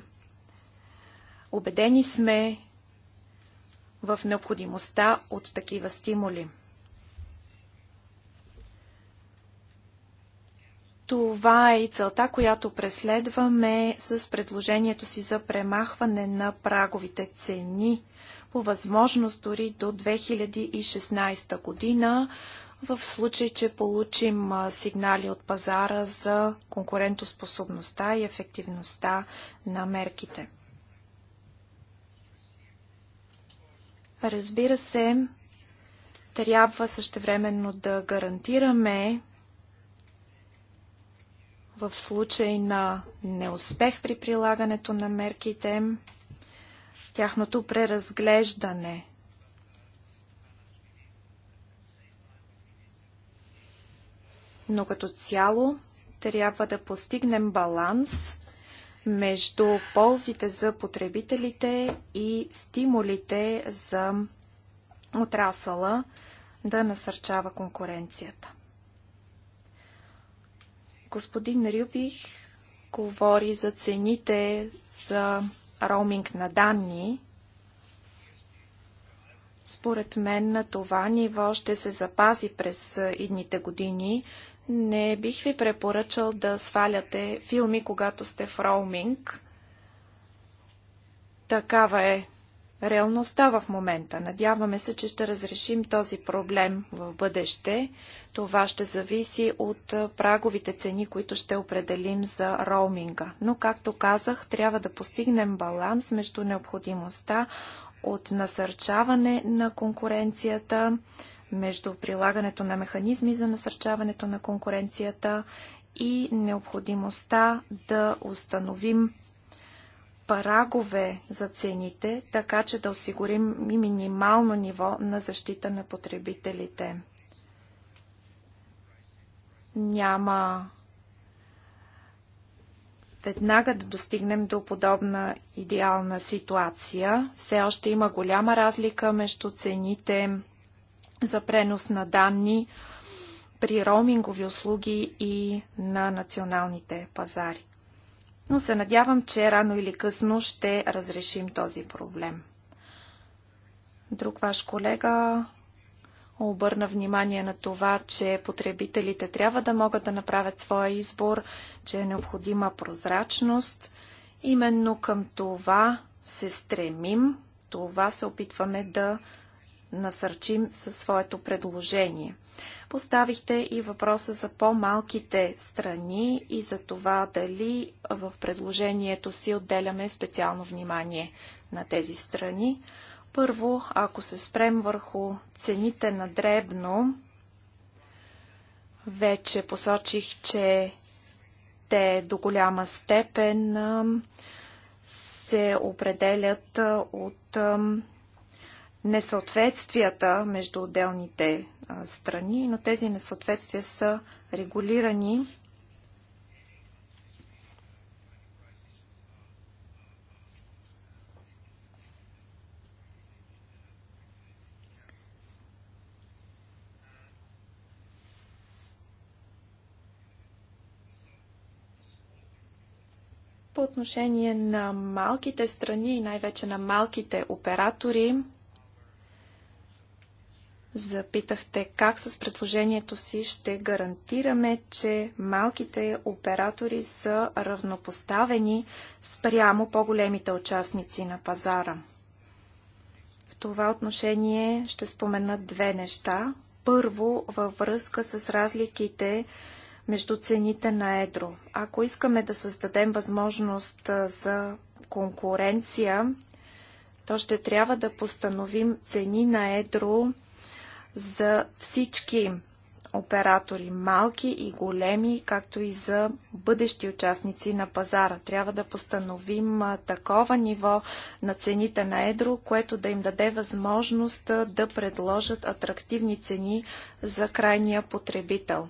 Обедени сме в необходимостта от такива стимули. Това е и целта, която преследваме с предложението си за премахване на праговите цени по възможност дори до 2016 година, в случай, че получим сигнали от пазара за конкурентоспособността и ефективността на мерките. Разбира се, трябва същевременно да гарантираме в случай на неуспех при прилагането на мерките, тяхното преразглеждане. Но като цяло трябва да постигнем баланс между ползите за потребителите и стимулите за отрасъла да насърчава конкуренцията. Господин Рюбих говори за цените за роуминг на данни. Според мен на това ниво ще се запази през идните години. Не бих ви препоръчал да сваляте филми, когато сте в роуминг. Такава е реалността в момента. Надяваме се, че ще разрешим този проблем в бъдеще. Това ще зависи от праговите цени, които ще определим за роуминга. Но, както казах, трябва да постигнем баланс между необходимостта от насърчаване на конкуренцията, между прилагането на механизми за насърчаването на конкуренцията и необходимостта да установим прагове за цените, така че да осигурим и минимално ниво на защита на потребителите. Няма веднага да достигнем до подобна идеална ситуация. Все още има голяма разлика между цените за пренос на данни при роумингови услуги и на националните пазари но се надявам, че рано или късно ще разрешим този проблем. Друг ваш колега обърна внимание на това, че потребителите трябва да могат да направят своя избор, че е необходима прозрачност. Именно към това се стремим, това се опитваме да насърчим със своето предложение. Поставихте и въпроса за по-малките страни и за това дали в предложението си отделяме специално внимание на тези страни. Първо, ако се спрем върху цените на дребно, вече посочих, че те до голяма степен се определят от несъответствията между отделните страни, но тези несъответствия са регулирани по отношение на малките страни и най-вече на малките оператори, Запитахте как с предложението си ще гарантираме, че малките оператори са равнопоставени спрямо по-големите участници на пазара. В това отношение ще спомена две неща. Първо, във връзка с разликите между цените на едро. Ако искаме да създадем възможност за конкуренция, то ще трябва да постановим цени на едро, за всички оператори, малки и големи, както и за бъдещи участници на пазара. Трябва да постановим такова ниво на цените на едро, което да им даде възможност да предложат атрактивни цени за крайния потребител.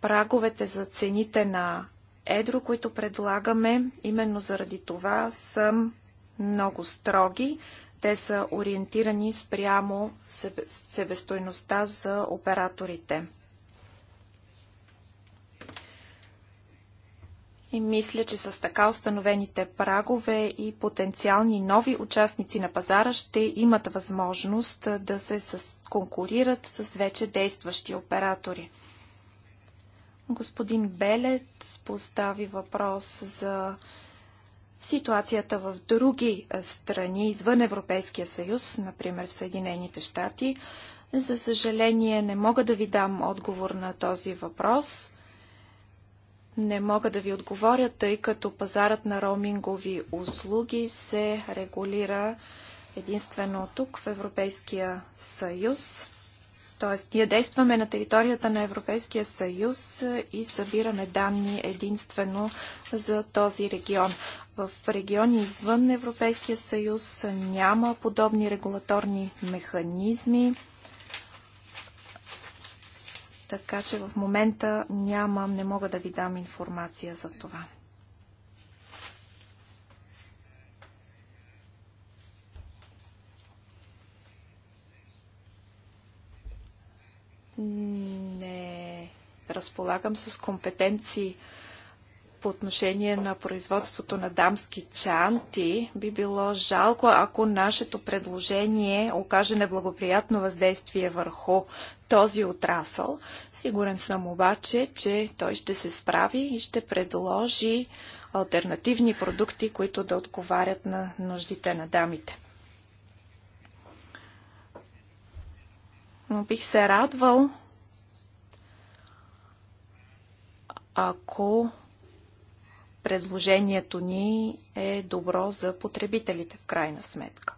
Праговете за цените на едро, които предлагаме, именно заради това са много строги. Те са ориентирани спрямо себестойността за операторите. И мисля, че с така установените прагове и потенциални нови участници на пазара ще имат възможност да се конкурират с вече действащи оператори. Господин Белет постави въпрос за Ситуацията в други е, страни извън Европейския съюз, например в Съединените щати, за съжаление не мога да ви дам отговор на този въпрос. Не мога да ви отговоря, тъй като пазарът на роумингови услуги се регулира единствено тук в Европейския съюз. Тоест, ние действаме на територията на Европейския съюз е, и събираме данни единствено за този регион. В региони извън Европейския съюз няма подобни регулаторни механизми, така че в момента нямам, не мога да ви дам информация за това. Не разполагам с компетенции по отношение на производството на дамски чанти. Би било жалко, ако нашето предложение окаже неблагоприятно въздействие върху този отрасъл. Сигурен съм обаче, че той ще се справи и ще предложи альтернативни продукти, които да отговарят на нуждите на дамите. Но бих се радвал, ако предложението ни е добро за потребителите в крайна сметка.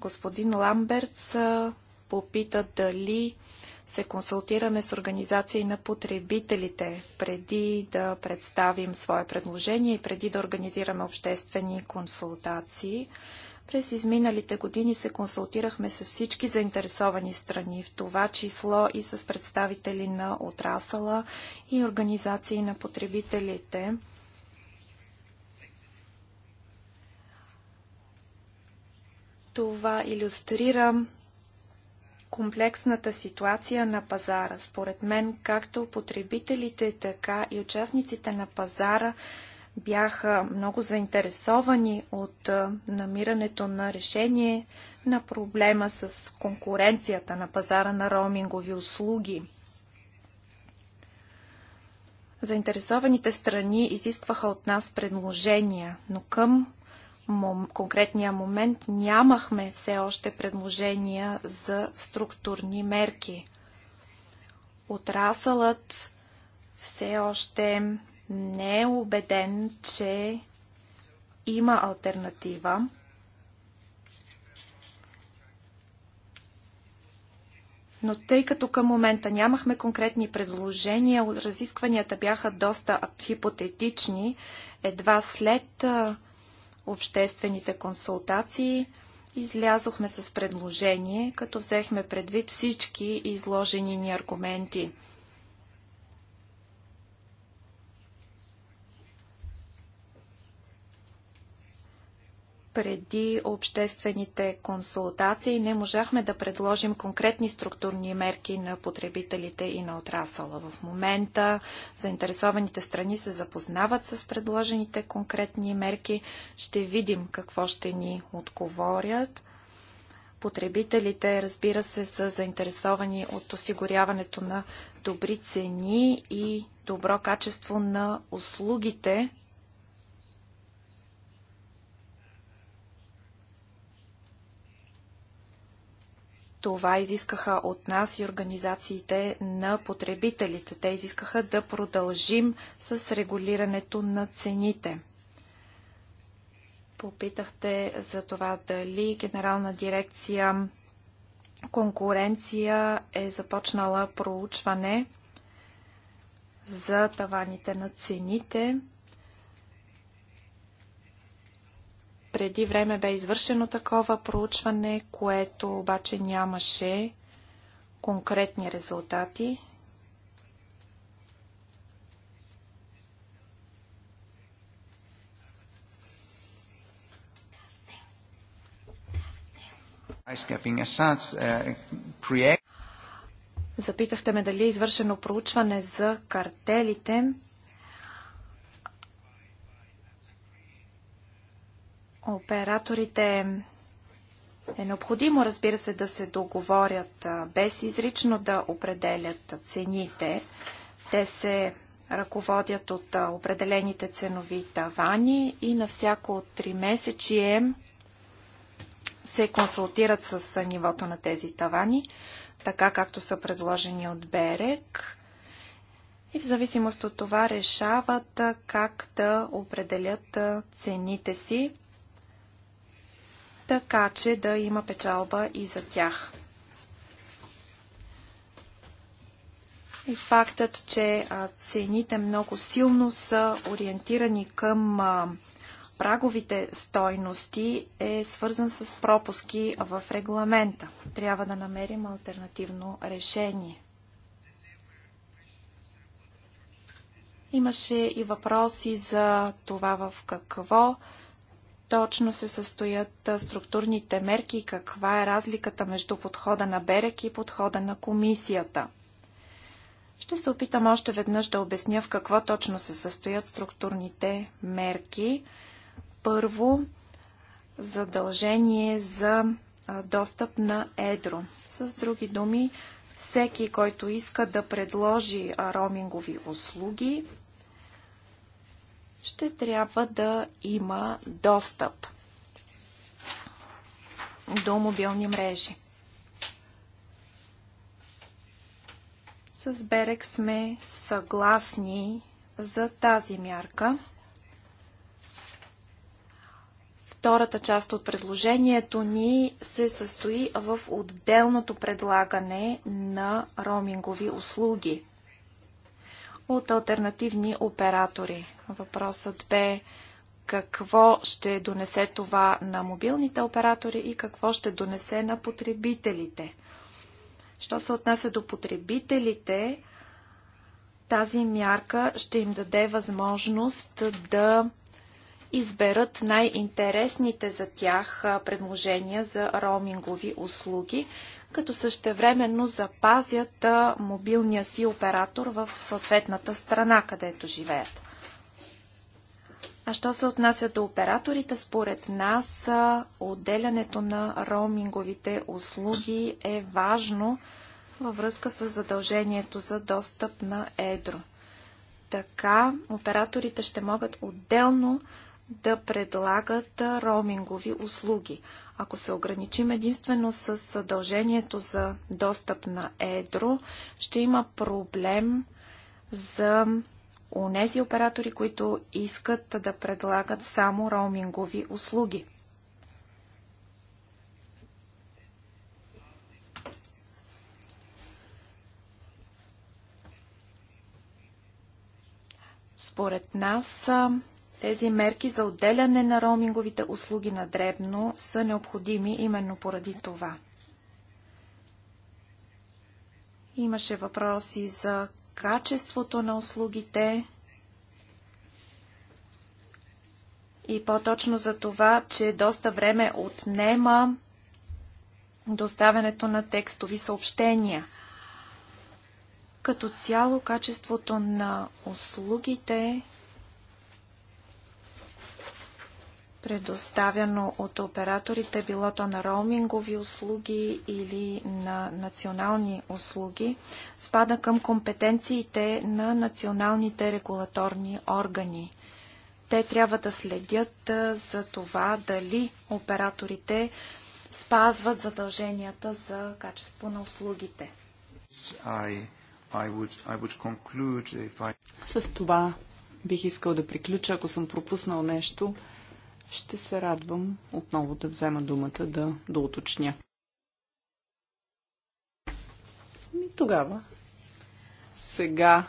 Господин Ламбертс попита дали се консултираме с организации на потребителите преди да представим свое предложение и преди да организираме обществени консултации. През изминалите години се консултирахме с всички заинтересовани страни, в това число и с представители на отрасала и организации на потребителите. Това иллюстрира комплексната ситуация на пазара. Според мен, както потребителите, така и участниците на пазара бяха много заинтересовани от намирането на решение на проблема с конкуренцията на пазара на роумингови услуги. Заинтересованите страни изискваха от нас предложения, но към мом, конкретния момент нямахме все още предложения за структурни мерки. Отрасълът все още не е убеден, че има альтернатива. Но тъй като към момента нямахме конкретни предложения, разискванията бяха доста хипотетични, едва след обществените консултации излязохме с предложение, като взехме предвид всички изложени ни аргументи. преди обществените консултации не можахме да предложим конкретни структурни мерки на потребителите и на отрасъла. В момента заинтересованите страни се запознават с предложените конкретни мерки. Ще видим какво ще ни отговорят. Потребителите, разбира се, са заинтересовани от осигуряването на добри цени и добро качество на услугите, Това изискаха от нас и организациите на потребителите. Те изискаха да продължим с регулирането на цените. Попитахте за това дали Генерална дирекция конкуренция е започнала проучване за таваните на цените. Преди време бе извършено такова проучване, което обаче нямаше конкретни резултати. Запитахте ме дали е извършено проучване за картелите. Операторите е необходимо, разбира се, да се договорят без изрично да определят цените. Те се ръководят от определените ценови тавани и на всяко три месечи се консултират с нивото на тези тавани, така както са предложени от Берек. И в зависимост от това решават как да определят цените си така че да има печалба и за тях. И фактът, че цените много силно са ориентирани към праговите стойности е свързан с пропуски в регламента. Трябва да намерим альтернативно решение. Имаше и въпроси за това в какво точно се състоят структурните мерки и каква е разликата между подхода на Берек и подхода на комисията. Ще се опитам още веднъж да обясня в какво точно се състоят структурните мерки. Първо, задължение за достъп на едро. С други думи, всеки, който иска да предложи роумингови услуги, ще трябва да има достъп до мобилни мрежи. С Берек сме съгласни за тази мярка. Втората част от предложението ни се състои в отделното предлагане на роумингови услуги от альтернативни оператори. Въпросът бе какво ще донесе това на мобилните оператори и какво ще донесе на потребителите. Що се отнася до потребителите, тази мярка ще им даде възможност да изберат най-интересните за тях предложения за роумингови услуги, като същевременно запазят мобилния си оператор в съответната страна, където живеят. А що се отнася до операторите, според нас отделянето на роуминговите услуги е важно във връзка с задължението за достъп на едро. Така операторите ще могат отделно да предлагат роумингови услуги. Ако се ограничим единствено с задължението за достъп на едро, ще има проблем за онези оператори, които искат да предлагат само роумингови услуги. Според нас тези мерки за отделяне на роуминговите услуги на дребно са необходими именно поради това. Имаше въпроси за качеството на услугите и по-точно за това, че доста време отнема доставянето на текстови съобщения. Като цяло качеството на услугите предоставяно от операторите, било то на роумингови услуги или на национални услуги, спада към компетенциите на националните регулаторни органи. Те трябва да следят за това дали операторите спазват задълженията за качество на услугите. С това бих искал да приключа, ако съм пропуснал нещо ще се радвам отново да взема думата да, да уточня. И тогава, сега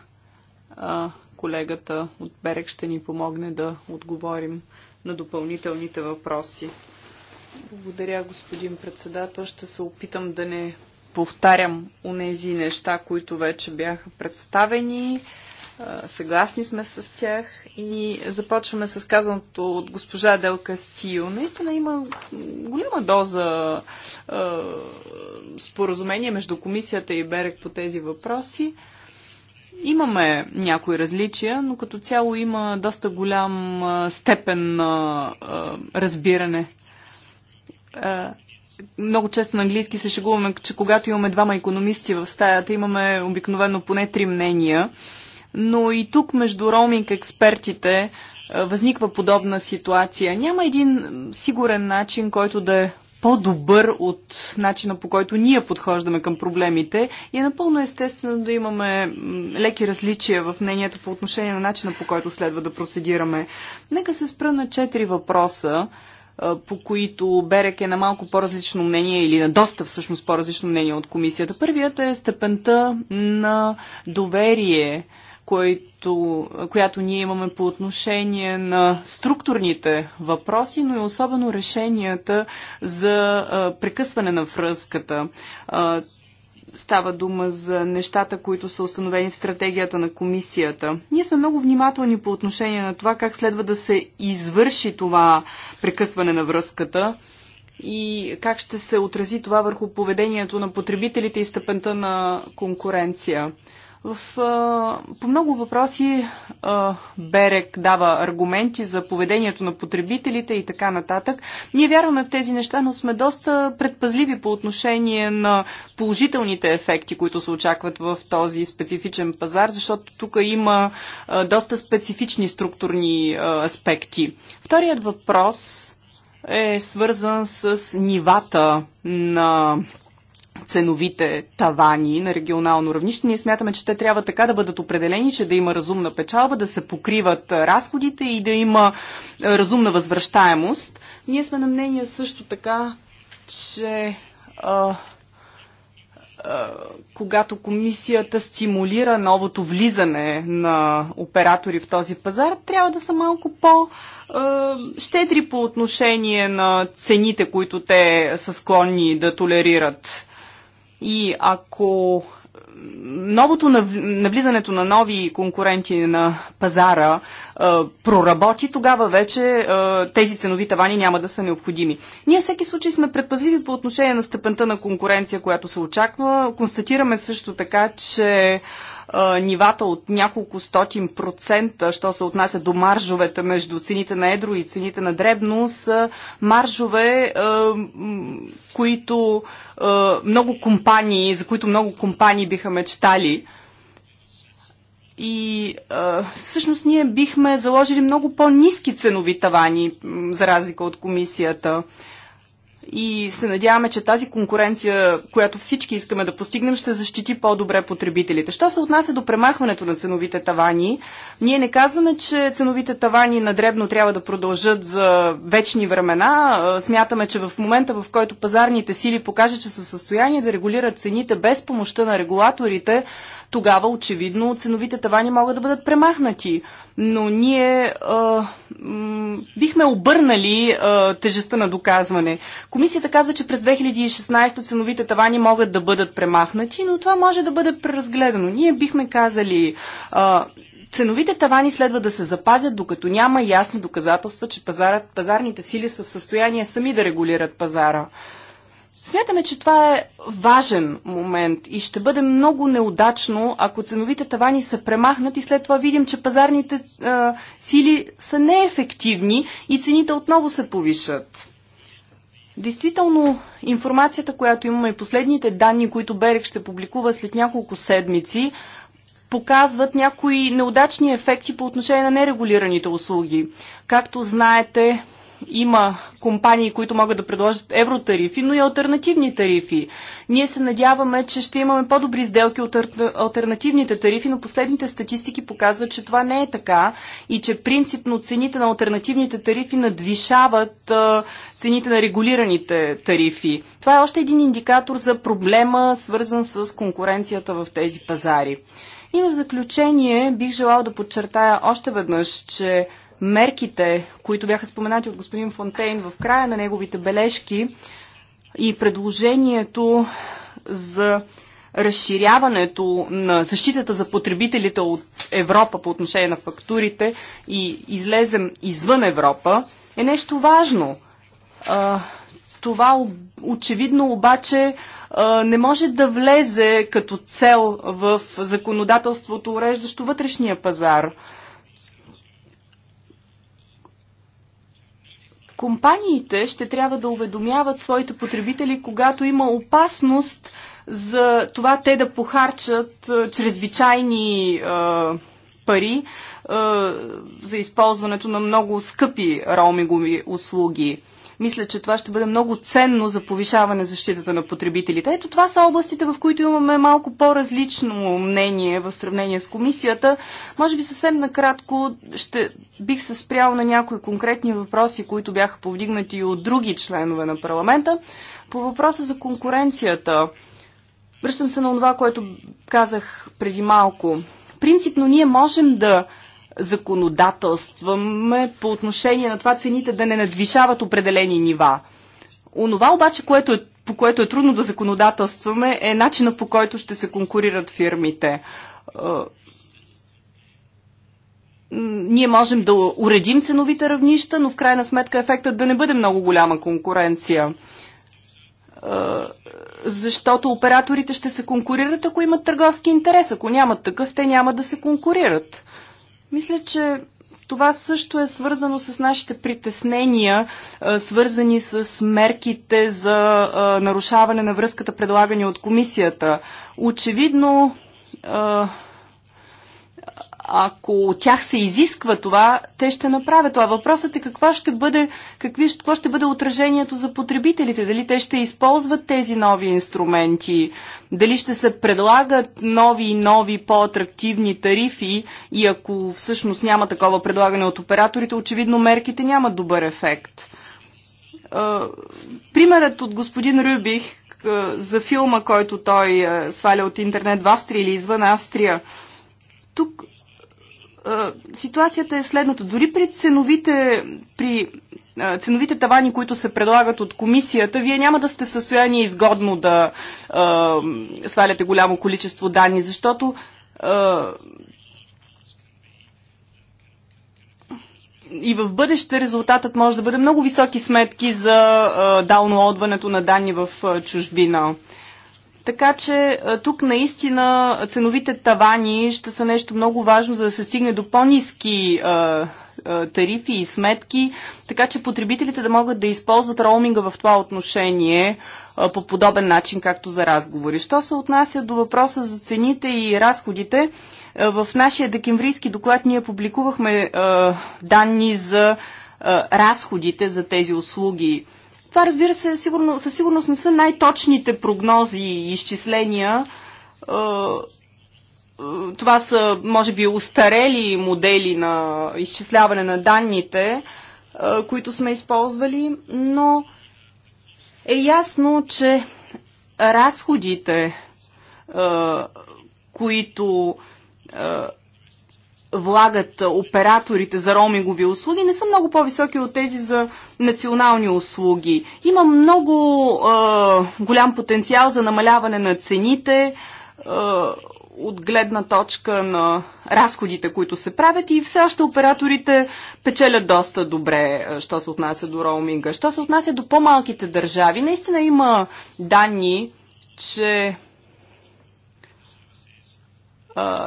а, колегата от Берег ще ни помогне да отговорим на допълнителните въпроси. Благодаря, господин председател. Ще се опитам да не повтарям унези неща, които вече бяха представени. Съгласни сме с тях и започваме с казаното от госпожа Делка Кастио. Наистина има голяма доза е, споразумение между комисията и Берек по тези въпроси. Имаме някои различия, но като цяло има доста голям степен на е, разбиране. Е, много често на английски се шегуваме, че когато имаме двама економисти в стаята, имаме обикновено поне три мнения но и тук между роуминг експертите е, възниква подобна ситуация. Няма един сигурен начин, който да е по-добър от начина по който ние подхождаме към проблемите и е напълно естествено да имаме леки различия в мнението по отношение на начина по който следва да процедираме. Нека се спра на четири въпроса, е, по които Берек е на малко по-различно мнение или на доста всъщност по-различно мнение от комисията. Първият е степента на доверие който, която ние имаме по отношение на структурните въпроси, но и особено решенията за прекъсване на връзката. Става дума за нещата, които са установени в стратегията на комисията. Ние сме много внимателни по отношение на това как следва да се извърши това прекъсване на връзката и как ще се отрази това върху поведението на потребителите и степента на конкуренция. В, по много въпроси Берек дава аргументи за поведението на потребителите и така нататък. Ние вярваме в тези неща, но сме доста предпазливи по отношение на положителните ефекти, които се очакват в този специфичен пазар, защото тук има доста специфични структурни аспекти. Вторият въпрос е свързан с нивата на ценовите тавани на регионално равнище. Ние смятаме, че те трябва така да бъдат определени, че да има разумна печалба, да се покриват разходите и да има разумна възвръщаемост. Ние сме на мнение също така, че а, а, когато комисията стимулира новото влизане на оператори в този пазар, трябва да са малко по-щедри по отношение на цените, които те са склонни да толерират и ако новото навлизането на нови конкуренти на пазара а, проработи, тогава вече а, тези ценови тавани няма да са необходими. Ние всеки случай сме предпазливи по отношение на степента на конкуренция, която се очаква. Констатираме също така, че нивата от няколко стотин процента, що се отнася до маржовете между цените на едро и цените на дребно, са маржове, които много компании, за които много компании биха мечтали. И а, всъщност ние бихме заложили много по-низки ценови тавани, за разлика от комисията и се надяваме, че тази конкуренция, която всички искаме да постигнем, ще защити по-добре потребителите. Що се отнася до премахването на ценовите тавани, ние не казваме, че ценовите тавани на дребно трябва да продължат за вечни времена. Смятаме, че в момента, в който пазарните сили покажат, че са в състояние да регулират цените без помощта на регулаторите, тогава очевидно ценовите тавани могат да бъдат премахнати. Но ние а, бихме обърнали а, тежестта на доказване. Комисията казва, че през 2016 ценовите тавани могат да бъдат премахнати, но това може да бъде преразгледано. Ние бихме казали. А, Ценовите тавани следва да се запазят, докато няма ясни доказателства, че пазарът, пазарните сили са в състояние сами да регулират пазара. Смятаме, че това е важен момент и ще бъде много неудачно, ако ценовите тавани са премахнат и след това видим, че пазарните а, сили са неефективни и цените отново се повишат. Действително, информацията, която имаме и последните данни, които Берег ще публикува след няколко седмици, показват някои неудачни ефекти по отношение на нерегулираните услуги. Както знаете, има компании, които могат да предложат евротарифи, но и альтернативни тарифи. Ние се надяваме, че ще имаме по-добри сделки от альтернативните тарифи, но последните статистики показват, че това не е така и че принципно цените на альтернативните тарифи надвишават цените на регулираните тарифи. Това е още един индикатор за проблема, свързан с конкуренцията в тези пазари. И в заключение бих желал да подчертая още веднъж, че мерките, които бяха споменати от господин Фонтейн в края на неговите бележки и предложението за разширяването на защитата за потребителите от Европа по отношение на фактурите и излезем извън Европа, е нещо важно. това очевидно обаче не може да влезе като цел в законодателството, уреждащо вътрешния пазар. Компаниите ще трябва да уведомяват своите потребители, когато има опасност за това те да похарчат а, чрезвичайни а, пари а, за използването на много скъпи роумингови услуги. Мисля, че това ще бъде много ценно за повишаване защитата на потребителите. Ето това са областите, в които имаме малко по-различно мнение в сравнение с комисията. Може би съвсем накратко ще бих се спрял на някои конкретни въпроси, които бяха повдигнати и от други членове на парламента. По въпроса за конкуренцията, връщам се на това, което казах преди малко. Принципно ние можем да законодателстваме по отношение на това цените да не надвишават определени нива. Онова обаче, което е, по което е трудно да законодателстваме, е начина по който ще се конкурират фирмите. Е, ние можем да уредим ценовите равнища, но в крайна сметка ефектът да не бъде много голяма конкуренция е, защото операторите ще се конкурират, ако имат търговски интерес. Ако нямат такъв, те няма да се конкурират. Мисля, че това също е свързано с нашите притеснения, е, свързани с мерките за е, нарушаване на връзката, предлагани от комисията. Очевидно, е, ако от тях се изисква това, те ще направят това. Въпросът е каква ще бъде, какви, какво ще бъде отражението за потребителите, дали те ще използват тези нови инструменти, дали ще се предлагат нови и нови по-атрактивни тарифи и ако всъщност няма такова предлагане от операторите, очевидно мерките нямат добър ефект. Примерът от господин Рюбих за филма, който той сваля от интернет в Австрия или извън Австрия, тук ситуацията е следната. Дори при ценовите, при ценовите тавани, които се предлагат от комисията, вие няма да сте в състояние изгодно да а, сваляте голямо количество данни, защото а, и в бъдеще резултатът може да бъде много високи сметки за а, даунлоудването на данни в а, чужбина. А, така че тук наистина ценовите тавани ще са нещо много важно, за да се стигне до по-низки тарифи и сметки, така че потребителите да могат да използват роуминга в това отношение по подобен начин, както за разговори. Що се отнася до въпроса за цените и разходите, в нашия декемврийски доклад ние публикувахме данни за разходите за тези услуги. Това, разбира се, сигурно, със сигурност не са най-точните прогнози и изчисления. Е, е, това са, може би, устарели модели на изчисляване на данните, е, които сме използвали, но е ясно, че разходите, които влагат операторите за роумингови услуги не са много по-високи от тези за национални услуги. Има много е, голям потенциал за намаляване на цените е, от гледна точка на разходите, които се правят и все още операторите печелят доста добре, що се отнася до роуминга. Що се отнася до по-малките държави, наистина има данни, че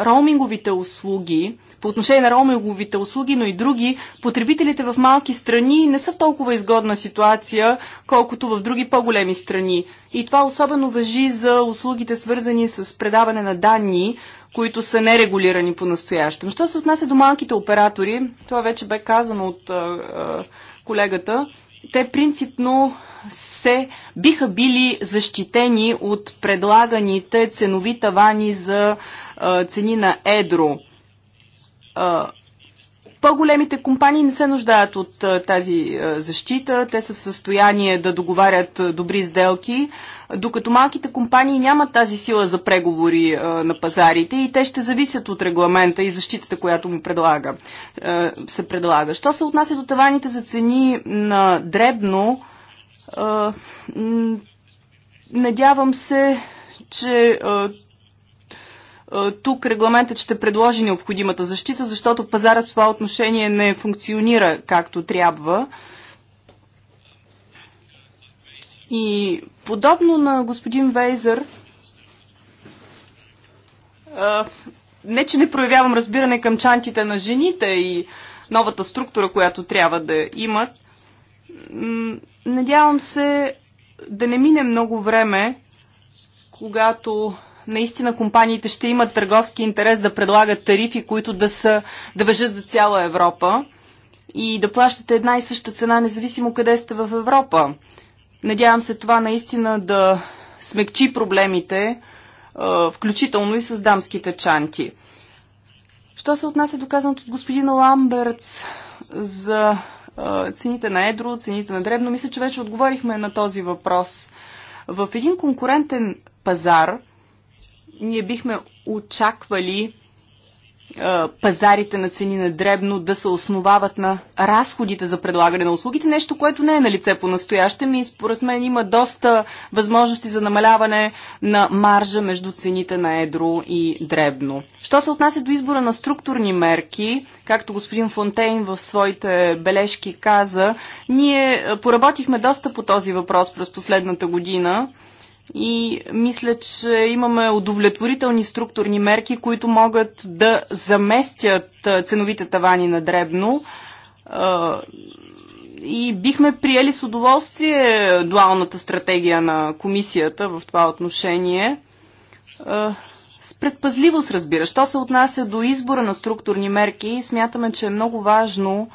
роуминговите услуги, по отношение на роуминговите услуги, но и други, потребителите в малки страни не са в толкова изгодна ситуация, колкото в други по-големи страни. И това особено въжи за услугите, свързани с предаване на данни, които са нерегулирани по-настоящем. Що се отнася до малките оператори, това вече бе казано от колегата, те принципно се биха били защитени от предлаганите ценови тавани за цени на едро. По-големите компании не се нуждаят от тази защита. Те са в състояние да договарят добри сделки, докато малките компании нямат тази сила за преговори на пазарите и те ще зависят от регламента и защитата, която му предлага, се предлага. Що се отнася до таваните за цени на дребно, надявам се, че е, тук регламентът ще предложи необходимата защита, защото пазарът в това отношение не функционира както трябва. И подобно на господин Вейзър, е, не че не проявявам разбиране към чантите на жените и новата структура, която трябва да имат, надявам се да не мине много време, когато наистина компаниите ще имат търговски интерес да предлагат тарифи, които да, са, да въжат за цяла Европа и да плащате една и съща цена, независимо къде сте в Европа. Надявам се това наистина да смекчи проблемите, включително и с дамските чанти. Що се отнася до казаното от господина Ламбертс за цените на едро, цените на дребно, мисля, че вече отговорихме на този въпрос. В един конкурентен пазар – ние бихме очаквали пазарите на цени на дребно да се основават на разходите за предлагане на услугите, нещо, което не е на лице по настояще ми и според мен има доста възможности за намаляване на маржа между цените на едро и дребно. Що се отнася до избора на структурни мерки, както господин Фонтейн в своите бележки каза, ние поработихме доста по този въпрос през последната година и мисля, че имаме удовлетворителни структурни мерки, които могат да заместят ценовите тавани на дребно. И бихме приели с удоволствие дуалната стратегия на комисията в това отношение. С предпазливост, разбира. Що се отнася до избора на структурни мерки, смятаме, че е много важно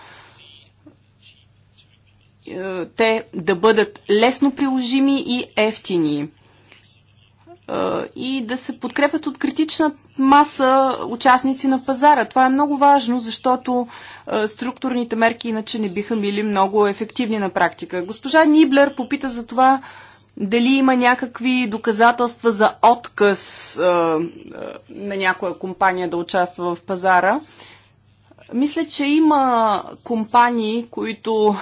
те да бъдат лесно приложими и ефтини и да се подкрепят от критична маса участници на пазара. Това е много важно, защото структурните мерки иначе не биха били много ефективни на практика. Госпожа Ниблер попита за това дали има някакви доказателства за отказ на някоя компания да участва в пазара. Мисля, че има компании, които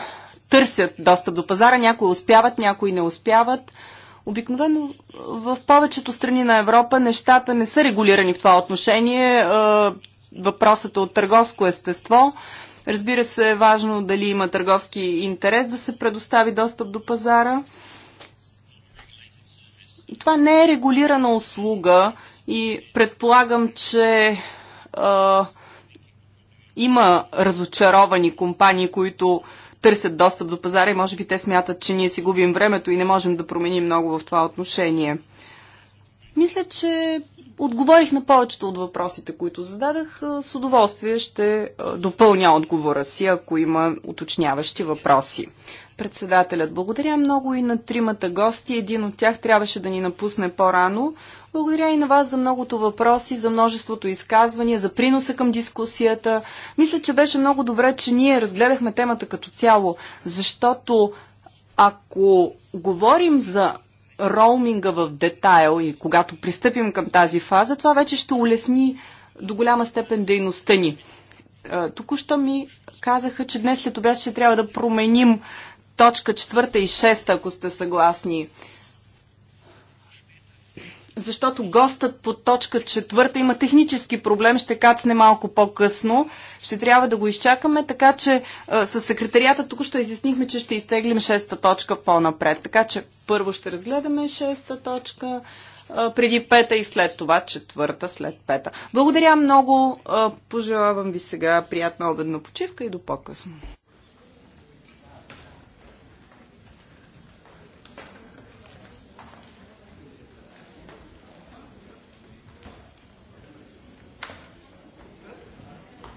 търсят достъп до пазара. Някои успяват, някои не успяват. Обикновено в повечето страни на Европа нещата не са регулирани в това отношение. Въпросът е от търговско естество. Разбира се, е важно дали има търговски интерес да се предостави достъп до пазара. Това не е регулирана услуга и предполагам, че а, има разочаровани компании, които а, търсят достъп до пазара и може би те смятат, че ние си губим времето и не можем да променим много в това отношение. Мисля, че отговорих на повечето от въпросите, които зададах. С удоволствие ще допълня отговора си, ако има уточняващи въпроси. Председателят, благодаря много и на тримата гости. Един от тях трябваше да ни напусне по-рано. Благодаря и на вас за многото въпроси, за множеството изказвания, за приноса към дискусията. Мисля, че беше много добре, че ние разгледахме темата като цяло, защото ако говорим за роуминга в детайл и когато пристъпим към тази фаза, това вече ще улесни до голяма степен дейността ни. Току-що ми казаха, че днес след обяд ще трябва да променим точка четвърта и шеста, ако сте съгласни защото гостът по точка четвърта има технически проблем, ще кацне малко по-късно, ще трябва да го изчакаме, така че а, с секретарията тук ще изяснихме, че ще изтеглим шеста точка по-напред. Така че първо ще разгледаме шеста точка, а, преди пета и след това четвърта, след пета. Благодаря много, а, пожелавам ви сега приятна обедна почивка и до по-късно.